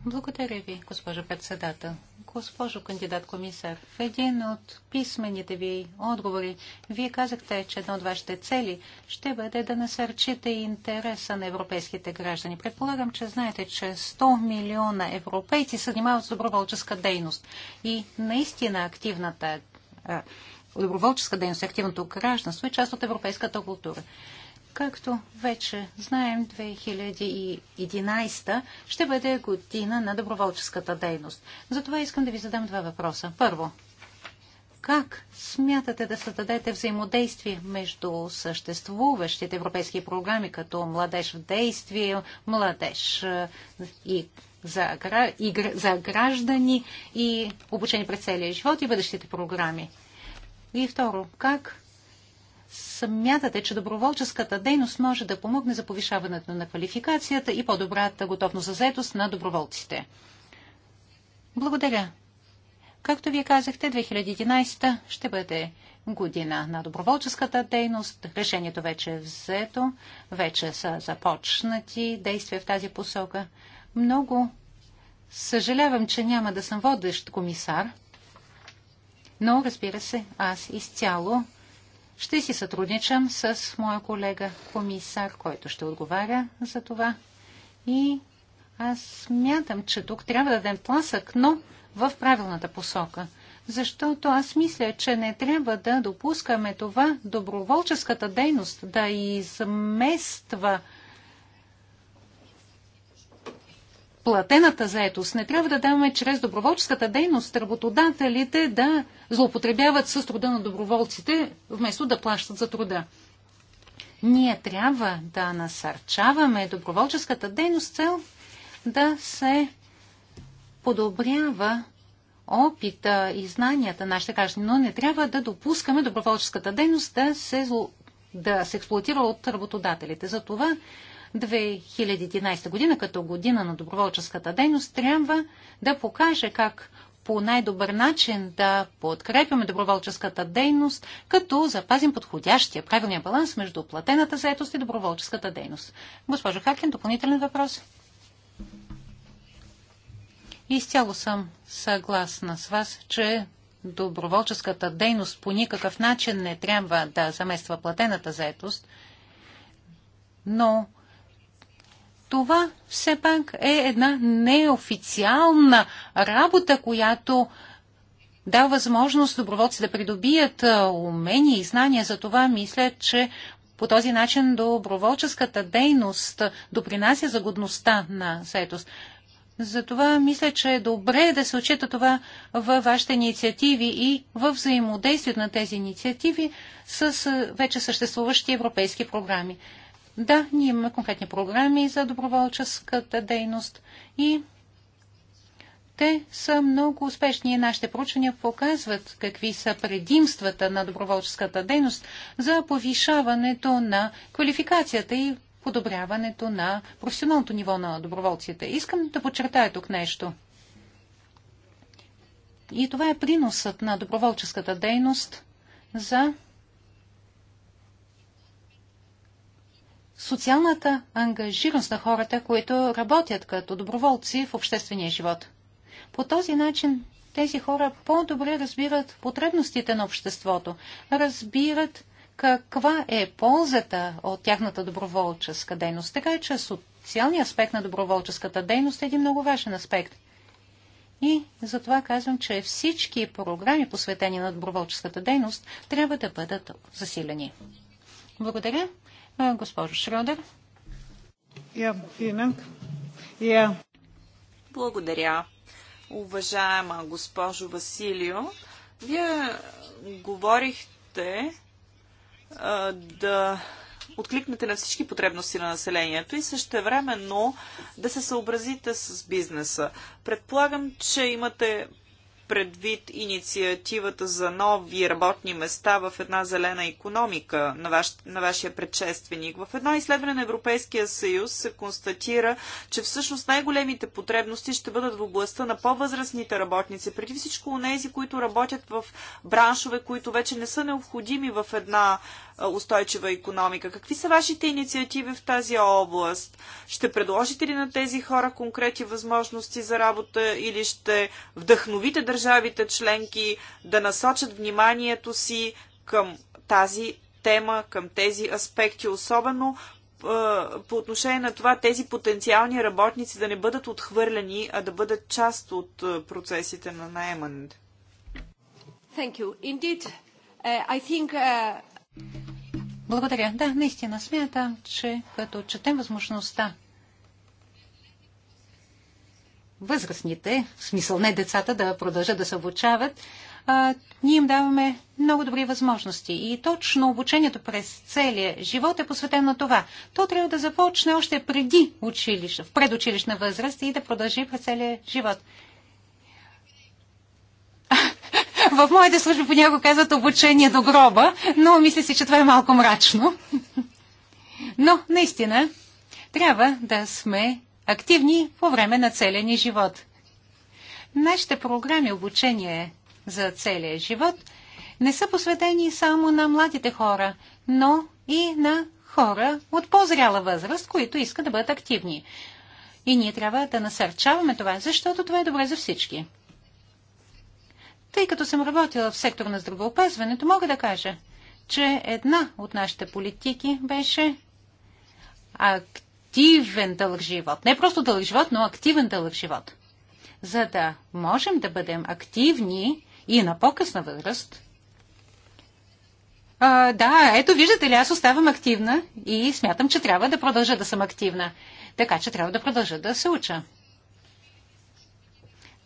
Благодаря ви, госпожо председател. Госпожо кандидат комисар, в един от писмените ви отговори, вие казахте, че една от вашите цели ще бъде да насърчите интереса на европейските граждани. Предполагам, че знаете, че 100 милиона европейци се занимават с доброволческа дейност. И наистина активната доброволческа дейност, активното гражданство е част от европейската култура. Както вече знаем, 2011 ще бъде година на доброволческата дейност. Затова искам да ви задам два въпроса. Първо, как смятате да създадете взаимодействие между съществуващите европейски програми, като Младеж в действие, Младеж и за, и за граждани и обучение през целия живот и бъдещите програми? И второ, как смятате, че доброволческата дейност може да помогне за повишаването на квалификацията и по-добрата готовност за заетост на доброволците? Благодаря. Както вие казахте, 2011 ще бъде година на доброволческата дейност. Решението вече е взето, вече са започнати действия в тази посока. Много съжалявам, че няма да съм водещ комисар, но разбира се, аз изцяло ще си сътрудничам с моя колега комисар, който ще отговаря за това. И аз смятам, че тук трябва да дадем тласък, но в правилната посока. Защото аз мисля, че не трябва да допускаме това доброволческата дейност да измества платената заетост. Не трябва да даваме чрез доброволческата дейност работодателите да злоупотребяват с труда на доброволците, вместо да плащат за труда. Ние трябва да насърчаваме доброволческата дейност цел да се подобрява опита и знанията на нашите граждани, но не трябва да допускаме доброволческата дейност да се, да се експлуатира от работодателите. Затова 2011 година като година на доброволческата дейност трябва да покаже как по най-добър начин да подкрепяме доброволческата дейност, като запазим подходящия правилния баланс между платената заетост и доброволческата дейност. Госпожо Хакен, допълнителен въпрос? Изцяло съм съгласна с вас, че доброволческата дейност по никакъв начин не трябва да замества платената заетост, но това все пак е една неофициална работа, която дава възможност доброволци да придобият умения и знания. За това мисля, че по този начин доброволческата дейност допринася за годността на заетост. Затова мисля, че е добре да се отчита това във вашите инициативи и в взаимодействието на тези инициативи с вече съществуващи европейски програми. Да, ние имаме конкретни програми за доброволческата дейност и те са много успешни. Нашите проучвания показват какви са предимствата на доброволческата дейност за повишаването на квалификацията и подобряването на професионалното ниво на доброволците. Искам да подчертая тук нещо. И това е приносът на доброволческата дейност за социалната ангажираност на хората, които работят като доброволци в обществения живот. По този начин тези хора по-добре разбират потребностите на обществото, разбират каква е ползата от тяхната доброволческа дейност. Така че социалният аспект на доброволческата дейност е един много важен аспект. И затова казвам, че всички програми, посветени на доброволческата дейност, трябва да бъдат засилени. Благодаря. Госпожо Шрёдер. Благодаря. Уважаема госпожо Василио, вие говорихте да откликнете на всички потребности на населението и също времено да се съобразите с бизнеса. Предполагам, че имате предвид инициативата за нови работни места в една зелена економика на, ваш, на вашия предшественик. В едно изследване на Европейския съюз се констатира, че всъщност най-големите потребности ще бъдат в областта на по-възрастните работници, преди всичко у нези, които работят в браншове, които вече не са необходими в една устойчива економика. Какви са вашите инициативи в тази област? Ще предложите ли на тези хора конкретни възможности за работа или ще вдъхновите държавите членки да насочат вниманието си към тази тема, към тези аспекти, особено по отношение на това тези потенциални работници да не бъдат отхвърлени, а да бъдат част от процесите на наемането? Indeed, uh, think, uh... Благодаря. Да, наистина смятам, че като четем възможността възрастните, в смисъл не децата, да продължат да се обучават, а, ние им даваме много добри възможности. И точно обучението през целия живот е посветено на това. То трябва да започне още преди училище, в предучилищна възраст и да продължи през целия живот. В моите служби понякога казват обучение до гроба, но мисля си, че това е малко мрачно. Но, наистина, трябва да сме активни по време на целия ни живот. Нашите програми обучение за целия живот не са посветени само на младите хора, но и на хора от по-зряла възраст, които искат да бъдат активни. И ние трябва да насърчаваме това, защото това е добре за всички. Тъй като съм работила в сектора на здравеопазването, мога да кажа, че една от нашите политики беше активен дълъг живот. Не просто дълъг живот, но активен дълъг живот. За да можем да бъдем активни и на по-късна възраст, а, да, ето виждате ли, аз оставам активна и смятам, че трябва да продължа да съм активна. Така че трябва да продължа да се уча.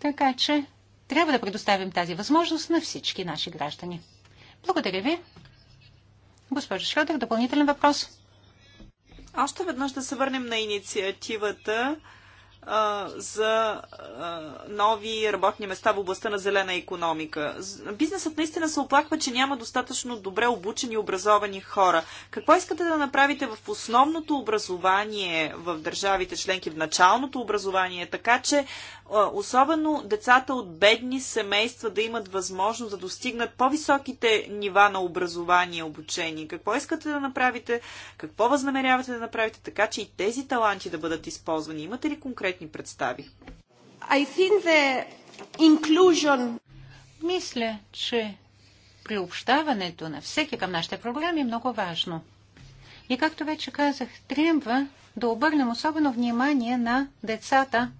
Така че трябва да предоставим тази възможност на всички наши граждани. Благодаря ви. Госпожо Шродер, допълнителен въпрос. Още веднъж да се върнем на инициативата за нови работни места в областта на зелена економика. Бизнесът наистина се оплаква, че няма достатъчно добре обучени и образовани хора. Какво искате да направите в основното образование в държавите членки, в началното образование, така че особено децата от бедни семейства да имат възможност да достигнат по-високите нива на образование и обучение? Какво искате да направите? Какво възнамерявате да направите така, че и тези таланти да бъдат използвани? Имате ли конкретни конкретни представи. I think the inclusion... Мисля, че приобщаването на всеки към нашите програми е много важно. И както вече казах, трябва да обърнем особено внимание на децата,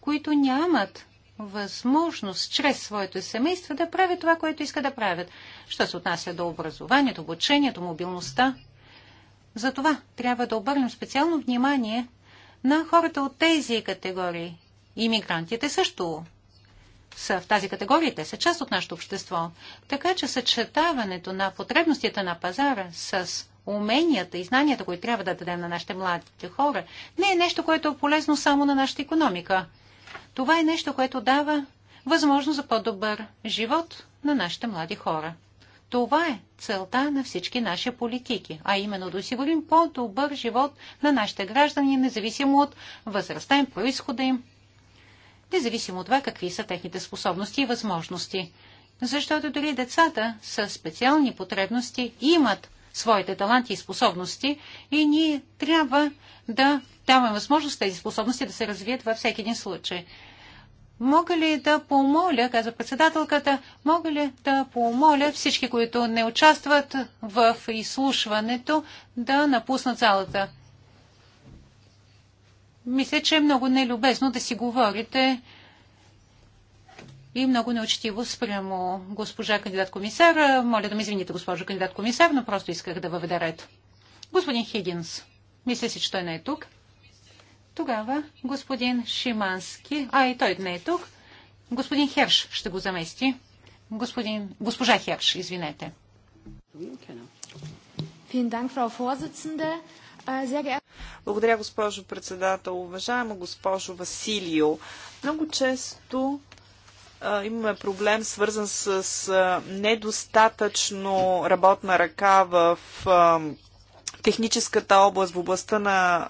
които нямат възможност чрез своето семейство да правят това, което иска да правят. Що се отнася до образованието, обучението, мобилността. Затова трябва да обърнем специално внимание на хората от тези категории. Имигрантите също са в тази категория, те са част от нашето общество. Така че съчетаването на потребностите на пазара с уменията и знанията, които трябва да дадем на нашите младите хора, не е нещо, което е полезно само на нашата економика. Това е нещо, което дава възможност за по-добър живот на нашите млади хора. Това е целта на всички наши политики, а именно да осигурим по-добър живот на нашите граждани, независимо от възрастта им, происхода им, независимо от това какви са техните способности и възможности. Защото дори децата с специални потребности имат своите таланти и способности и ние трябва да даваме възможност тези способности да се развият във всеки един случай. Мога ли да помоля, каза председателката, мога ли да помоля всички, които не участват в изслушването, да напуснат залата? Мисля, че е много нелюбезно да си говорите и много неучтиво спрямо госпожа кандидат-комисар. Моля да ме извините, госпожа кандидат-комисар, но просто исках да въведа ред. Господин Хигинс, мисля си, че той не е тук. Тогава господин Шимански, а и той не е тук, господин Херш ще го замести. Господин, госпожа Херш, извинете. Äh, Благодаря, госпожо председател. Уважаема госпожо Василио, много често имаме проблем свързан с недостатъчно работна ръка в техническата област, в областта на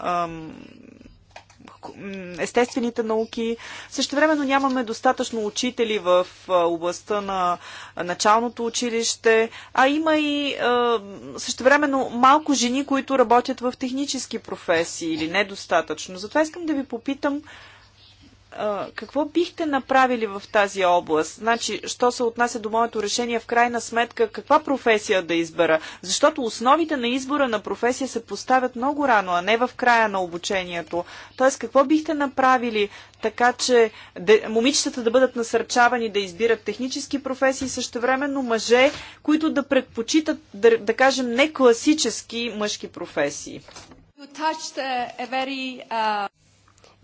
естествените науки. времено нямаме достатъчно учители в областта на началното училище, а има и времено малко жени, които работят в технически професии или недостатъчно. Затова искам да ви попитам какво бихте направили в тази област? Значи, що се отнася до моето решение, в крайна сметка, каква професия да избера? Защото основите на избора на професия се поставят много рано, а не в края на обучението. Тоест, какво бихте направили така, че момичетата да бъдат насърчавани да избират технически професии, същевременно мъже, които да предпочитат, да, да кажем, не класически мъжки професии?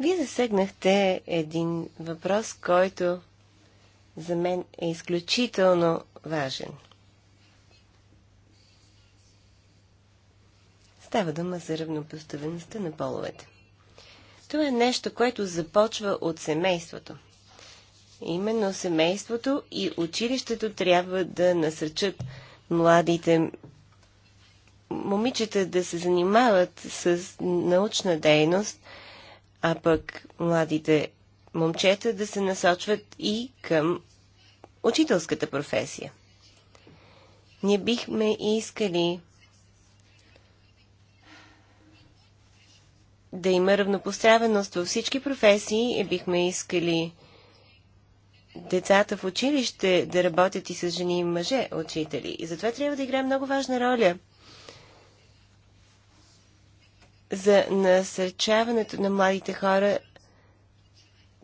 Вие засегнахте един въпрос, който за мен е изключително важен. Става дума за равнопоставеността на половете. Това е нещо, което започва от семейството. Именно семейството и училището трябва да насърчат младите момичета да се занимават с научна дейност – а пък младите момчета да се насочват и към учителската професия. Ние бихме искали да има равнопоставеност във всички професии и бихме искали децата в училище да работят и с жени и мъже учители. И затова трябва да играе много важна роля – за насърчаването на младите хора,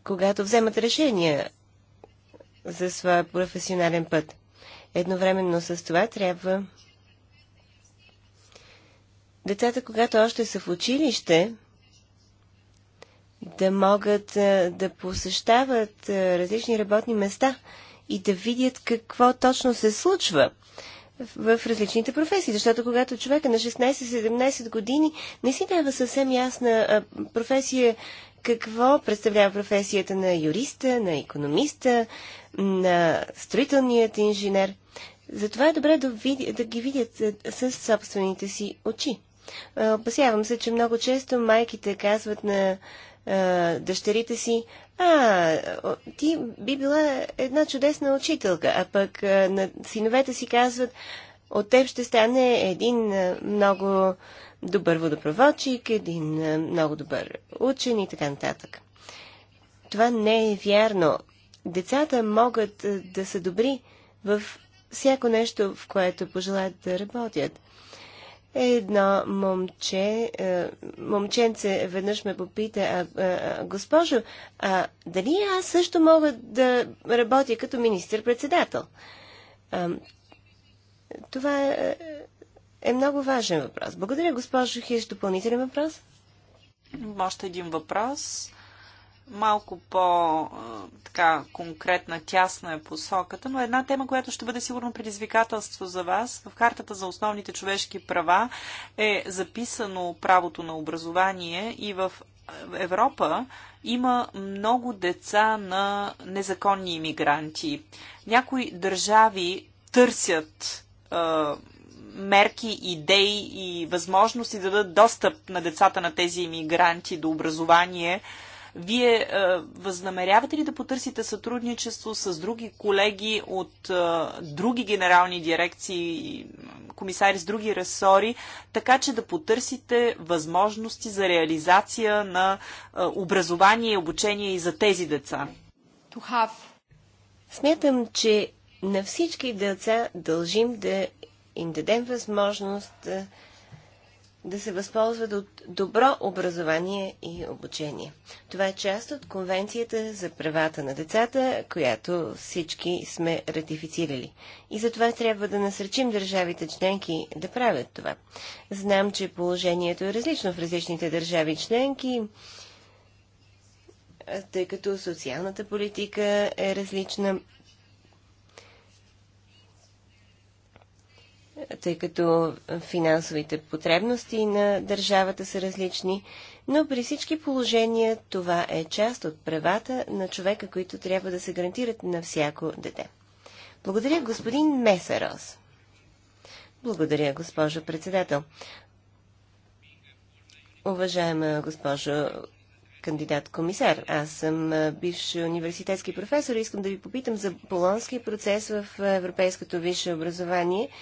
когато вземат решения за своя професионален път. Едновременно с това трябва децата, когато още са в училище, да могат да посещават различни работни места и да видят какво точно се случва в различните професии. Защото когато човека на 16-17 години не си дава съвсем ясна професия, какво представлява професията на юриста, на економиста, на строителният инженер. Затова е добре да, види, да ги видят с собствените си очи. Опасявам се, че много често майките казват на а, дъщерите си, а, ти би била една чудесна учителка, а пък а, на синовете си казват, от теб ще стане един а, много добър водопроводчик, един а, много добър учен и така нататък. Това не е вярно. Децата могат а, да са добри в всяко нещо, в което пожелаят да работят. Е едно момче, е, момченце веднъж ме попита, а, а, госпожо, а дали аз също мога да работя като министр-председател? това е, е много важен въпрос. Благодаря, госпожо Хиш. Допълнителен въпрос? Още един въпрос малко по-конкретна, тясна е посоката, но е една тема, която ще бъде сигурно предизвикателство за вас. В картата за основните човешки права е записано правото на образование и в Европа има много деца на незаконни иммигранти. Някои държави търсят мерки, идеи и възможности да дадат достъп на децата на тези иммигранти до образование, вие е, възнамерявате ли да потърсите сътрудничество с други колеги от е, други генерални дирекции, комисари с други ресори, така че да потърсите възможности за реализация на е, образование и обучение и за тези деца? Смятам, че на всички деца дължим да им дадем възможност да да се възползват от добро образование и обучение. Това е част от Конвенцията за правата на децата, която всички сме ратифицирали. И затова трябва да насръчим държавите членки да правят това. Знам, че положението е различно в различните държави членки, тъй като социалната политика е различна, тъй като финансовите потребности на държавата са различни, но при всички положения това е част от правата на човека, които трябва да се гарантират на всяко дете. Благодаря, господин Месарос. Благодаря, госпожо председател. Уважаема госпожо кандидат-комисар, аз съм бивш университетски професор и искам да ви попитам за болонския процес в европейското висше образование –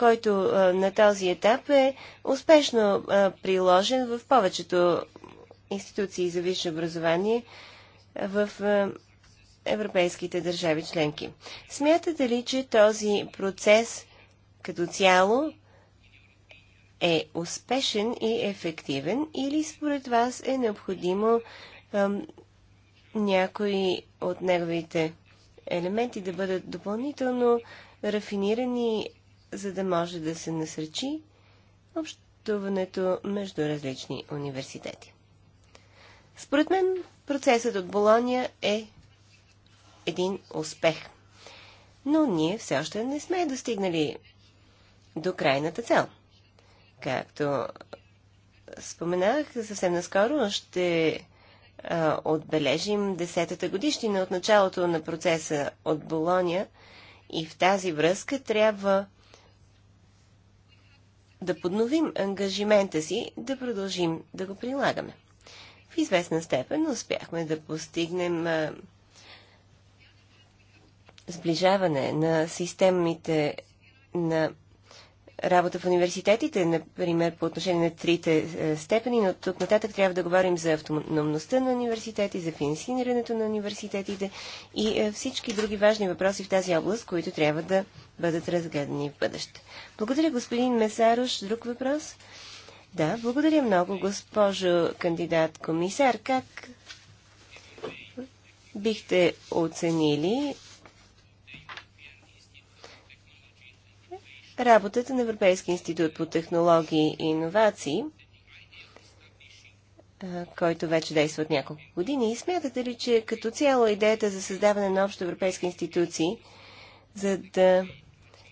който на този етап е успешно приложен в повечето институции за висше образование в европейските държави членки. Смятате ли, че този процес като цяло е успешен и ефективен или според вас е необходимо някои от неговите елементи да бъдат допълнително рафинирани за да може да се насречи общуването между различни университети. Според мен процесът от Болония е един успех. Но ние все още не сме достигнали до крайната цел. Както споменах, съвсем наскоро ще а, отбележим 10-та годишнина от началото на процеса от Болония и в тази връзка трябва да подновим ангажимента си да продължим да го прилагаме. В известна степен успяхме да постигнем а, сближаване на системите на работа в университетите, например, по отношение на трите е, степени, но тук нататък трябва да говорим за автономността на университети, за финансирането на университетите и е, всички други важни въпроси в тази област, които трябва да бъдат разгледани в бъдеще. Благодаря, господин Месарош. Друг въпрос? Да, благодаря много, госпожо кандидат комисар. Как бихте оценили работата на Европейския институт по технологии и иновации, който вече действа от няколко години. И смятате ли, че като цяло идеята за създаване на общо европейски институции, за да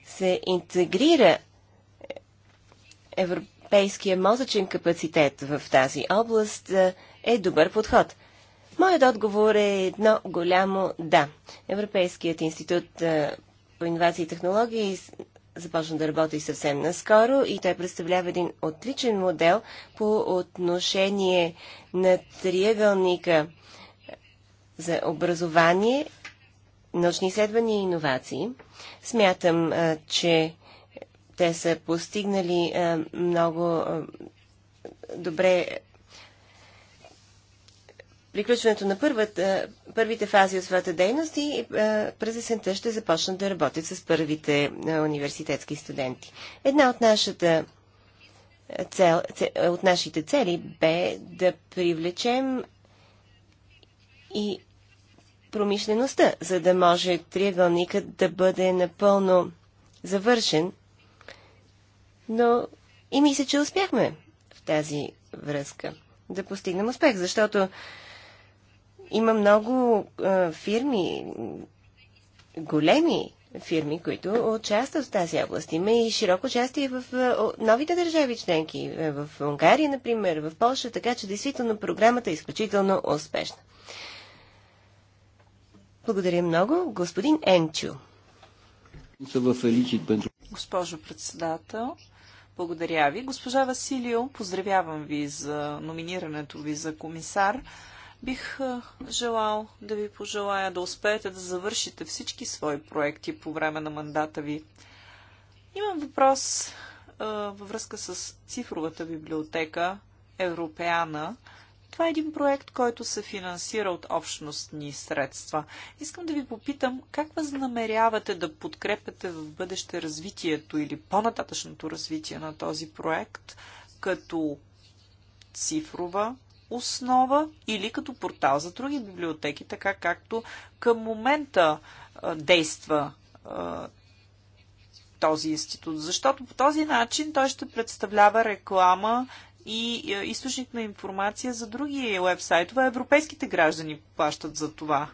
се интегрира европейския мозъчен капацитет в тази област, е добър подход? Моят отговор е едно голямо да. Европейският институт по инновации и технологии започна да работи съвсем наскоро и той представлява един отличен модел по отношение на триъгълника за образование, научни изследвания и иновации. Смятам, че те са постигнали много добре приключването на първата, първите фази от своята дейност и е, през есента ще започнат да работят с първите е, университетски студенти. Една от нашата е, цел, от нашите цели бе да привлечем и промишлеността, за да може триъгълникът да бъде напълно завършен. Но и мисля, че успяхме в тази връзка да постигнем успех, защото има много а, фирми, големи фирми, които участват в тази област. Има и широко участие в новите държави членки, в Унгария, например, в Польша, така че действително програмата е изключително успешна. Благодаря много. Господин Енчо. Госпожо председател, благодаря ви. Госпожа Василио, поздравявам ви за номинирането ви за комисар. Бих желал да ви пожелая да успеете да завършите всички свои проекти по време на мандата ви. Имам въпрос а, във връзка с цифровата библиотека Европеана. Това е един проект, който се финансира от общностни средства. Искам да ви попитам, как възнамерявате да подкрепяте в бъдеще развитието или по-нататъчното развитие на този проект, като цифрова основа или като портал за други библиотеки, така както към момента а, действа а, този институт. Защото по този начин той ще представлява реклама и а, източник на информация за други вебсайтове. Европейските граждани плащат за това.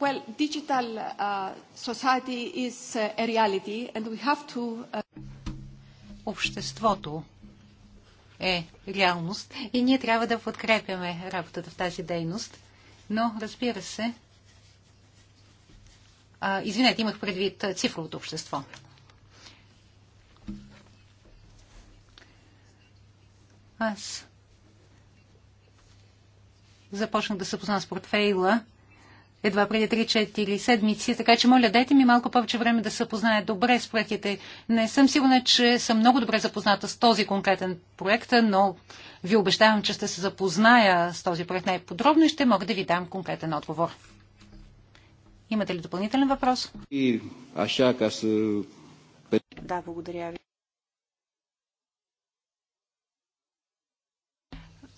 Well, digital uh, society is a reality and we have to... Uh... Обществото е реалност и ние трябва да подкрепяме работата в тази дейност. Но, разбира се, а, извинете, имах предвид цифровото общество. Аз започнах да се познавам с портфейла едва преди 3-4 седмици, така че моля, дайте ми малко повече време да се позная добре с проектите. Не съм сигурна, че съм много добре запозната с този конкретен проект, но ви обещавам, че ще се запозная с този проект най-подробно и ще мога да ви дам конкретен отговор. Имате ли допълнителен въпрос? И аша, с... Да, благодаря ви.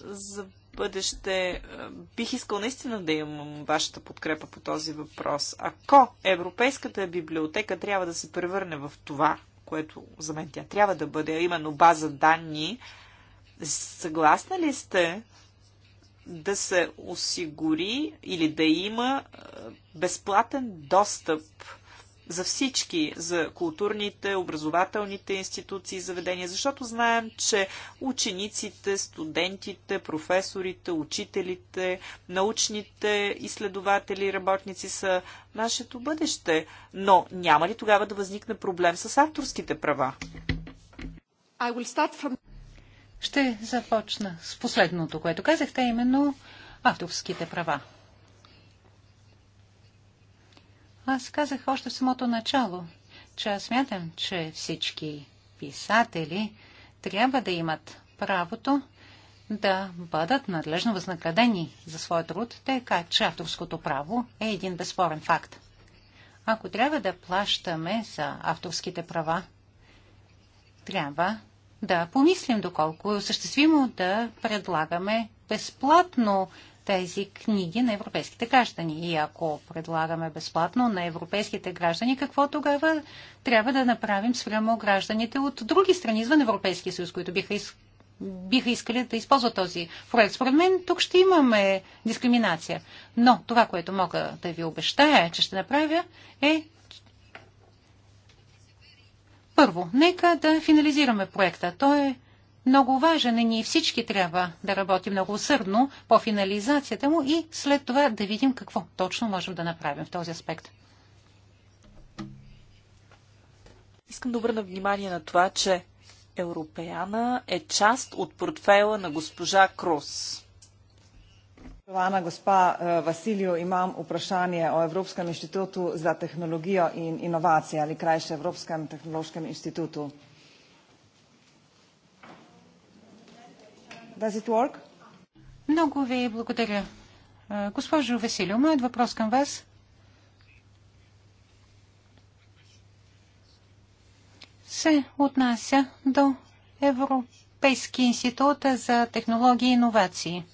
За бъдеще е, бих искал наистина да имам вашата подкрепа по този въпрос. Ако Европейската библиотека трябва да се превърне в това, което за мен тя трябва да бъде, а именно база данни, съгласна ли сте да се осигури или да има е, безплатен достъп за всички, за културните, образователните институции и заведения, защото знаем, че учениците, студентите, професорите, учителите, научните изследователи и работници са нашето бъдеще. Но няма ли тогава да възникне проблем с авторските права? From... Ще започна с последното, което казахте, именно авторските права. Аз казах още в самото начало, че аз смятам, че всички писатели трябва да имат правото да бъдат надлежно възнаградени за своя труд, така че авторското право е един безспорен факт. Ако трябва да плащаме за авторските права, трябва да помислим доколко е осъществимо да предлагаме безплатно тези книги на европейските граждани. И ако предлагаме безплатно на европейските граждани, какво тогава трябва да направим спрямо гражданите от други страни извън Европейския съюз, които биха, из... биха искали да използват този проект? Според мен тук ще имаме дискриминация. Но това, което мога да ви обещая, че ще направя, е първо, нека да финализираме проекта. Той е много важен и ние всички трябва да работим много усърдно по финализацията му и след това да видим какво точно можем да направим в този аспект. Искам да обърна внимание на това, че Европеяна е част от портфела на госпожа Крос. Spoštovana gospa eh, Vasilju, imam vprašanje o Evropskem inštitutu za tehnologijo in inovacije ali krajše Evropskem tehnološkem inštitutu. Does it work? Много ви благодаря. Госпожо Василио, моят въпрос към вас. се отнася до Европейски институт за технологии и иновации.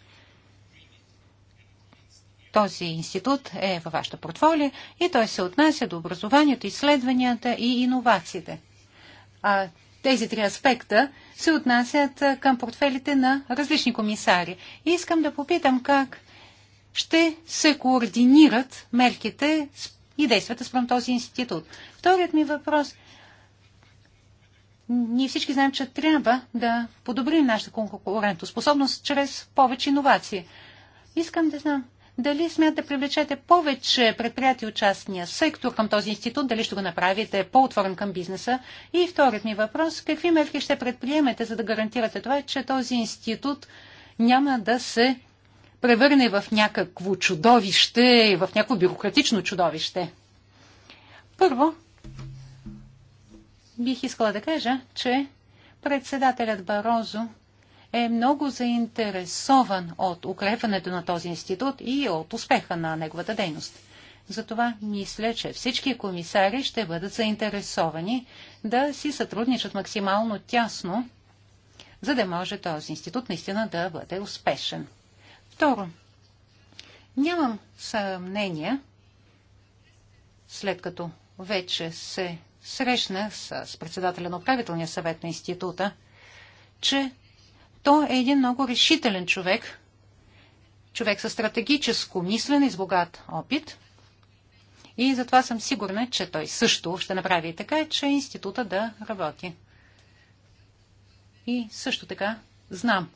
Този институт е във вашата портфолио и той се отнася до образованието, изследванията и иновациите. А тези три аспекта се отнасят към портфелите на различни комисари. И искам да попитам как ще се координират мерките и действията спрям този институт. Вторият ми въпрос. Ние всички знаем, че трябва да подобрим нашата конкурентоспособност чрез повече иновации. Искам да знам дали смятате да привлечете повече предприятия от частния сектор към този институт? Дали ще го направите по-отворен към бизнеса? И вторият ми въпрос. Какви мерки ще предприемете, за да гарантирате това, че този институт няма да се превърне в някакво чудовище, в някакво бюрократично чудовище? Първо, бих искала да кажа, че председателят Барозо е много заинтересован от укрепването на този институт и от успеха на неговата дейност. Затова мисля, че всички комисари ще бъдат заинтересовани да си сътрудничат максимално тясно, за да може този институт наистина да бъде успешен. Второ, нямам съмнение, след като вече се срещнах с председателя на управителния съвет на института, че той е един много решителен човек, човек със стратегическо мислене и с богат опит. И затова съм сигурна, че той също ще направи така, че института да работи. И също така знам,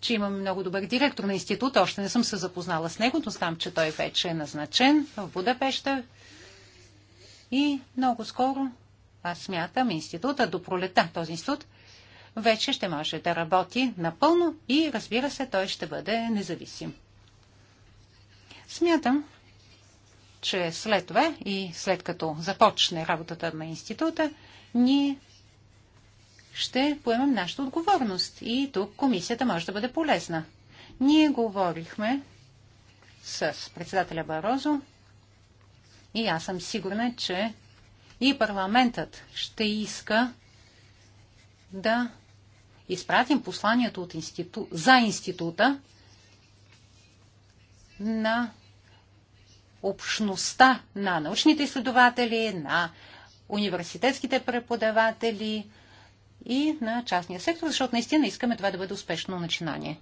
че имам много добър директор на института. Още не съм се запознала с него, но знам, че той вече е назначен в Будапеща. И много скоро, аз смятам, института до пролета, този институт вече ще може да работи напълно и разбира се, той ще бъде независим. Смятам, че след това и след като започне работата на института, ние ще поемем нашата отговорност и тук комисията може да бъде полезна. Ние говорихме с председателя Барозо и аз съм сигурна, че и парламентът ще иска да изпратим посланието от институ... за института на общността на научните изследователи, на университетските преподаватели и на частния сектор, защото наистина искаме това да бъде успешно начинание.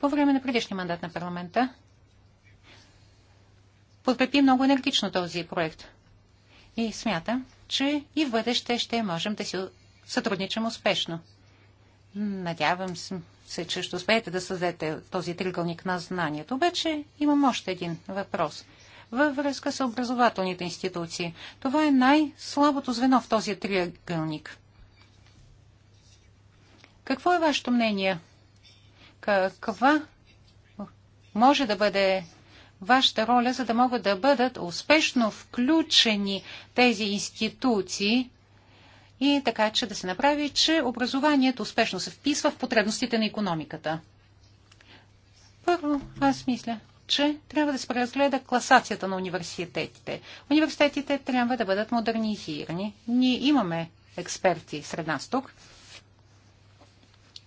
По време на предишния мандат на парламента подкрепи много енергично този проект. И смятам, че и в бъдеще ще можем да си сътрудничам успешно. Надявам се, че ще успеете да създадете този тригълник на знанието. Обаче имам още един въпрос. Във връзка с образователните институции. Това е най-слабото звено в този триъгълник. Какво е вашето мнение? Каква може да бъде вашата роля, за да могат да бъдат успешно включени тези институции и така, че да се направи, че образованието успешно се вписва в потребностите на економиката? Първо, аз мисля, че трябва да се преразгледа класацията на университетите. Университетите трябва да бъдат модернизирани. Ние имаме експерти сред нас тук.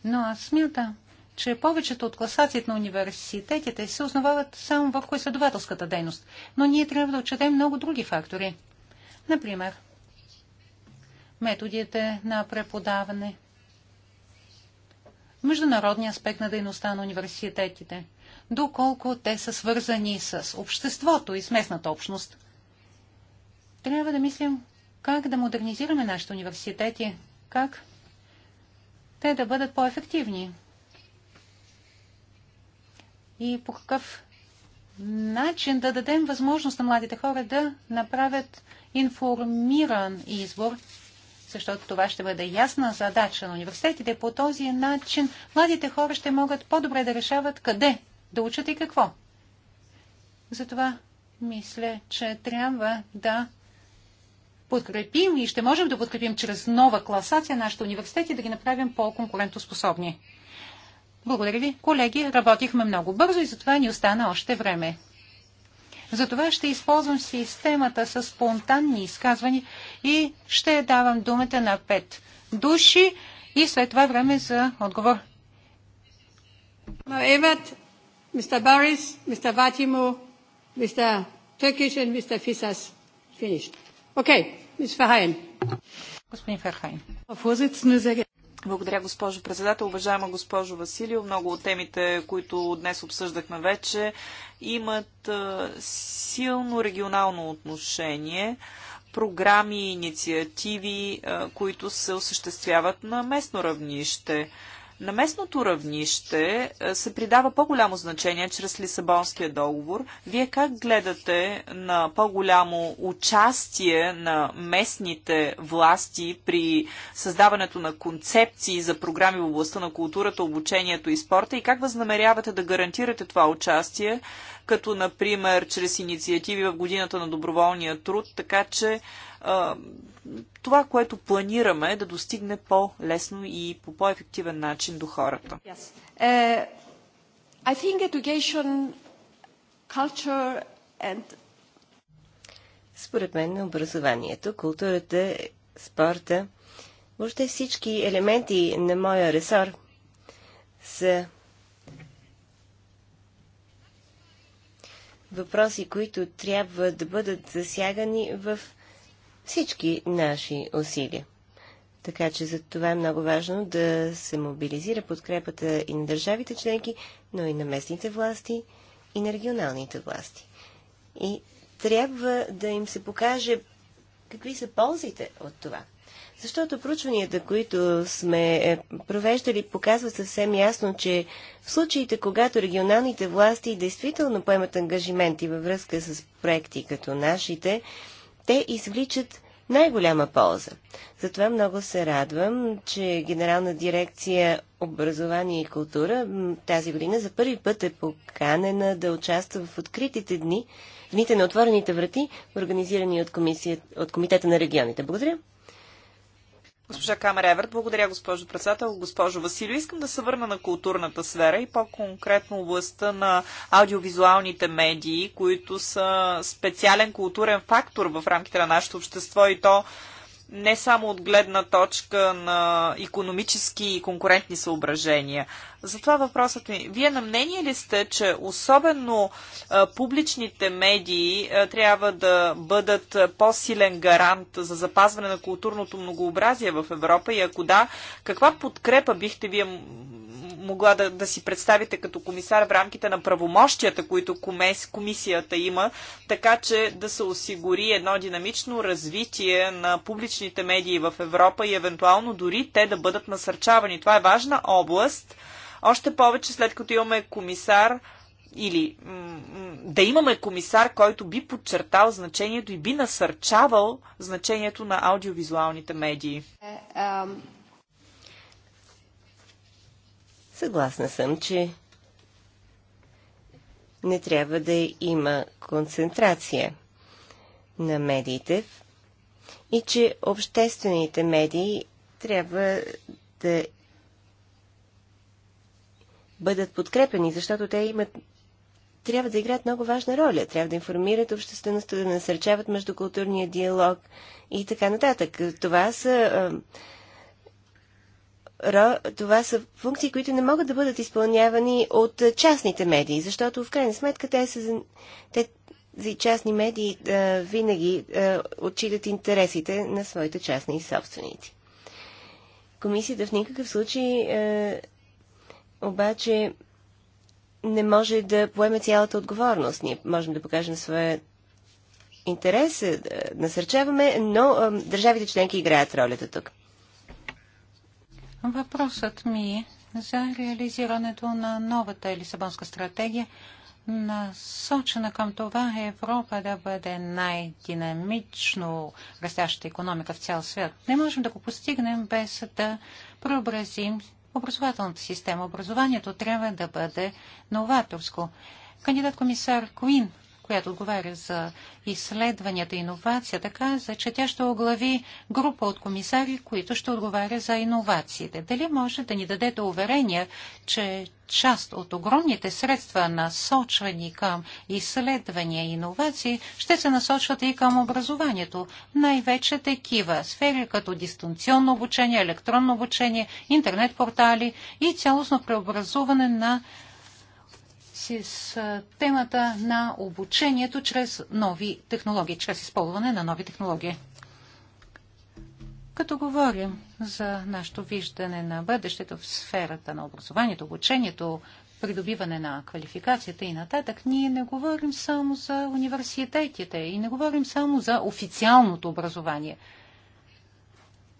Но аз смятам, че повечето от класациите на университетите се основават само върху изследователската дейност, но ние трябва да отчетем много други фактори. Например, методите на преподаване, международния аспект на дейността на университетите, доколко те са свързани с обществото и с местната общност. Трябва да мислим как да модернизираме нашите университети, как те да бъдат по-ефективни, и по какъв начин да дадем възможност на младите хора да направят информиран избор, защото това ще бъде ясна задача на университетите. По този начин младите хора ще могат по-добре да решават къде да учат и какво. Затова мисля, че трябва да подкрепим и ще можем да подкрепим чрез нова класация нашите университети да ги направим по-конкурентоспособни. Благодаря ви. Колеги, работихме много бързо и затова ни остана още време. Затова ще използвам системата с спонтанни изказвания и ще давам думата на пет души и след това време за отговор. Еват, мистер Барис, мистер Ватимо, мистер Търкиш и мистер Фисас. Финиш. Окей, мистер Ферхайн. Господин Ферхайн. Благодаря, госпожо председател. Уважаема госпожо Василио, много от темите, които днес обсъждахме вече, имат силно регионално отношение програми и инициативи, които се осъществяват на местно равнище. На местното равнище е, се придава по-голямо значение чрез Лисабонския договор. Вие как гледате на по-голямо участие на местните власти при създаването на концепции за програми в областта на културата, обучението и спорта и как възнамерявате да гарантирате това участие като например чрез инициативи в годината на доброволния труд, така че а, това, което планираме, да достигне по-лесно и по по-ефективен начин до хората. Yes. Uh, I think education, culture and... Според мен образованието, културата, спорта, въобще всички елементи на моя ресор са въпроси, които трябва да бъдат засягани в всички наши усилия. Така че за това е много важно да се мобилизира подкрепата и на държавите членки, но и на местните власти и на регионалните власти. И трябва да им се покаже какви са ползите от това. Защото проучванията, които сме е, провеждали, показват съвсем ясно, че в случаите, когато регионалните власти действително поемат ангажименти във връзка с проекти като нашите, те извличат най-голяма полза. Затова много се радвам, че Генерална дирекция образование и култура тази година за първи път е поканена да участва в откритите дни, дните на отворените врати, организирани от, комисия, от Комитета на регионите. Благодаря. Госпожа Камер Еверт, благодаря госпожо председател. Госпожо Василио, искам да се върна на културната сфера и по-конкретно областта на аудиовизуалните медии, които са специален културен фактор в рамките на нашето общество и то не само от гледна точка на економически и конкурентни съображения. Затова въпросът ми. Вие на мнение ли сте, че особено а, публичните медии а, трябва да бъдат по-силен гарант за запазване на културното многообразие в Европа и ако да, каква подкрепа бихте вие могла да, да си представите като комисар в рамките на правомощията, които комес, комисията има, така че да се осигури едно динамично развитие на публичните медии в Европа и евентуално дори те да бъдат насърчавани. Това е важна област, още повече след като имаме комисар или да имаме комисар, който би подчертал значението и би насърчавал значението на аудиовизуалните медии. Е, Съгласна съм, че не трябва да има концентрация на медиите и че обществените медии трябва да бъдат подкрепени, защото те имат трябва да играят много важна роля. Трябва да информират обществеността, да насърчават междукултурния диалог и така нататък. Това са а, това са функции, които не могат да бъдат изпълнявани от частните медии, защото в крайна сметка те са те, за частни медии а, винаги а, отчитат интересите на своите частни собственици. Комисията в никакъв случай а, обаче не може да поеме цялата отговорност. Ние можем да покажем своя интерес, да насърчаваме, но а, държавите членки играят ролята тук. Въпросът ми е за реализирането на новата Лисабонска стратегия, насочена към това Европа да бъде най-динамично растяща економика в цял свят. Не можем да го постигнем без да преобразим образователната система. Образованието трябва да бъде новаторско. Кандидат комисар Куин която отговаря за изследванията и иновацията, каза, че тя ще оглави група от комисари, които ще отговаря за иновациите. Дали може да ни дадете уверение, че част от огромните средства, насочвани към изследвания и иновации, ще се насочват и към образованието. Най-вече такива сфери, като дистанционно обучение, електронно обучение, интернет-портали и цялостно преобразуване на с темата на обучението чрез нови технологии, чрез използване на нови технологии. Като говорим за нашето виждане на бъдещето в сферата на образованието, обучението, придобиване на квалификацията и нататък, ние не говорим само за университетите и не говорим само за официалното образование.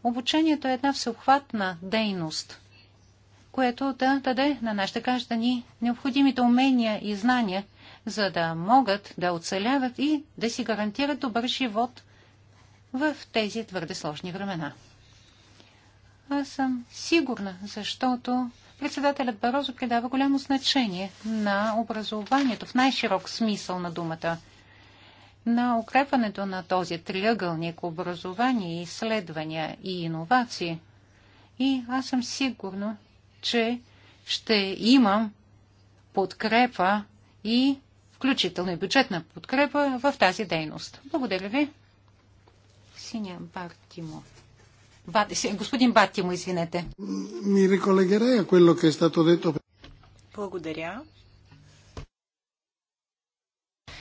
Обучението е една всеобхватна дейност – което да даде на нашите граждани необходимите умения и знания, за да могат да оцеляват и да си гарантират добър живот в тези твърде сложни времена. Аз съм сигурна, защото председателят Барозо придава голямо значение на образованието в най-широк смисъл на думата, на укрепването на този триъгълник образование, изследвания и иновации. И аз съм сигурна, че ще имам подкрепа и включително и бюджетна подкрепа в тази дейност. Благодаря ви. Синя Бартимо. Бат... Господин Батимо, извинете. Ми риколегерей което е che дето. Благодаря.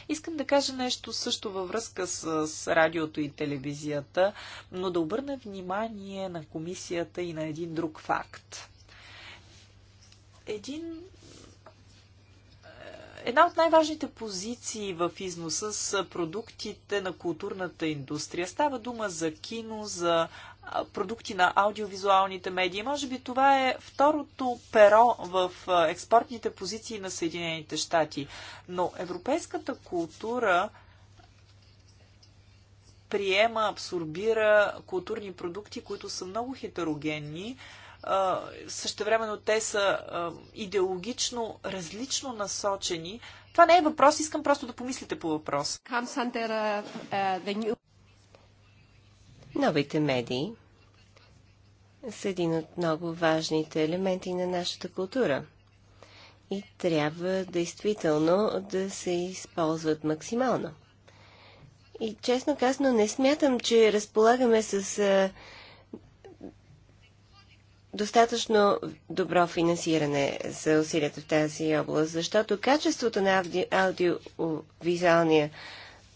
Искам да кажа нещо също във връзка с, с радиото и телевизията, но да обърна внимание на комисията и на един друг факт. Един е, Една от най-важните позиции в износа с продуктите на културната индустрия. Става дума за кино, за продукти на аудиовизуалните медии. Може би това е второто перо в експортните позиции на Съединените щати. Но европейската култура приема, абсорбира културни продукти, които са много хетерогенни същевременно те са идеологично различно насочени. Това не е въпрос, искам просто да помислите по въпрос. Uh, uh, Новите медии са един от много важните елементи на нашата култура. И трябва действително да се използват максимално. И честно казано, не смятам, че разполагаме с достатъчно добро финансиране за усилията в тази област, защото качеството на аудиовизуалния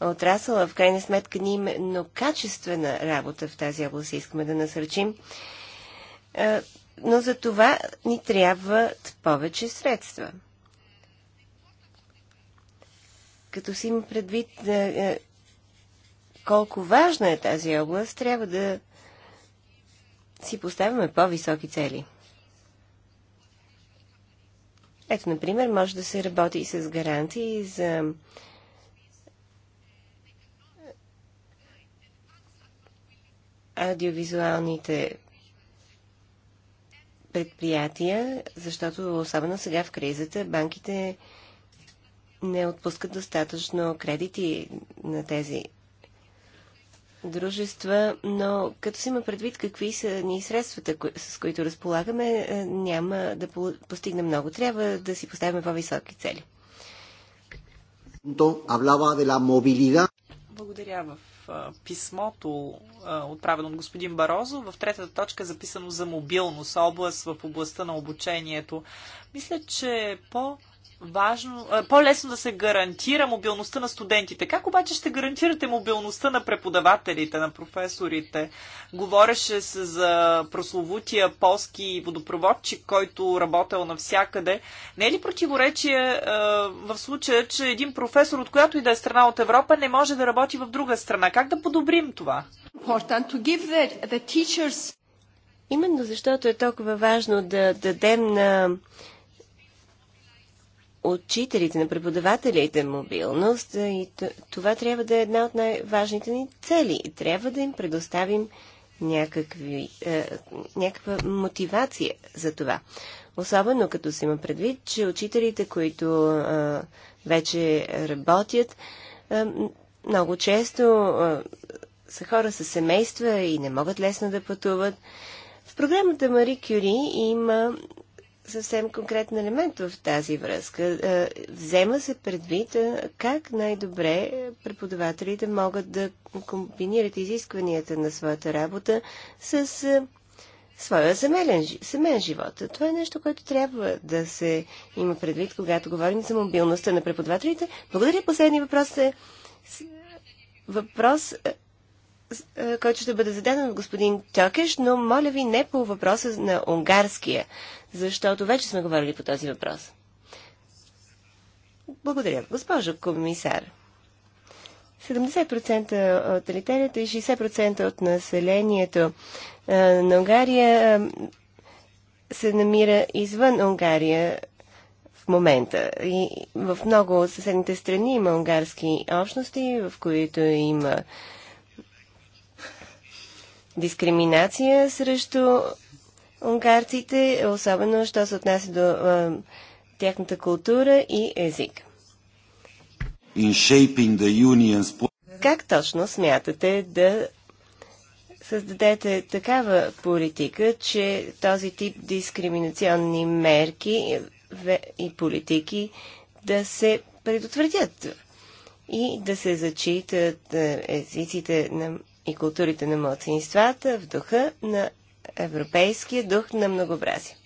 отрасъл в крайна сметка ни но качествена работа в тази област искаме да насърчим. Но за това ни трябват повече средства. Като си има предвид колко важна е тази област, трябва да си поставяме по-високи цели. Ето, например, може да се работи и с гарантии за аудиовизуалните предприятия, защото особено сега в кризата банките не отпускат достатъчно кредити на тези дружества, но като си има предвид какви са ни средствата, с които разполагаме, е, няма да постигнем постигне много. Трябва да си поставяме по-високи цели. Благодаря в писмото, отправено от господин Барозо. В третата точка е записано за мобилност, област в областта на обучението. Мисля, че е по- важно, по-лесно да се гарантира мобилността на студентите. Как обаче ще гарантирате мобилността на преподавателите, на професорите? Говореше се за прословутия полски водопроводчик, който работел навсякъде. Не е ли противоречие в случая, че един професор от която и да е страна от Европа не може да работи в друга страна? Как да подобрим това? Именно защото е толкова важно да дадем на учителите, на преподавателите мобилност и това трябва да е една от най-важните ни цели. Трябва да им предоставим някакви, е, някаква мотивация за това. Особено като се има предвид, че учителите, които е, вече работят, е, много често е, са хора с семейства и не могат лесно да пътуват. В програмата Мари Кюри има съвсем конкретен елемент в тази връзка. Е, взема се предвид е, как най-добре е, преподавателите могат да комбинират изискванията на своята работа с своя семейен, семейен живот. Това е нещо, което трябва да се има предвид, когато говорим за мобилността на преподавателите. Благодаря. последния въпрос е въпрос е, който ще бъде зададен от господин Токеш, но моля ви не по въпроса на унгарския, защото вече сме говорили по този въпрос. Благодаря. Госпожо комисар, 70% от литерията и 60% от населението е, на Унгария е, се намира извън Унгария в момента. И в много от съседните страни има унгарски общности, в които има дискриминация срещу унгарците, особено що се отнася до а, тяхната култура и език. Как точно смятате да създадете такава политика, че този тип дискриминационни мерки и политики да се предотвратят и да се зачитат езиците на и културите на младсинствата в духа на европейския дух на многообразие.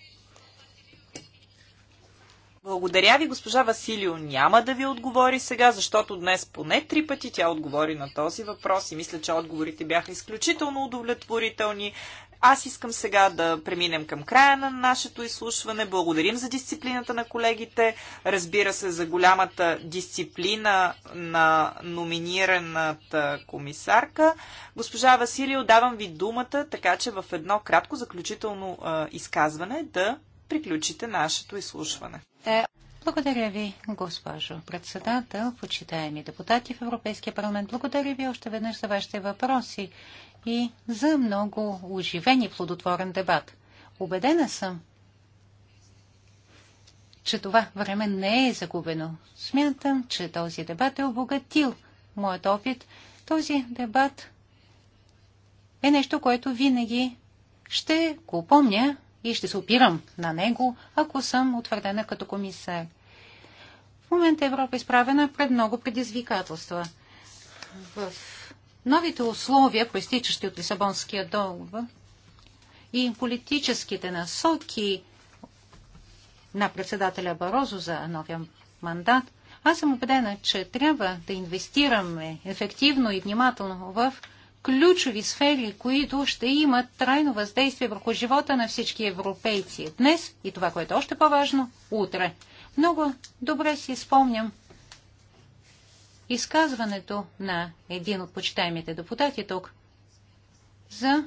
Благодаря ви, госпожа Василио. Няма да ви отговори сега, защото днес поне три пъти тя отговори на този въпрос и мисля, че отговорите бяха изключително удовлетворителни. Аз искам сега да преминем към края на нашето изслушване. Благодарим за дисциплината на колегите. Разбира се, за голямата дисциплина на номинираната комисарка. Госпожа Василио, давам ви думата, така че в едно кратко заключително изказване да приключите нашето изслушване. Е, благодаря ви, госпожо председател, почитаеми депутати в Европейския парламент. Благодаря ви още веднъж за вашите въпроси и за много оживен и плодотворен дебат. Обедена съм, че това време не е загубено. Смятам, че този дебат е обогатил моят опит. Този дебат е нещо, което винаги ще го помня и ще се опирам на него, ако съм утвърдена като комисар. В момента Европа е изправена пред много предизвикателства. В Новите условия, проистичащи от Лисабонския договор и политическите насоки на председателя Барозо за новия мандат, аз съм убедена, че трябва да инвестираме ефективно и внимателно в ключови сфери, които ще имат трайно въздействие върху живота на всички европейци днес и това, което е още по-важно, утре. Много добре си спомням изказването на един от почитаемите депутати тук за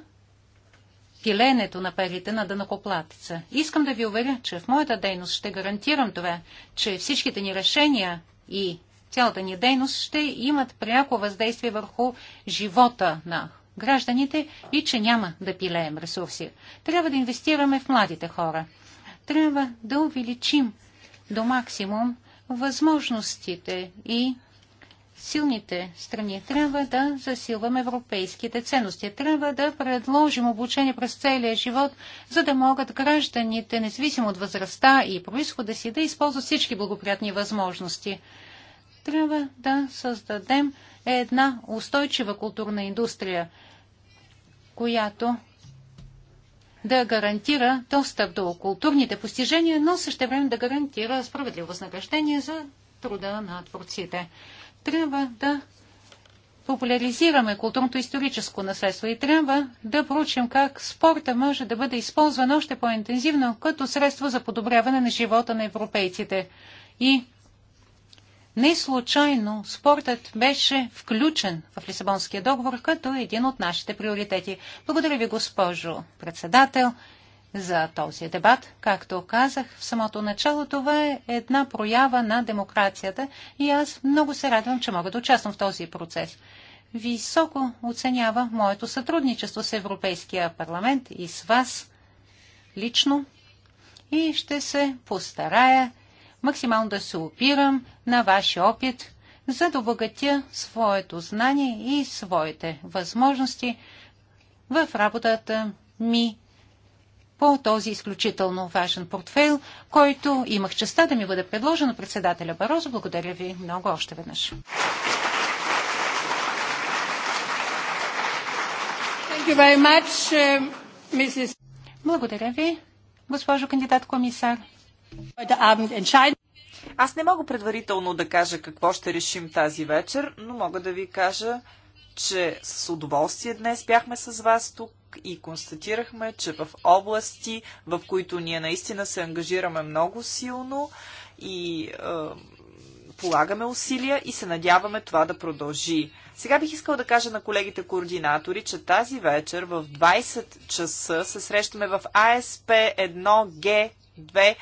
пиленето на парите на дънакоплатеца. Искам да ви уверя, че в моята дейност ще гарантирам това, че всичките ни решения и цялата ни дейност ще имат пряко въздействие върху живота на гражданите и че няма да пилеем ресурси. Трябва да инвестираме в младите хора. Трябва да увеличим до максимум възможностите и силните страни. Трябва да засилваме европейските ценности. Трябва да предложим обучение през целия живот, за да могат гражданите, независимо от възрастта и происхода си, да използват всички благоприятни възможности. Трябва да създадем една устойчива културна индустрия, която да гарантира достъп до културните постижения, но също време да гарантира справедливо възнаграждение за труда на творците трябва да популяризираме културното историческо наследство и трябва да проучим как спорта може да бъде използван още по-интензивно като средство за подобряване на живота на европейците. И не случайно спортът беше включен в Лисабонския договор като един от нашите приоритети. Благодаря ви, госпожо председател за този дебат. Както казах в самото начало, това е една проява на демокрацията и аз много се радвам, че мога да участвам в този процес. Високо оценява моето сътрудничество с Европейския парламент и с вас лично и ще се постарая максимално да се опирам на вашия опит, за да обогатя своето знание и своите възможности в работата ми по този изключително важен портфейл, който имах честа да ми бъде предложен от председателя Барозо. Благодаря ви много още веднъж. Uh, Благодаря ви, госпожо кандидат комисар. Аз не мога предварително да кажа какво ще решим тази вечер, но мога да ви кажа, че с удоволствие днес бяхме с вас тук и констатирахме, че в области, в които ние наистина се ангажираме много силно и е, полагаме усилия и се надяваме това да продължи. Сега бих искал да кажа на колегите координатори, че тази вечер в 20 часа се срещаме в АСП 1 г 2